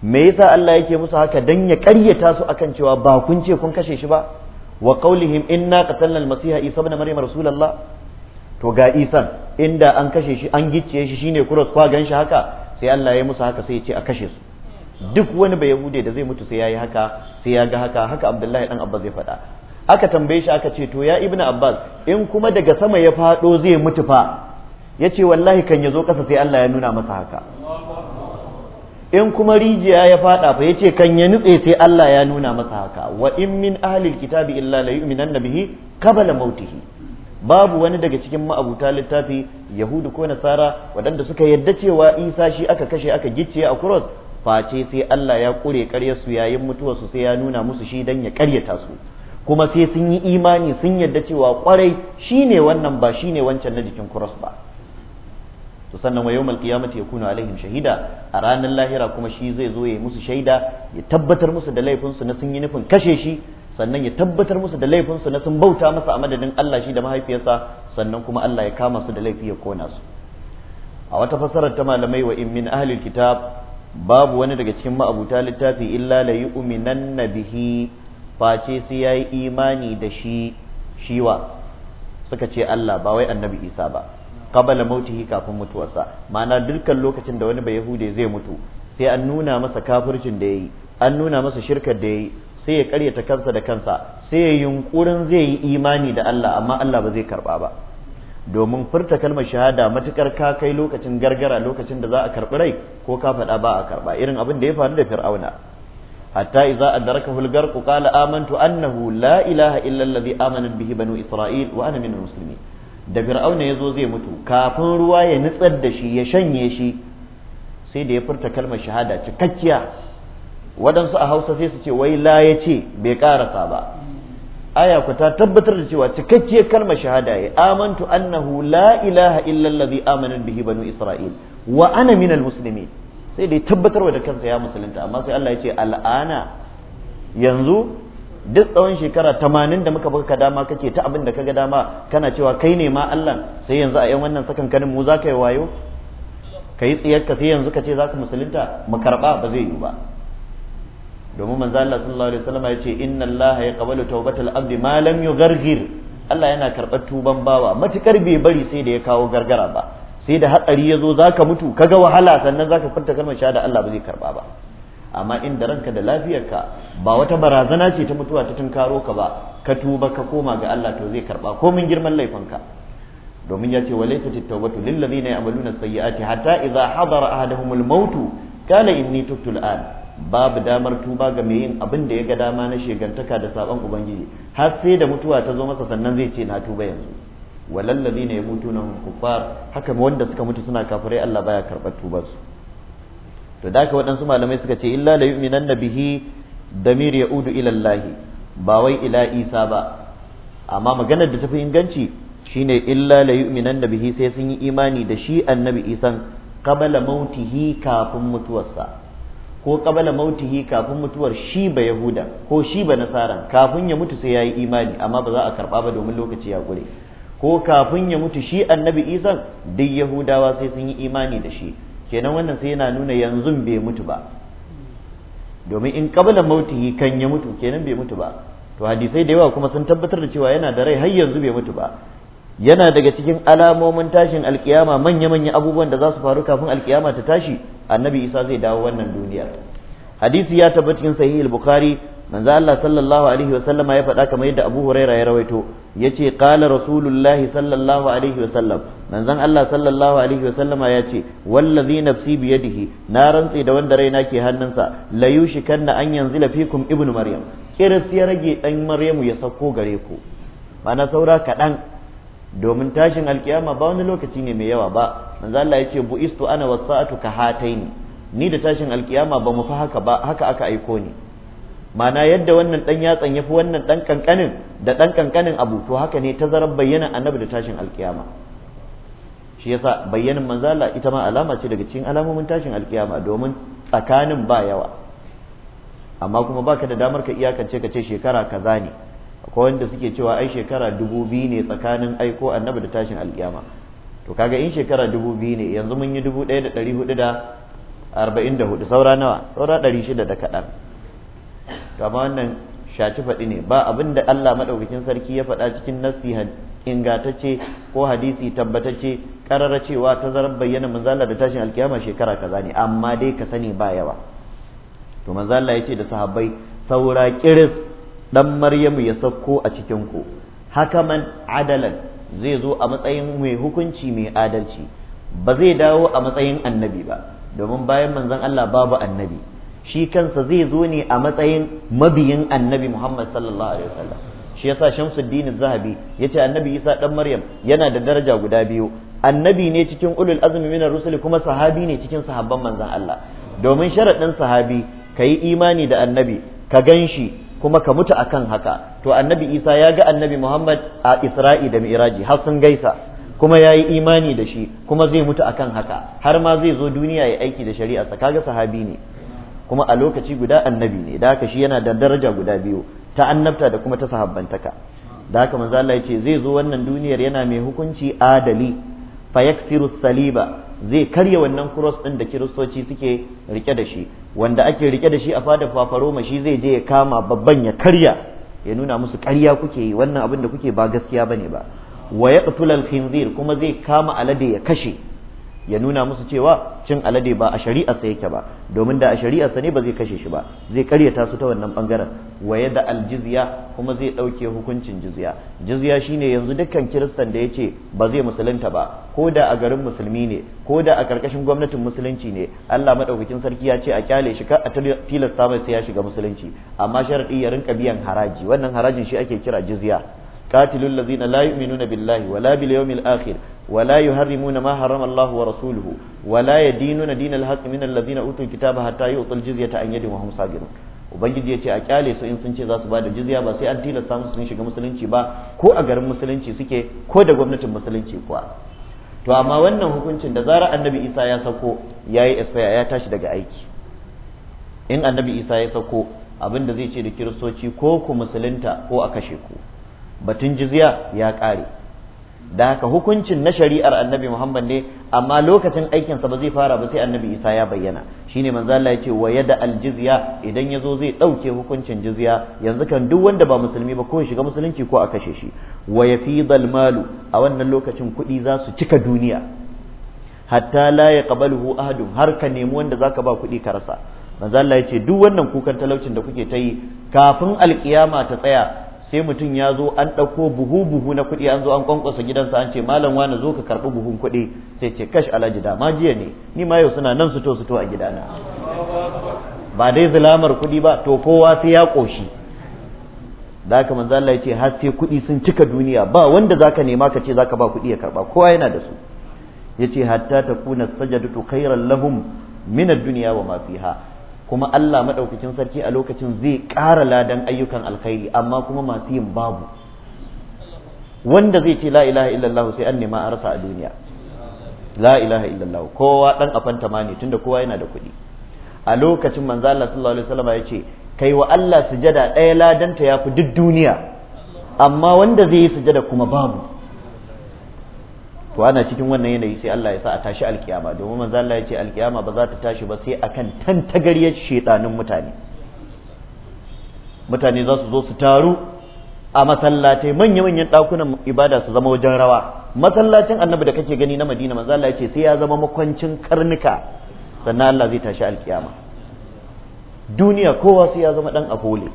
me yasa Allah yake musu haka dan ya karyata su akan cewa ba kun ce kun kashe shi ba wa qaulihim inna qatalna al-masiha isa ibn maryam rasulullah to ga isan inda an kashe shi an gicciye shi shine kuros kwa gan shi haka sai Allah ya musu haka sai ya ce a kashe su duk wani bai yahude da zai mutu sai yayi haka sai ya ga haka haka abdullahi dan abba zai faɗa aka tambaye shi aka ce to ya ibna abbas in kuma daga sama ya faɗo zai mutu fa yace wallahi kan yazo kasa sai Allah ya nuna masa haka in kuma rijiya ya fada fa yace kan ya nutse sai Allah ya nuna masa haka wa in min ahlil kitabi illa la yu'minanna bihi qabla mautihi babu wani daga cikin ma'abuta littafi yahudu ko nasara waɗanda suka yadda cewa isa shi aka kashe aka gicce a cross face sai Allah ya kure ƙaryar su yayin mutuwar su sai ya nuna musu shi dan ya ƙaryata su kuma sai sun yi imani sun yadda cewa kwarai shine wannan ba shine wancan na jikin cross ba to sannan wa yawmal qiyamati yakunu alaihim shahida a ranar lahira kuma shi zai zo ya yi musu shaida ya tabbatar musu da laifin su na sun yi nufin kashe shi sannan ya tabbatar musu da laifin su na sun bauta masa a madadin Allah shi da mahaifiyarsa sannan kuma Allah ya kama su da laifi ya kona su a wata fassarar ta malamai wa in min ahlil kitab babu wani daga cikin ma'abuta littafi illa la yu'minanna bihi face sai yayi imani da shi shiwa suka ce Allah ba wai annabi Isa ba qabala mautihi kafin mutuwarsa ma'ana dukkan lokacin da wani bayahude zai mutu sai an nuna masa kafircin da yayi an nuna masa shirkar da yayi sai ya karyata kansa da kansa sai ya yunkurin zai yi imani da Allah amma Allah ba zai karba ba domin furta kalmar shahada matukar ka kai lokacin gargara lokacin da za a karbi rai ko ka faɗa ba a karba irin abin da ya faru da fir'auna hatta idza adrakahu al-gharq qala amantu annahu la ilaha illa alladhi amana bihi banu isra'il wa ana minal muslimin da fir'auna ya zo zai mutu kafin ruwa ya nutsar da shi ya shanye shi sai da ya furta kalmar shahada cikakkiya waɗansu a hausa sai su ce wai la ya ce bai ƙarasa ba aya ku ta tabbatar da cewa cikakkiyar kalmar shahada ya amantu annahu la ilaha illallazi allazi amana bihi banu isra'il wa ana minal muslimin sai da ya tabbatar da kansa ya musulunta amma sai Allah ya ce al'ana yanzu duk tsawon shekara tamanin da muka baka dama kake ta abin da ka ga dama kana cewa kai ne ma Allah sai yanzu a yan wannan sakan kanin mu za ka yi wayo ka yi tsiyarka sai yanzu ka ce za ka musulunta mu karɓa ba zai yi ba domin manzo Allah sallallahu alaihi wasallam ya ce inna Allah ya qabalu tawbatal abdi ma lam yughargir Allah yana karɓar tuban bawa matukar bai bari sai da ya kawo gargara ba sai da hatsari ya zo za ka mutu kaga wahala sannan za ka furta kalmar shahada Allah ba zai karɓa ba amma inda ranka da lafiyarka ba wata barazana ce ta mutuwa ta tunkaro ka ba ka tuba ka koma ga Allah to zai karba komin girman laifinka domin ya ce walaita at-tawbatu lil ladina ya'maluna sayyi'ati hatta idza hadara ahaduhumul mautu kana inni tubtu al babu damar tuba ga mai yin abin da ya ga dama na shegantaka da saban ubangiji har sai da mutuwa ta zo masa sannan zai ce na tuba yanzu walal ladina yamutuna hum kuffar haka wanda suka mutu suna kafirai Allah baya karbar tubar su to da ka waɗansu malamai suka ce illa la yu'minan bihi damir ya'udu ila ilallahi ba wai ila Isa ba amma maganar da tafi inganci shine illa la yu'minan bihi sai sun yi imani da shi annabi Isa qabala mautihi kafin mutuwarsa ko qabala mautihi kafin mutuwar shi ba Yahuda ko shi ba Nasara kafin ya mutu sai yayi imani amma ba za a karɓa ba domin lokaci ya gure ko kafin ya mutu shi annabi Isa duk Yahudawa sai sun yi imani da shi kenan wannan sai yana nuna yanzu bai mutu ba domin in qabla mautihi kan ya mutu kenan bai mutu ba to hadisai da yawa kuma sun tabbatar da cewa yana da rai har yanzu bai mutu ba yana daga cikin alamomin tashin alkiyama manya-manya abubuwan da za su faru kafin alkiyama ta tashi annabi isa zai dawo wannan duniyar hadisi ya tabbata cikin sahih al-bukhari manzo Allah sallallahu alaihi wasallam ya faɗa kamar yadda Abu Huraira ya rawaito yace qala rasulullah sallallahu alaihi wasallam manzon Allah sallallahu alaihi wasallam ya ce wallazi nafsi bi yadihi na rantsi da wanda raina ke hannunsa la yushikanna an yanzila fikum ibnu maryam kiris ya rage dan maryamu ya sako gare ku mana saura kaɗan domin tashin alkiyama ba wani lokaci ne mai yawa ba manzo Allah ya ce bu istu ana wasa'atu ka hataini ni da tashin alkiyama ba mu fa haka ba haka aka aiko ni mana yadda wannan dan yatsan fi wannan dan kankanin da dan kankanin abu to haka ne ta zarar bayyana annabi da tashin alkiyama shi yasa bayyanin manzala ita ma alama ce daga cikin alamomin tashin alkiyama domin tsakanin ba yawa amma kuma baka da damar ka iyakance ka ce shekara kaza ne akwai wanda suke cewa ai shekara dubu biyu ne tsakanin aiko annabi da tashin alkiyama to kaga in shekara dubu biyu ne yanzu mun yi dubu ɗaya da ɗari hudu da arba'in da hudu saura nawa saura ɗari shida da kaɗan kama wannan shaci faɗi ne ba abin da Allah maɗaukacin sarki ya faɗa cikin nassi ingatacce ko hadisi tabbatacce karara cewa ta zarar bayyana manzala da tashin alkiyama shekara kaza ne amma dai ka sani ba yawa to manzala ya ce da sahabbai saura kiris dan maryamu ya sauko a cikin ku hakaman adalan zai zo a matsayin mai hukunci mai adalci ba zai dawo a matsayin annabi ba domin bayan manzon Allah babu annabi shi kansa zai zo ne a matsayin mabiyin annabi Muhammad sallallahu alaihi wasallam shi yasa Shamsuddin Zahabi yace annabi Isa dan Maryam yana da daraja guda biyu annabi ne cikin ulul azmi minar rusuli kuma sahabi ne cikin sahabban manzon Allah domin sharaɗin sahabi kayi imani da annabi ka ganshi kuma ka mutu akan haka to annabi Isa ya ga annabi Muhammad a Isra'i da Mi'raji har sun gaisa kuma ya yi imani da shi kuma zai mutu akan haka har ma zai zo duniya ya aiki da shari'arsa kaga sahabi ne kuma a lokaci guda annabi ne da haka shi yana da daraja guda biyu ta annabta da kuma ta sahabbantaka da haka manzo Allah yace zai zo wannan duniyar yana mai hukunci adali fa yaksiru saliba zai karya wannan cross din da kiristoci suke rike da shi wanda ake rike da shi a fada fafaroma shi zai je ya kama babban ya karya ya nuna musu karya kuke yi wannan abin da kuke ba gaskiya bane ba wa yaqtulal khinzir kuma zai kama alade ya kashe ya nuna musu cewa cin alade ba a shari'arsa yake ba domin da a shari'arsa ne ba zai kashe shi ba zai karyata su ta wannan bangaren waye da aljizya kuma zai dauke hukuncin jizya jizya shine yanzu dukkan kiristan da ya ce ba zai musulunta ba ko da a garin musulmi ne ko da a karkashin gwamnatin musulunci ne Allah madaukakin sarki ya ce a kyale shi ka a tilasta mai sai ya shiga musulunci amma sharadi ya rinka biyan haraji wannan harajin shi ake kira jizya قاتلوا الذين لا يؤمنون بالله ولا باليوم الآخر ولا يحرمون ما حرم الله ورسوله ولا يدينون دين الحق من الذين أوتوا الكتاب حتى يؤتوا الجزية عن يد وهم صاغرون ubangiji ya ce a kyale su in sun ce za su bada jizya ba sai an tilasta musu sun shiga musulunci ba ko a garin musulunci suke ko da gwamnatin musulunci kuwa to amma wannan hukuncin da zarar annabi isa ya sauko ya yi ya tashi daga aiki in annabi isa ya sauko abin da zai ce da kiristoci ko ku musulunta ko a kashe ku batun jizya ya ƙare da haka hukuncin na shari'ar annabi muhammad ne amma lokacin aikinsa ba zai fara ba sai annabi isa ya bayyana shine manzo Allah ya ce wa yada al jizya idan yazo zai ɗauke hukuncin jizya yanzu kan duk wanda ba musulmi ba ko ya shiga musulunci ko a kashe shi wa yafidal malu a wannan lokacin kuɗi za su cika duniya hatta la yaqbaluhu ahadun har ka nemi wanda zaka ba kuɗi ka rasa manzo Allah ya ce duk wannan kukan talaucin da kuke ta yi kafin alkiyama ta tsaya sai mutum ya zo an ɗauko buhu buhu na kuɗi an zo an kwankwasa gidansa an ce malam wane zo ka karɓi buhun kuɗi sai ce kash alhaji da ma jiya ne ni ma yau suna nan su to su to a gidana ba dai zulamar kuɗi ba to kowa sai ya ƙoshi da haka manzo Allah ya ce har sai kuɗi sun cika duniya ba wanda zaka nema ka ce zaka ba kuɗi ya karɓa kowa yana da su yace hatta takuna sajadatu khairan lahum min ad-dunya wa ma fiha kuma Allah maɗaukacin sarki a lokacin zai ƙara ladan ayyukan alkhairi amma kuma masu yin babu wanda zai ce la ilaha illallah sai an nema a rasa a duniya la ilaha illallah kowa dan afanta ma ne tunda kowa yana da kuɗi a lokacin manzo Allah sallallahu alaihi wasallam ya kai wa Allah sujada ɗaya ladanta yafi duk duniya amma wanda zai yi sujada kuma babu to ana cikin wannan yanayi sai Allah ya sa a tashi alkiyama domin manzo Allah ya ce alkiyama ba za ta tashi ba sai akan tantagariyar shedanin mutane mutane za su zo su taru a masallatai manya-manyan dakunan ibada su zama wajen rawa masallacin annabi da kake gani na madina manzo Allah ya ce sai ya zama makwancin karnuka sannan Allah zai tashi alkiyama duniya kowa sai ya zama dan akole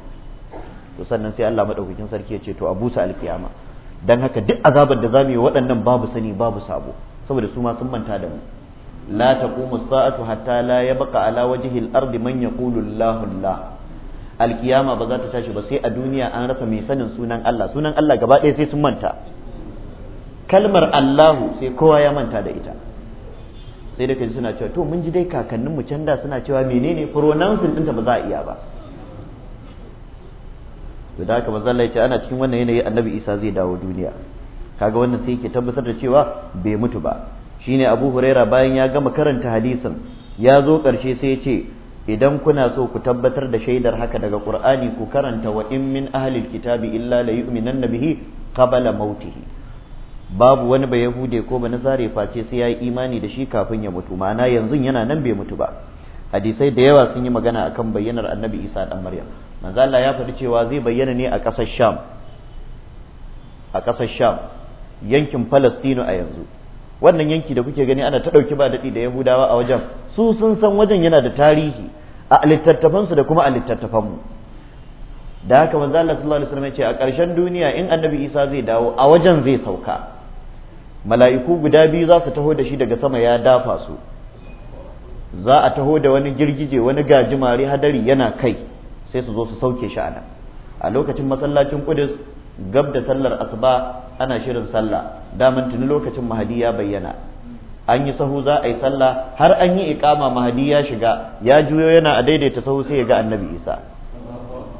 to sannan sai Allah madaukakin sarki ya ce to a busa alkiyama dan haka duk azabar da zamu yi waɗannan babu sani babu sabo saboda su ma sun manta da mu la taqumu as-sa'atu hatta la yabqa ala wajhi al-ard man yaqulu Allahu al alkiyama ba za ta tashi ba sai a duniya an rasa mai sanin sunan Allah sunan Allah gaba ɗaya sai sun manta kalmar Allahu sai kowa ya manta da ita sai da kaji suna cewa to mun ji dai kakannin mu canda suna cewa menene pronouncing ɗinta ba za a iya ba to da haka manzon Allah ya ce ana cikin wannan yanayi annabi Isa zai dawo duniya kaga wannan sai yake tabbatar da cewa bai mutu ba shine Abu Huraira bayan ya gama karanta hadisin ya zo karshe sai ya ce idan kuna so ku tabbatar da shaidar haka daga Qur'ani ku karanta wa in min ahlil kitabi illa la yu'minanna bihi qabla mautihi babu wani ba yahude ko ba nasare face sai ya yi imani da shi kafin ya mutu ma'ana yanzu yana nan bai mutu ba hadisai da yawa sun yi magana akan bayyanar annabi isa dan maryam manzo Allah ya faɗi cewa zai bayyana ne a ƙasar sham a ƙasar sham yankin palestino a yanzu wannan yanki da kuke gani ana ta ɗauki ba daɗi da yahudawa a wajen su sun san wajen yana da tarihi a littattafansu da kuma a littattafanmu da haka manzo Allah sallallahu alaihi wasallam ya ce a ƙarshen duniya in annabi isa zai dawo a wajen zai sauka mala'iku guda biyu za su taho da shi daga sama ya dafa su za a taho da wani girgije wani gajimare hadari yana kai sai su zo su sauke shi a nan. a lokacin masallacin kudus gab da sallar asuba ana shirin sallah daman tuni lokacin mahadi ya bayyana an yi sahu za a yi sallah har an yi ikama mahadi ya shiga ya juyo yana a daidaita sahu sai ya ga annabi isa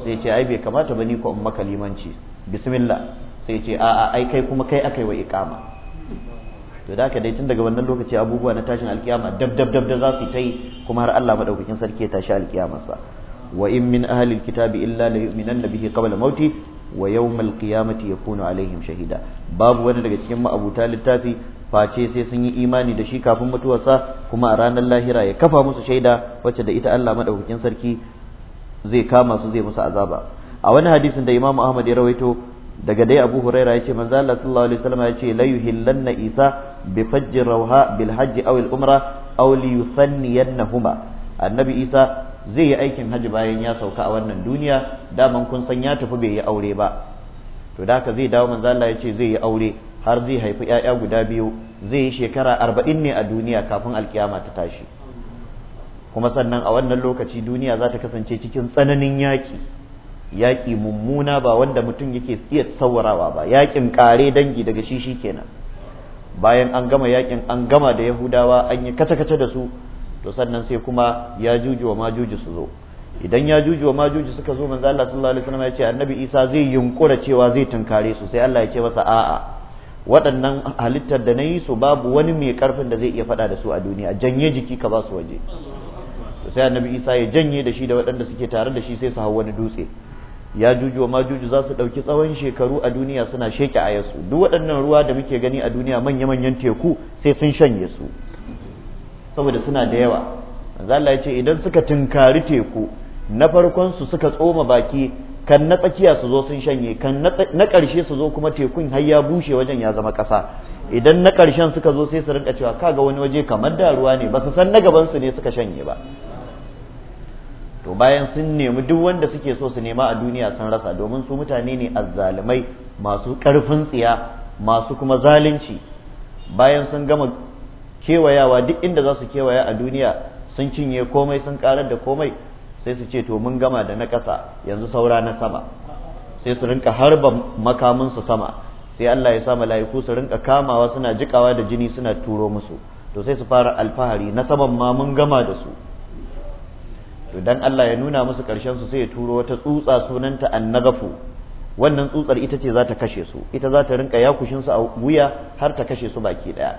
sai ce ai bai kamata ba ni ko in maka limanci bismillah sai ce a'a ai kai kuma kai akai wa ikama to da aka dai tun daga wannan lokaci abubuwa na tashin alkiyama dab dab dab za su ta kuma har Allah madaukakin sarki ya tashi alkiyamarsa wa in min ahli alkitabi illa la yu'minanna bihi qabla mauti wa yawm alqiyamati yakunu alaihim shahida babu wani daga cikin ma'abuta littafi face sai sun yi imani da shi kafin mutuwarsa kuma a ranar lahira ya kafa musu shaida wacce da ita Allah madaukakin sarki zai kama su zai musu azaba a wani hadisin da Imam Ahmad ya rawaito daga dai Abu Huraira yace manzo Allah sallallahu alaihi wasallam yace la yuhillanna Isa bi fajr rawha bil hajj aw al umra aw li yusanniyannahuma annabi Isa zai yi aikin hajji bayan ya sauka a wannan duniya daman kun san ya tafi bai yi aure ba to da haka zai dawo manzo Allah yace zai yi aure har zai haifi ƴaƴa guda biyu zai yi shekara arba'in ne a duniya kafin alkiyama ta tashi kuma sannan a wannan lokaci duniya za ta kasance cikin tsananin yaki yaƙi mummuna ba wanda mutum yake iya saurawa ba yaƙin ƙare dangi daga shi shi kenan bayan an gama yaƙin an gama da yahudawa an yi kace-kace da su to sannan sai kuma ya juji wa majuji su zo idan ya juji wa majuji suka zo manzo Allah sallallahu alaihi wasallam ya ce annabi Isa zai yunkura cewa zai tunkare su sai Allah ya ce masa a'a waɗannan halittar da na yi su babu wani mai karfin da zai iya faɗa da su a duniya janye jiki ka ba su waje sai annabi Isa ya janye da shi da waɗanda suke tare da shi sai su hau wani dutse ya juju wa majuju za su ɗauki tsawon shekaru a duniya suna sheke a yasu duk waɗannan ruwa da muke gani a duniya manya-manyan teku sai sun shanye su saboda suna da yawa Allah ya ce idan suka tunkari teku na farkon su suka tsoma baki kan na tsakiya su zo sun shanye kan na ƙarshe su zo kuma tekun har ya bushe wajen ya zama ƙasa idan na ƙarshen suka zo sai su rinka cewa kaga wani waje kamar da ruwa ne ba su san na gaban su ne suka shanye ba to bayan sun nemi duk wanda suke so su nema a duniya sun rasa domin su mutane ne azzalumai masu karfin tsiya masu kuma zalunci bayan sun gama kewayawa duk inda za su kewaya a duniya sun cinye komai sun karar da komai sai su ce to mun gama da na ƙasa yanzu saura na sama sai su rinka harba makaminsu sama sai Allah ya sa mala'iku su rinka kamawa suna jikawa da jini suna turo musu to sai su fara alfahari na saman ma mun gama da su to dan Allah ya nuna musu karshen su sai ya turo wata tsutsa sunanta annagafu wannan tsutsar ita ce za ta kashe su ita za ta rinka yakushin su a wuya har ta kashe su baki daya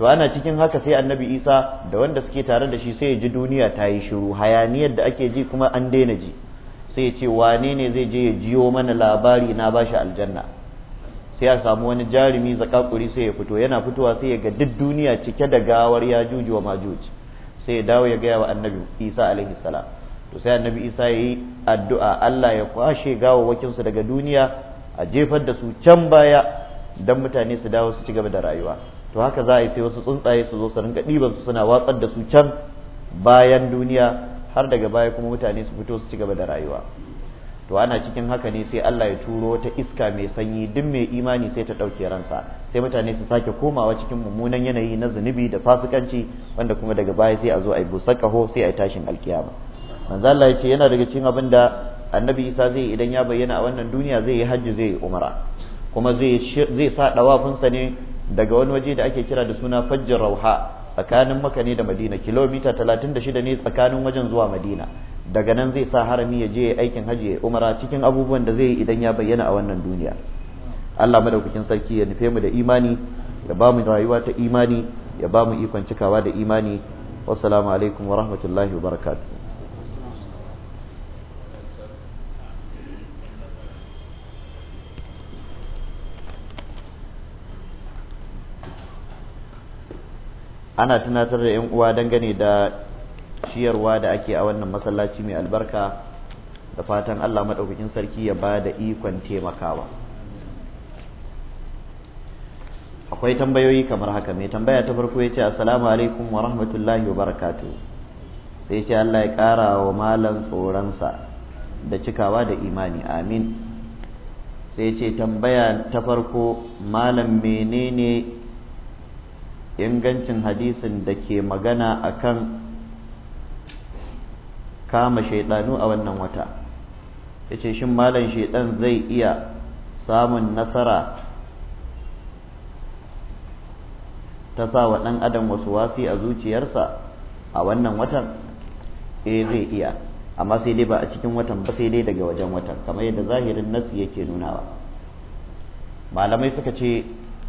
to ana cikin haka sai annabi Isa da wanda suke tare da shi sai ya ji duniya ta yi shiru hayaniyar da ake ji kuma an daina ji sai ya ce wane ne zai je ya jiyo mana labari na bashi aljanna sai a samu wani jarumi zakakuri sai ya fito yana fitowa sai ya ga duk duniya cike da gawar ya juji wa majuji sai ya dawo ya gaya wa annabi isa alaihi salam to sai annabi isa ya yi addu'a allah ya kwashe gawawwakinsu daga duniya a jefar da su can baya don mutane su dawo su ci gaba da rayuwa to haka za a yi sai wasu tsuntsaye su zo su rinka ɗiban su suna watsar da su can bayan duniya har daga baya kuma mutane su fito su ci gaba da rayuwa to ana cikin haka ne sai Allah ya turo wata iska mai sanyi duk mai imani sai ta ɗauke ransa sai mutane su sake komawa cikin mummunan yanayi na zunubi da fasikanci wanda kuma daga baya sai a zo a yi busar ƙaho sai a yi tashin alkiyama manzo Allah ya ce yana daga cikin abin da annabi Isa zai idan ya bayyana a wannan duniya zai yi hajji zai yi umara kuma zai sa dawafinsa ne daga wani waje da ake kira da suna fajjin rauha tsakanin maka ne da madina kilomita 36 ne tsakanin wajen zuwa madina daga nan zai sa harami ya je aikin hajji ya umara cikin abubuwan da zai yi idan ya bayyana a wannan duniya Allah madaukakin sarki ya nufe mu da imani ya ba mu rayuwa ta imani ya ba mu ikon cikawa da imani wassalamu alaikum wa rahmatullahi wa ana tunatar da 'yan uwa dangane da ciyarwa da ake a wannan masallaci mai albarka da fatan Allah maɗaukakin sarki ya ba da ikon taimakawa akwai tambayoyi kamar haka mai tambaya ta farko ya ce assalamu alaikum wa rahmatullahi wa barakatu sai ce Allah ya ƙara wa malan tsoronsa da cikawa da imani amin sai ce tambaya ta farko malam menene ingancin hadisin da ke magana a kan kama shaidanu a wannan wata ya ce shin malam shaidan zai iya samun nasara ta sa wa ɗan adam wasu wasi a zuciyarsa a wannan watan e zai iya amma sai dai ba a cikin watan ba sai dai daga wajen watan kamar yadda zahirin nasi yake nunawa malamai suka ce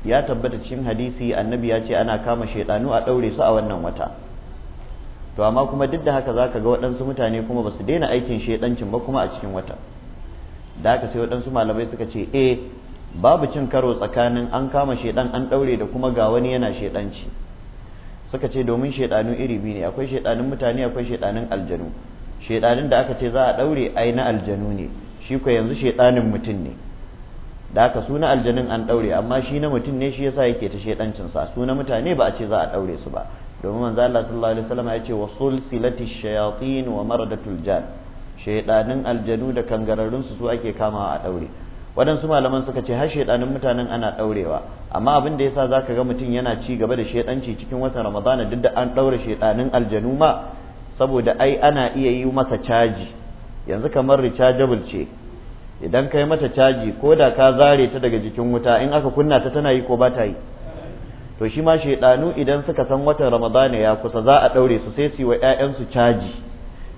ya tabbata cikin hadisi annabi ya ce ana kama shaidanu a ɗaure su a wannan wata to amma kuma duk da haka zaka ga waɗansu mutane kuma ba su daina aikin shaidancin ba kuma a cikin wata da haka sai waɗansu malamai suka ce eh babu cin karo tsakanin an kama shaidan an ɗaure da kuma ga wani yana shaidanci suka ce domin shaidanu iri biyu ne akwai shaidanun mutane akwai shaidanun aljanu shaidanun da aka ce za a ɗaure ai na aljanu ne shi ko yanzu shaidanin mutum ne da haka suna aljanin an daure amma shi na mutum ne shi yasa yake ta shedancin sa suna mutane ba a ce za a daure su ba domin manzo Allah sallallahu alaihi wasallam ya ce wa sulsilati shayatin wa maradatul jan shedanin aljanu da kangararrun su su ake kamawa a daure waɗansu malaman suka ce har shedanin mutanen ana daurewa amma abin da yasa zaka ga mutum yana ci gaba da shedanci cikin watan ramadana duk da an daure shedanin aljanu ma saboda ai ana iya yi masa caji yanzu kamar rechargeable ce idan kai mata caji ko da ka zare ta daga jikin wuta in aka kunna ta tana yi ko ba ta yi to shi ma shaidanu idan suka san watan ramadana ya kusa za a daure su sai su wa su caji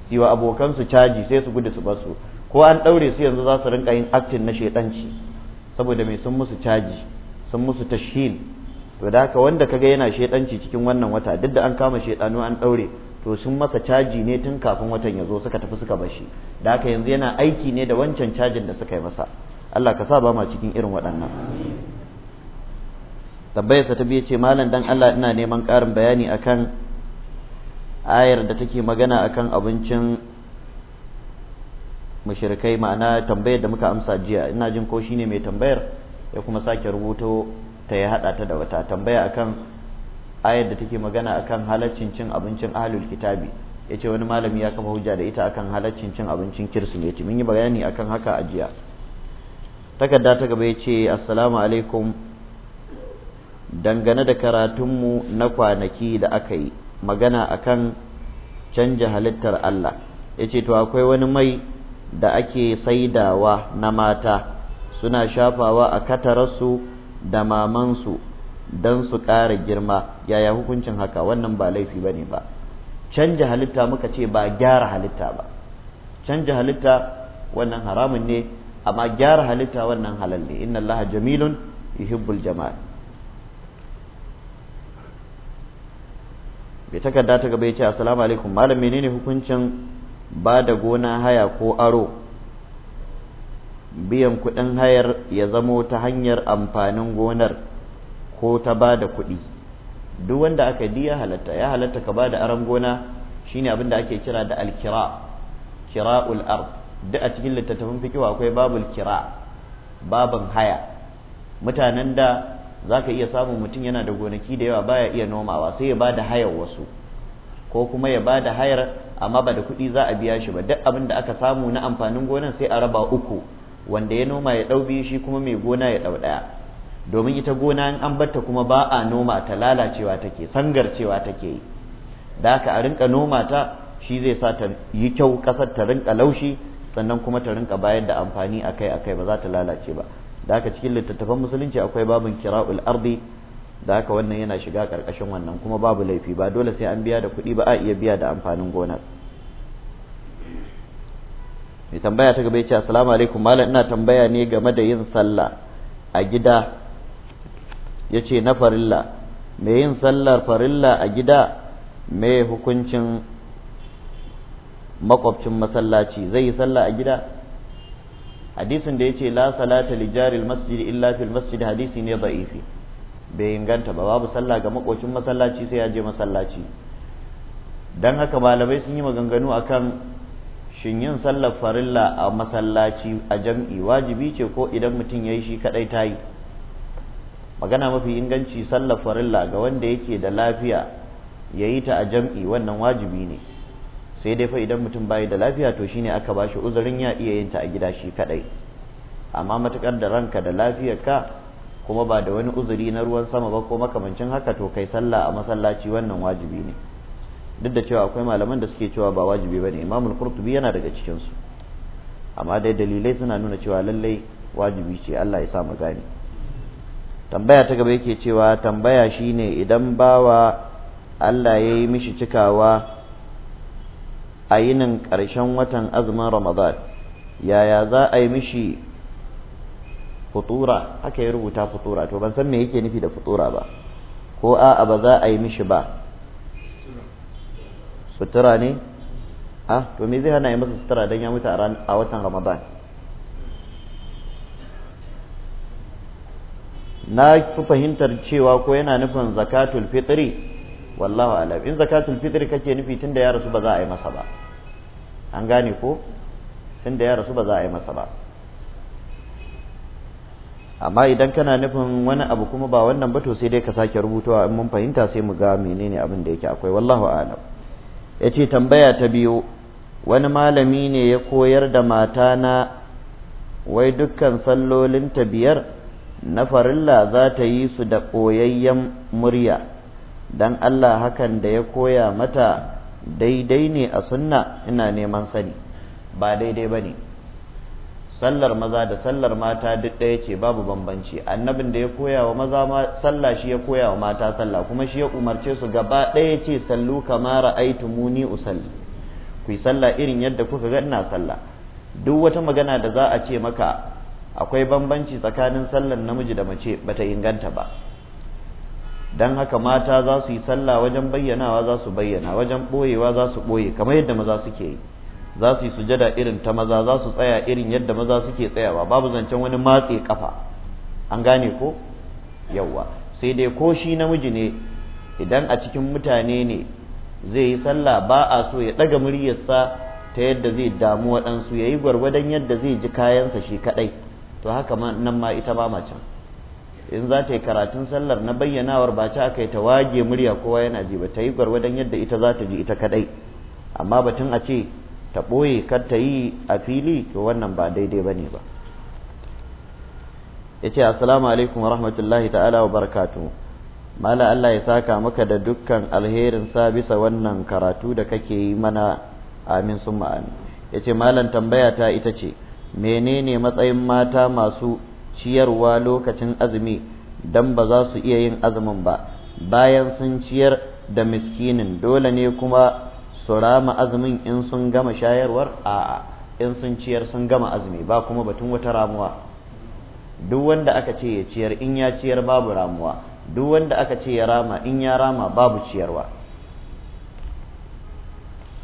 su wa abokansu caji sai su gudu su basu ko an daure su yanzu za su rinka yin aktin na shaidanci saboda mai sun musu caji sun musu tashhin to da haka wanda kaga yana shaidanci cikin wannan wata duk da an kama shaidanu an daure to sun masa caji ne tun kafin watan ya zo suka tafi suka bashi da haka yanzu yana aiki ne da wancan cajin da suka yi masa Allah ka sa ba ma cikin irin waɗannan tabbayarsa sa biye ce malam dan Allah ina neman ƙarin bayani akan ayar da take magana akan abincin mushrikai ma'ana tambayar da muka amsa jiya ina jin ko shine mai tambayar ya kuma sake rubuto ta ya haɗa ta da wata tambaya akan ayar da take magana akan halaccin cin abincin ahlul kitabi yace wani malami ya kafa hujja da ita akan halaccin cin abincin kirsimeti mun yi bayani akan haka a jiya takarda ta gaba yace ce assalamu alaikum dangane da karatunmu na kwanaki da aka yi magana akan canja halittar Allah yace to akwai wani mai da ake saidawa na mata suna shafawa a katararsu da mamansu don su ƙara girma yaya hukuncin haka wannan ba laifi ba ne ba canja halitta muka ce ba gyara halitta ba canja halitta wannan haramun ne amma gyara halitta wannan halal ne inna allaha jamilun yuhibbul jama'a. bai takarda ta gaba ya ce assalamu alaikum malam menene hukuncin ba da gona haya ko aro biyan kuɗin hayar ya zamo ta hanyar amfanin gonar ko ta ba da kuɗi duk wanda aka yi ya halatta ya halatta ka ba da aron gona shine abin da ake kira da alkira kira'ul ard duk a cikin littattafin fikiwa akwai babul kira babin haya mutanen da za ka iya samun mutum yana da gonaki da yawa baya iya nomawa sai ya ba da hayar wasu ko kuma ya ba da hayar amma ba da kuɗi za a biya shi ba duk abin da aka samu na amfanin gonan sai a raba uku wanda ya noma ya ɗau biyu shi kuma mai gona ya ɗau ɗaya domin ita gona in an batta kuma ba a noma ta lalacewa take cewa take yi da haka a rinka noma ta shi zai sa ta yi kyau ƙasar ta rinka laushi sannan kuma ta rinka bayar da amfani akai akai ba za ta lalace ba da haka cikin littattafan musulunci akwai babin kira'ul ardi da haka wannan yana shiga ƙarƙashin wannan kuma babu laifi ba dole sai an biya da kuɗi ba a iya biya da amfanin gonar mai tambaya ta gaba ya ce assalamu alaikum malam ina tambaya ne game da yin sallah a gida ya ce na farilla mai yin sallar farilla a gida mai hukuncin makwabcin masallaci zai yi salla a gida hadisin da ya ce la salata li jaril masjid illa fil masjid hadisi ne da'ifi bai inganta ba babu sallah ga makwacin masallaci sai ya je masallaci dan haka malamai sun yi maganganu akan shin yin sallar farilla a masallaci a jam'i wajibi ce ko idan mutum ya yi shi kadai ta yi magana mafi inganci sallar farilla ga wanda yake da lafiya ya yi ta a jam'i wannan wajibi ne sai dai fa idan mutum bayi da lafiya to shine aka ba shi uzurin ya iya yin ta a gida shi kadai amma matukar da ranka da lafiyar ka kuma ba da wani uzuri na ruwan sama ba ko makamancin haka to kai sallah a masallaci wannan wajibi ne duk da cewa akwai malaman da suke cewa ba wajibi bane imamul qurtubi yana daga cikin su amma dai dalilai suna nuna cewa lallai wajibi ce Allah ya sa mu gane tambaya ta gaba yake cewa tambaya shine idan bawa Allah ya yi mishi cikawa a yinin ƙarshen watan azumin ramadan yaya za a yi mishi futura aka yi rubuta futura to ban san me yake nufi da futura ba ko a'a ba za a yi mishi ba sutura ne ah to me zai hana yi masa sutura don ya mutu a watan ramadan na fi fahimtar cewa ko yana nufin zakatul fitri wallahu ala in zakatul fitri kake nufi tunda ya rasu ba za a yi masa ba an gane ko tunda ya rasu ba za a yi masa ba amma idan kana nufin wani abu kuma ba wannan ba to sai dai ka sake rubutuwa in mun fahimta sai mu ga menene abin da yake akwai wallahu alam yace tambaya ta biyu wani malami ne ya koyar da mata na wai dukkan sallolin ta biyar na farilla za ta yi su da ɓoyayyen murya don Allah hakan da ya koya mata daidai ne a sunna ina neman sani ba daidai ba ne sallar maza da sallar mata duk ɗaya ce babu bambanci annabin da ya koya wa maza salla shi ya koya wa mata sallah kuma shi ya umarce su gaba ɗaya ce sallu kamara aitu muni usalli ku yi sallah irin yadda kuka ga ina sallah duk wata magana da za a ce maka akwai bambanci tsakanin sallar namiji da mace bata inganta ba don haka mata za su yi sallah wajen bayyanawa za su bayyana wajen ɓoyewa za su ɓoye kamar yadda maza suke yi za su yi sujada irin ta maza za su tsaya irin yadda maza suke tsayawa babu zancen wani matse kafa an gane ko yawwa sai dai ko shi namiji ne idan a cikin mutane ne zai yi sallah ba a so ya ɗaga muryarsa ta yadda zai damu waɗansu ya yi gwargwadon yadda zai ji kayansa shi kaɗai to haka nan ma ita ba mace in za ta yi karatun sallar na bayyanawar ba ci aka yi ta wage murya kowa yana ji ba ta yi gwargwadon yadda ita za ta ji ita kadai amma batun a ce ta ɓoye kar ta yi a fili to wannan ba daidai ba ne ba ya ce assalamu alaikum wa rahmatullahi ta'ala wa barakatu mala Allah ya saka maka da dukkan alherin sa bisa wannan karatu da kake yi mana amin sun ma'an ya ce malan tambaya ta ita ce menene matsayin mata masu ciyarwa lokacin azumi dan ba za su iya yin azumin ba bayan sun ciyar da miskinin dole ne kuma su rama azumin in sun gama shayarwar a'a in sun ciyar sun gama azumi ba kuma batun wata ramuwa duk wanda aka ce ya ciyar in ya ciyar babu ramuwa duk wanda aka ce ya rama in ya rama babu ciyarwa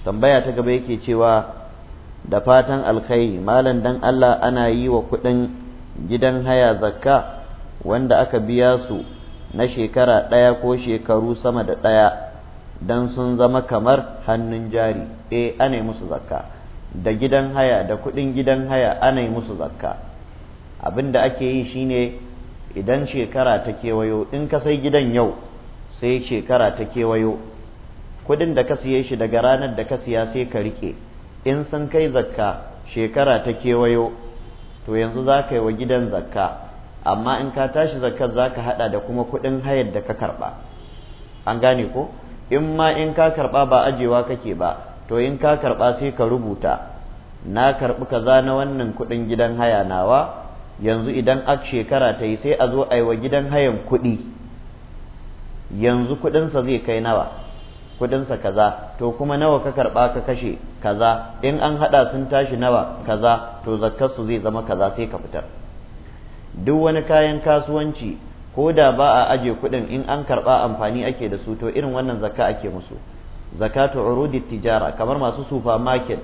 tambaya ta gaba yake cewa da fatan alkhairi malam dan Allah ana yi wa kuɗin gidan haya zakka wanda aka biya su na shekara ɗaya ko shekaru sama da ɗaya don sun zama kamar hannun jari eh ana musu zakka da gidan haya da kuɗin gidan haya ana yi musu zakka abin da ake yi shine idan shekara ta kewayo in ka sai gidan yau sai shekara ta kewayo kuɗin da ka siye shi daga ranar da ka siya sai ka riƙe in sun kai zakka shekara ta kewayo to yanzu za ka yi wa gidan zakka amma in ka tashi zakkar za ka haɗa da kuma kuɗin hayar da ka karɓa an gane ko in ma in ka karɓa ba ajewa kake ba to in ka karɓa sai ka rubuta na karɓi kaza na wannan kuɗin gidan haya nawa yanzu idan a shekara ta yi sai a zo a yi wa gidan hayan kuɗi yanzu kuɗinsa zai kai nawa kudinsa kaza to kuma nawa ka karba ka kashe kaza in an hada sun tashi nawa kaza to zakkarsu zai zama kaza sai ka fitar duk wani kayan kasuwanci ko da ba a aje kudin in an karba amfani ake da su to irin wannan zakka ake musu zakatu urudi tijara kamar masu supermarket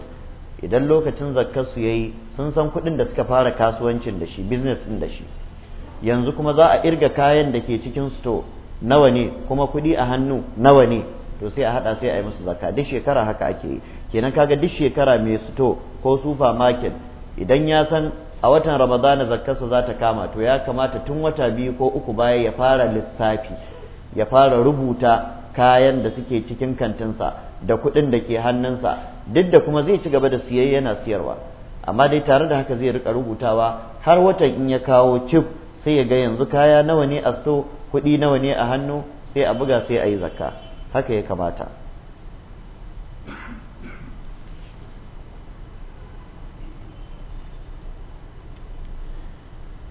idan lokacin zakkar su yayi sun san kudin da suka fara kasuwancin da shi business din da shi yanzu kuma za a irga kayan da ke cikin store nawa ne kuma kudi a hannu nawa ne to sai a hada sai a yi musu zaka duk shekara haka ake yi kenan kaga duk shekara mai sito ko supermarket idan ya san a watan ramadana zakkarsa za ta kama to ya kamata tun wata biyu ko uku baya ya fara lissafi ya fara rubuta kayan da suke cikin kantinsa da kuɗin da ke hannunsa duk da kuma zai ci gaba da siyayya yana siyarwa amma dai tare da haka zai rika rubutawa har watan in ya kawo cif sai ya ga yanzu kaya nawa ne a so kuɗi nawa ne a hannu sai a buga sai a yi zakka haka ya kamata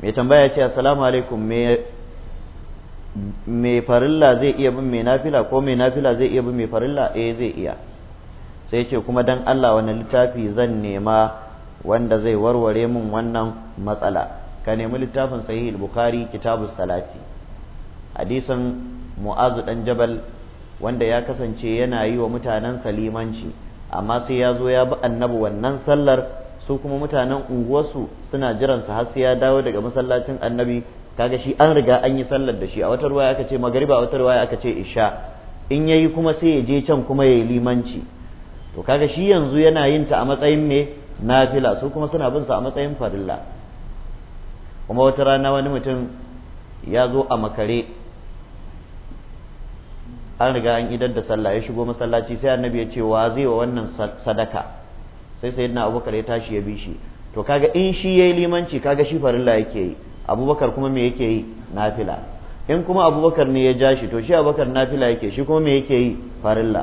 mai tambaya ce asalamu alaikum mai farilla zai iya bin mai nafila ko mai nafila zai iya bin mai farilla eh zai iya sai ce kuma dan Allah wani littafi zan nema wanda zai warware min wannan matsala ka nemi littafin sahih bukhari kitabus salati hadisan mu'azu dan jabal wanda ya kasance yana yi wa mutanen limanci amma sai ya zo ya bi annabi wannan sallar su kuma mutanen unguwarsu suna jiran sa har sai ya dawo daga masallacin annabi kaga shi an riga an yi sallar da shi a wata ruwaya aka ce magariba a wata ruwaya aka ce isha in yayi kuma sai ya je can kuma ya yi limanci to kaga shi yanzu yana yin ta a matsayin me nafila su kuma suna bin sa a matsayin farilla kuma wata rana wani mutum ya zo a makare an riga an idar da sallah ya shigo masallaci sai annabi ya ce wa zai wa wannan sadaka sai sayyidina abubakar ya tashi ya bi shi to kaga in shi yayi limanci kaga shi farilla yake yi abubakar kuma me yake yi nafila in kuma abubakar ne ya ja shi to shi abubakar nafila yake shi kuma me yake yi farilla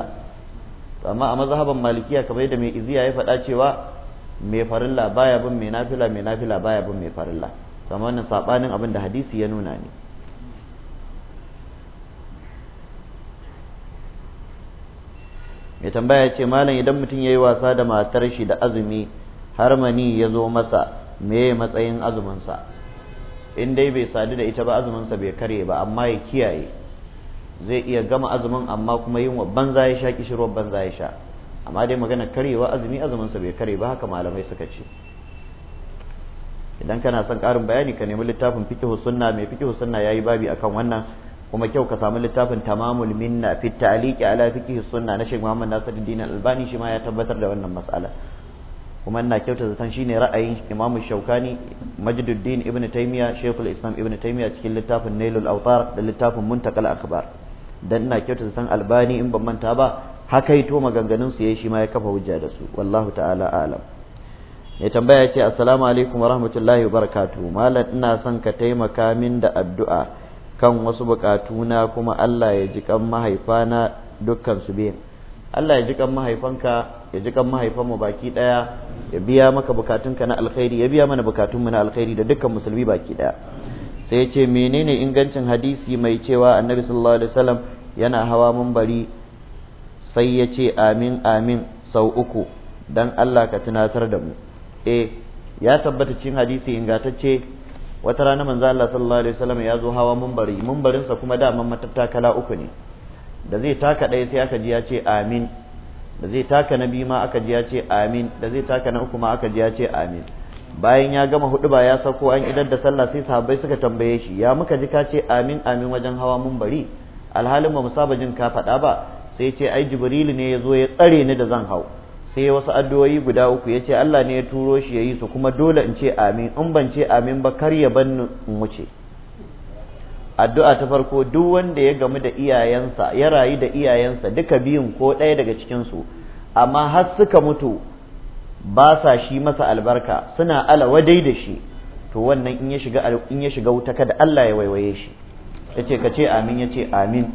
amma a mazhaban malikiya kamar yadda mai iziya ya faɗa cewa mai farilla baya bin mai nafila mai nafila baya bin mai farilla kamar wannan sabanin abin da hadisi ya nuna ne mai tambaya ce malam idan mutum ya yi wasa da matar shi da azumi harmani ya zo masa meye matsayin azuminsa in dai bai sadu da ita ba azuminsa bai karye ba amma ya kiyaye zai iya gama azumin amma kuma yin wa banza ya sha kishirwa banza ya sha amma dai magana karewa azumi azuminsa bai karye ba haka malamai suka ce idan kana son ƙarin bayani ka nemi littafin fikihu sunna mai fikihu sunna yayi babi akan wannan kuma kyau ka samu littafin tamamul minna fi ta'liqi ala fiqh sunna na Sheikh Muhammad Nasiruddin Albani shi ma ya tabbatar da wannan mas'ala kuma ina kyauta zaton shine ra'ayin Imam Shaukani Majduddin Ibn Taymiyyah Sheikhul Islam Ibn Taymiyyah cikin littafin Nailul Awtar da littafin Muntakal Akhbar dan ina kyauta zaton Albani in ban manta ba haka hakaito maganganun su yayi shi ma ya kafa hujja da su wallahu ta'ala a'lam ya tambaya ce assalamu alaikum wa rahmatullahi wa barakatuh malam ina son ka taimaka min da addu'a kan wasu bukatuna kuma Allah ya ji kan mahaifana dukkan su biyan Allah ya ji kan mahaifanka ya ji kan mahaifanmu baki daya ya biya maka bukatunka na alkhairi ya biya mana bukatunmu na alkhairi da dukkan musulmi baki daya sai ya ce menene ingancin hadisi mai cewa annabi sallallahu alaihi wasallam yana hawa mambari sai ya ce amin amin sau uku dan Allah ka tunatar da mu eh ya tabbata cikin hadisi ingantacce wata rana manzo Allah sallallahu alaihi wasallam ya zo hawa mumbari mumbarin sa kuma daman matattakala uku ne da zai taka ɗaya sai aka ji ya ce amin da zai taka na biyu ma aka ji ya ce amin da zai taka na uku ma aka ji ya ce amin bayan ya gama hudu ba ya sako an idar da sallah sai sahabbai suka tambaye shi ya muka ji ka ce amin amin wajen hawa mumbari alhalin ba mu saba jin ka faɗa ba sai ce ai jibrilu ne ya zo ya tsare ni da zan hau sai wasu addu'o'i guda uku ya ce Allah ne ya turo shi ya yi su kuma dole in ce amin in ban ce amin ba kar ya ban in wuce addu'a ta farko duk wanda ya gamu da iyayensa ya rayu da iyayensa duka biyun ko ɗaya daga cikin su amma har suka mutu ba sa shi masa albarka suna alawadai da shi to wannan in ya shiga in ya shiga wuta kada Allah ya waiwaye shi yace ka ce amin yace amin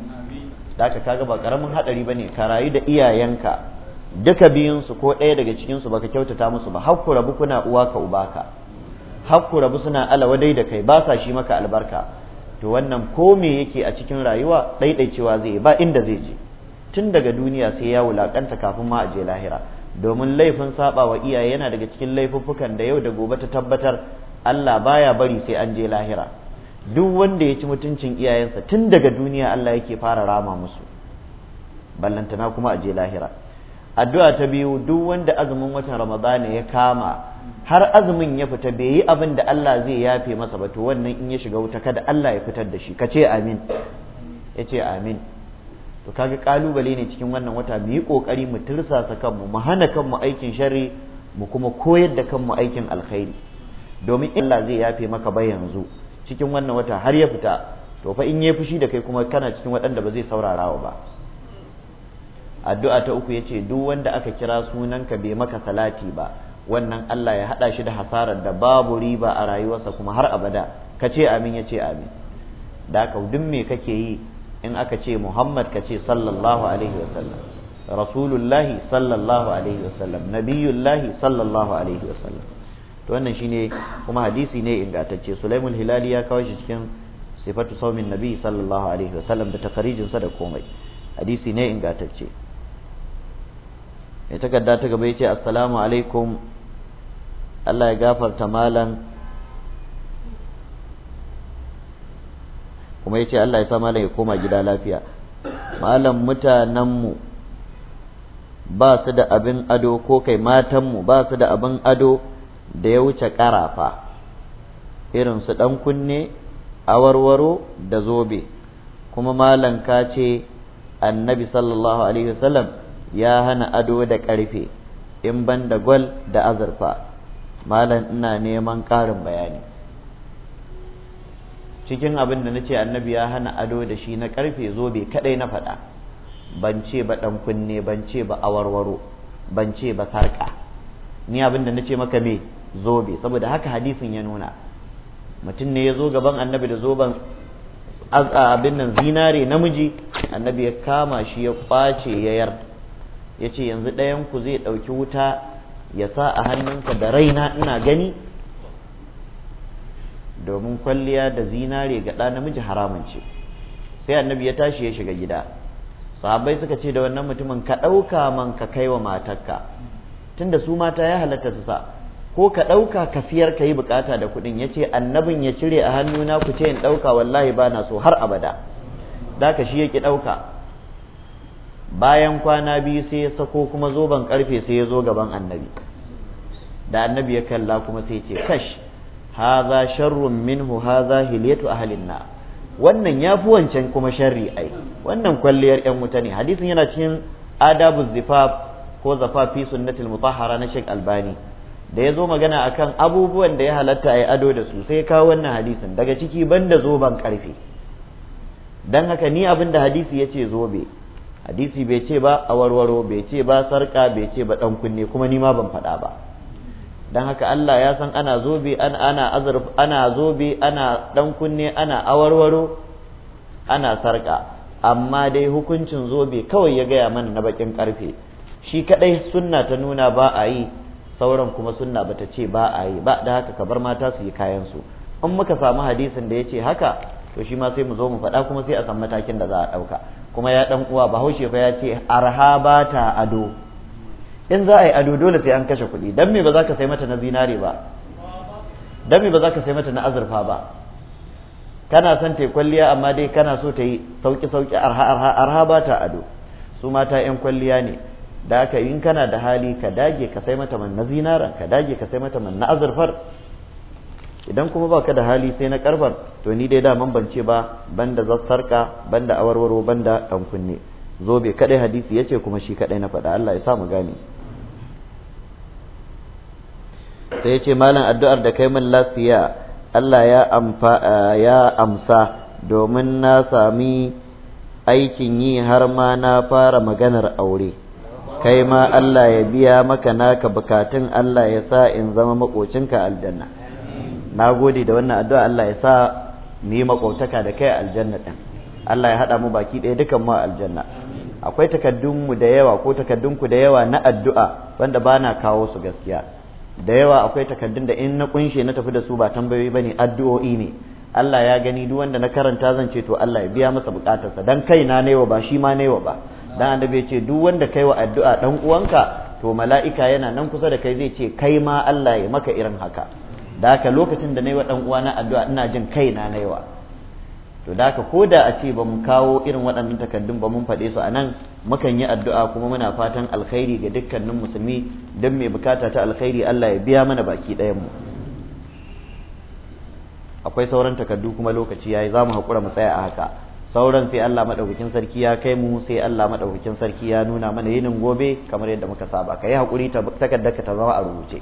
da ka kaga ba karamin hadari bane ka rayu da iyayenka duka su ko ɗaya daga cikin su baka kyautata musu ba hakku rabu kuna uwa ka uba ka hakku rabu suna alawa dai da kai ba sa shi maka albarka to wannan ko me yake a cikin rayuwa ɗaiɗaicewa zai ba inda zai je tun daga duniya sai ya wulakanta kafin ma a je lahira domin laifin saba wa iyaye yana daga cikin laifuffukan da yau da gobe ta tabbatar Allah baya bari sai an je lahira duk wanda ya ci mutuncin iyayensa tun daga duniya Allah yake fara rama musu ballantana kuma a je lahira addu'a ta biyu duk wanda azumin watan ramadana ya kama har azumin ya fita bai yi abin da Allah zai yafe masa ba to wannan in ya shiga wuta kada Allah ya fitar da shi kace ce amin ya ce amin to kaga kalubale ne cikin wannan wata mu yi kokari mu tirsasa kanmu mu hana kanmu aikin sharri mu kuma koyar da kanmu aikin alkhairi domin in Allah zai yafe maka ba yanzu cikin wannan wata har ya fita to fa in ya fushi da kai kuma kana cikin waɗanda ba zai saurarawa ba addu'a ta uku yace duk wanda aka kira sunanka bai maka salati ba wannan Allah ya hada shi da hasarar da babu riba a rayuwarsa kuma har abada ka ce amin ya ce amin da haka duk me kake yi in aka ce Muhammad ka ce sallallahu alaihi wasallam rasulullahi sallallahu alaihi wasallam nabiyullahi sallallahu alaihi wasallam to wannan shine kuma hadisi ne ingantacce Sulaimul Hilali ya kawo shi cikin sifatu saumin nabi sallallahu alaihi wasallam da takarijinsa da komai hadisi ne ingantacce mai takarda ta gaba ya ce assalamu alaikum Allah ya gafarta malam kuma ya ce Allah ya sa malam ya koma gida lafiya malam mutanenmu ba su da abin ado ko kai matanmu ba su da abin ado da ya wuce karafa irin su ɗan kunne awarwaro da zobe kuma malam ka ce annabi sallallahu alaihi wasallam ya hana ado da ƙarfe in ban da gwal da azurfa malam ina neman ƙarin bayani cikin abin da na annabi ya hana ado da shi na ƙarfe zobe kadai na faɗa ban ce ba ɗan kunne ban ce ba awarwaro ban ce ba sarƙa ni abin da na maka me zobe saboda haka hadisin ya nuna mutum ne ya zo gaban annabi da zoben abin nan zinare namiji annabi ya kama shi ya kwace ya yar ya ce yanzu ku zai ɗauki wuta ya sa a hannunka da raina ina gani domin kwalliya da zinare ga namiji haramun ce sai annabi ya tashi ya shiga gida sahabbai suka ce da wannan mutumin ka ɗauka man ka kai wa matarka da su mata ya halatta su sa ko ka ɗauka ka siyar ka yi bukata da kuɗin ya ce annabin ya cire a hannuna ku ce in ɗauka wallahi ba na so har abada da ka shi ki ɗauka bayan kwana biyu sai ya sako kuma zoben karfe sai ya zo gaban annabi da annabi ya kalla kuma sai ce kash haza sharrun minhu haza hilyatu ahlin na wannan ya fi wancan kuma sharri ai wannan kwalliyar yan wuta ne hadisin yana cikin adabu zifaf ko zafaf fi sunnatil mutahhara na Sheikh Albani da ya zo magana akan abubuwan da ya halatta ai ado da su sai kawo wannan hadisin daga ciki banda zoben karfe dan haka ni abin da hadisi ce zobe hadisi bai ce ba a warwaro bai ce ba sarka bai ce ba dan kunne kuma ni ma ban faɗa ba dan haka Allah ya san ana zobe ana ana zobe ana dan kunne ana awarwaro ana sarka amma dai hukuncin zobe kawai ya gaya mana na bakin karfe shi kadai sunna ta nuna ba a yi sauran kuma sunna bata ce ba a yi ba da haka ka bar mata su yi kayan su in muka samu hadisin da ya ce haka to shi ma sai mu zo mu faɗa kuma sai a san matakin da za a ɗauka kuma ya ɗan uwa bahaushe fa ya ce arha ba ta ado in za a yi ado dole sai an kashe kuɗi dan me ba za ka sai mata na zinare ba dan me ba za ka sai mata na azurfa ba kana son ta yi kwalliya amma dai kana so ta yi sauki sauki arha arha arha ba ta ado su mata yan kwalliya ne da aka in kana da hali ka dage ka sai mata man na zinaren ka dage ka sai mata man na azurfar idan kuma baka da hali sai na karfar to ni dai daman ban ce ba banda zassarka banda awarwaro banda dan kunne zobe kadai hadisi yace kuma shi kadai na faɗa Allah ya sa mu gane sai yace malam addu'ar da kai min lafiya Allah ya amfa ya amsa domin na sami aikin yi har ma na fara maganar aure kai ma Allah ya biya maka naka bukatun Allah ya sa in zama makocinka aljanna na gode da wannan addu'a Allah ya sa mu yi da kai aljanna ɗin Allah ya haɗa mu baki ɗaya dukan mu aljanna akwai takaddunmu da yawa ko takaddunku da yawa na addu'a wanda ba na kawo su gaskiya da yawa akwai takaddun da in na kunshe na tafi da su ba tambayoyi ba ne addu'o'i ne Allah ya gani duk wanda na karanta zan ce to Allah ya biya masa bukatarsa dan kai na wa ba shi ma ne ba dan annabi ya ce duk wanda kai wa addu'a dan uwanka to mala'ika yana nan kusa da kai zai ce kai ma Allah ya maka irin haka da haka lokacin da na yi wa uwana addu'a ina jin kai na yawa to da haka ko da a ce ba mu kawo irin waɗannan takardun ba mun faɗe su a nan mukan yi addu'a kuma muna fatan alkhairi ga dukkanin musulmi don mai bukata ta alkhairi Allah ya biya mana baki ɗayan mu akwai sauran takardu kuma lokaci yayi za mu haƙura mu tsaya a haka sauran sai Allah madaukakin sarki ya kai mu sai Allah madaukakin sarki ya nuna mana yinin gobe kamar yadda muka saba kai haƙuri takardarka ka ta zama a rubuce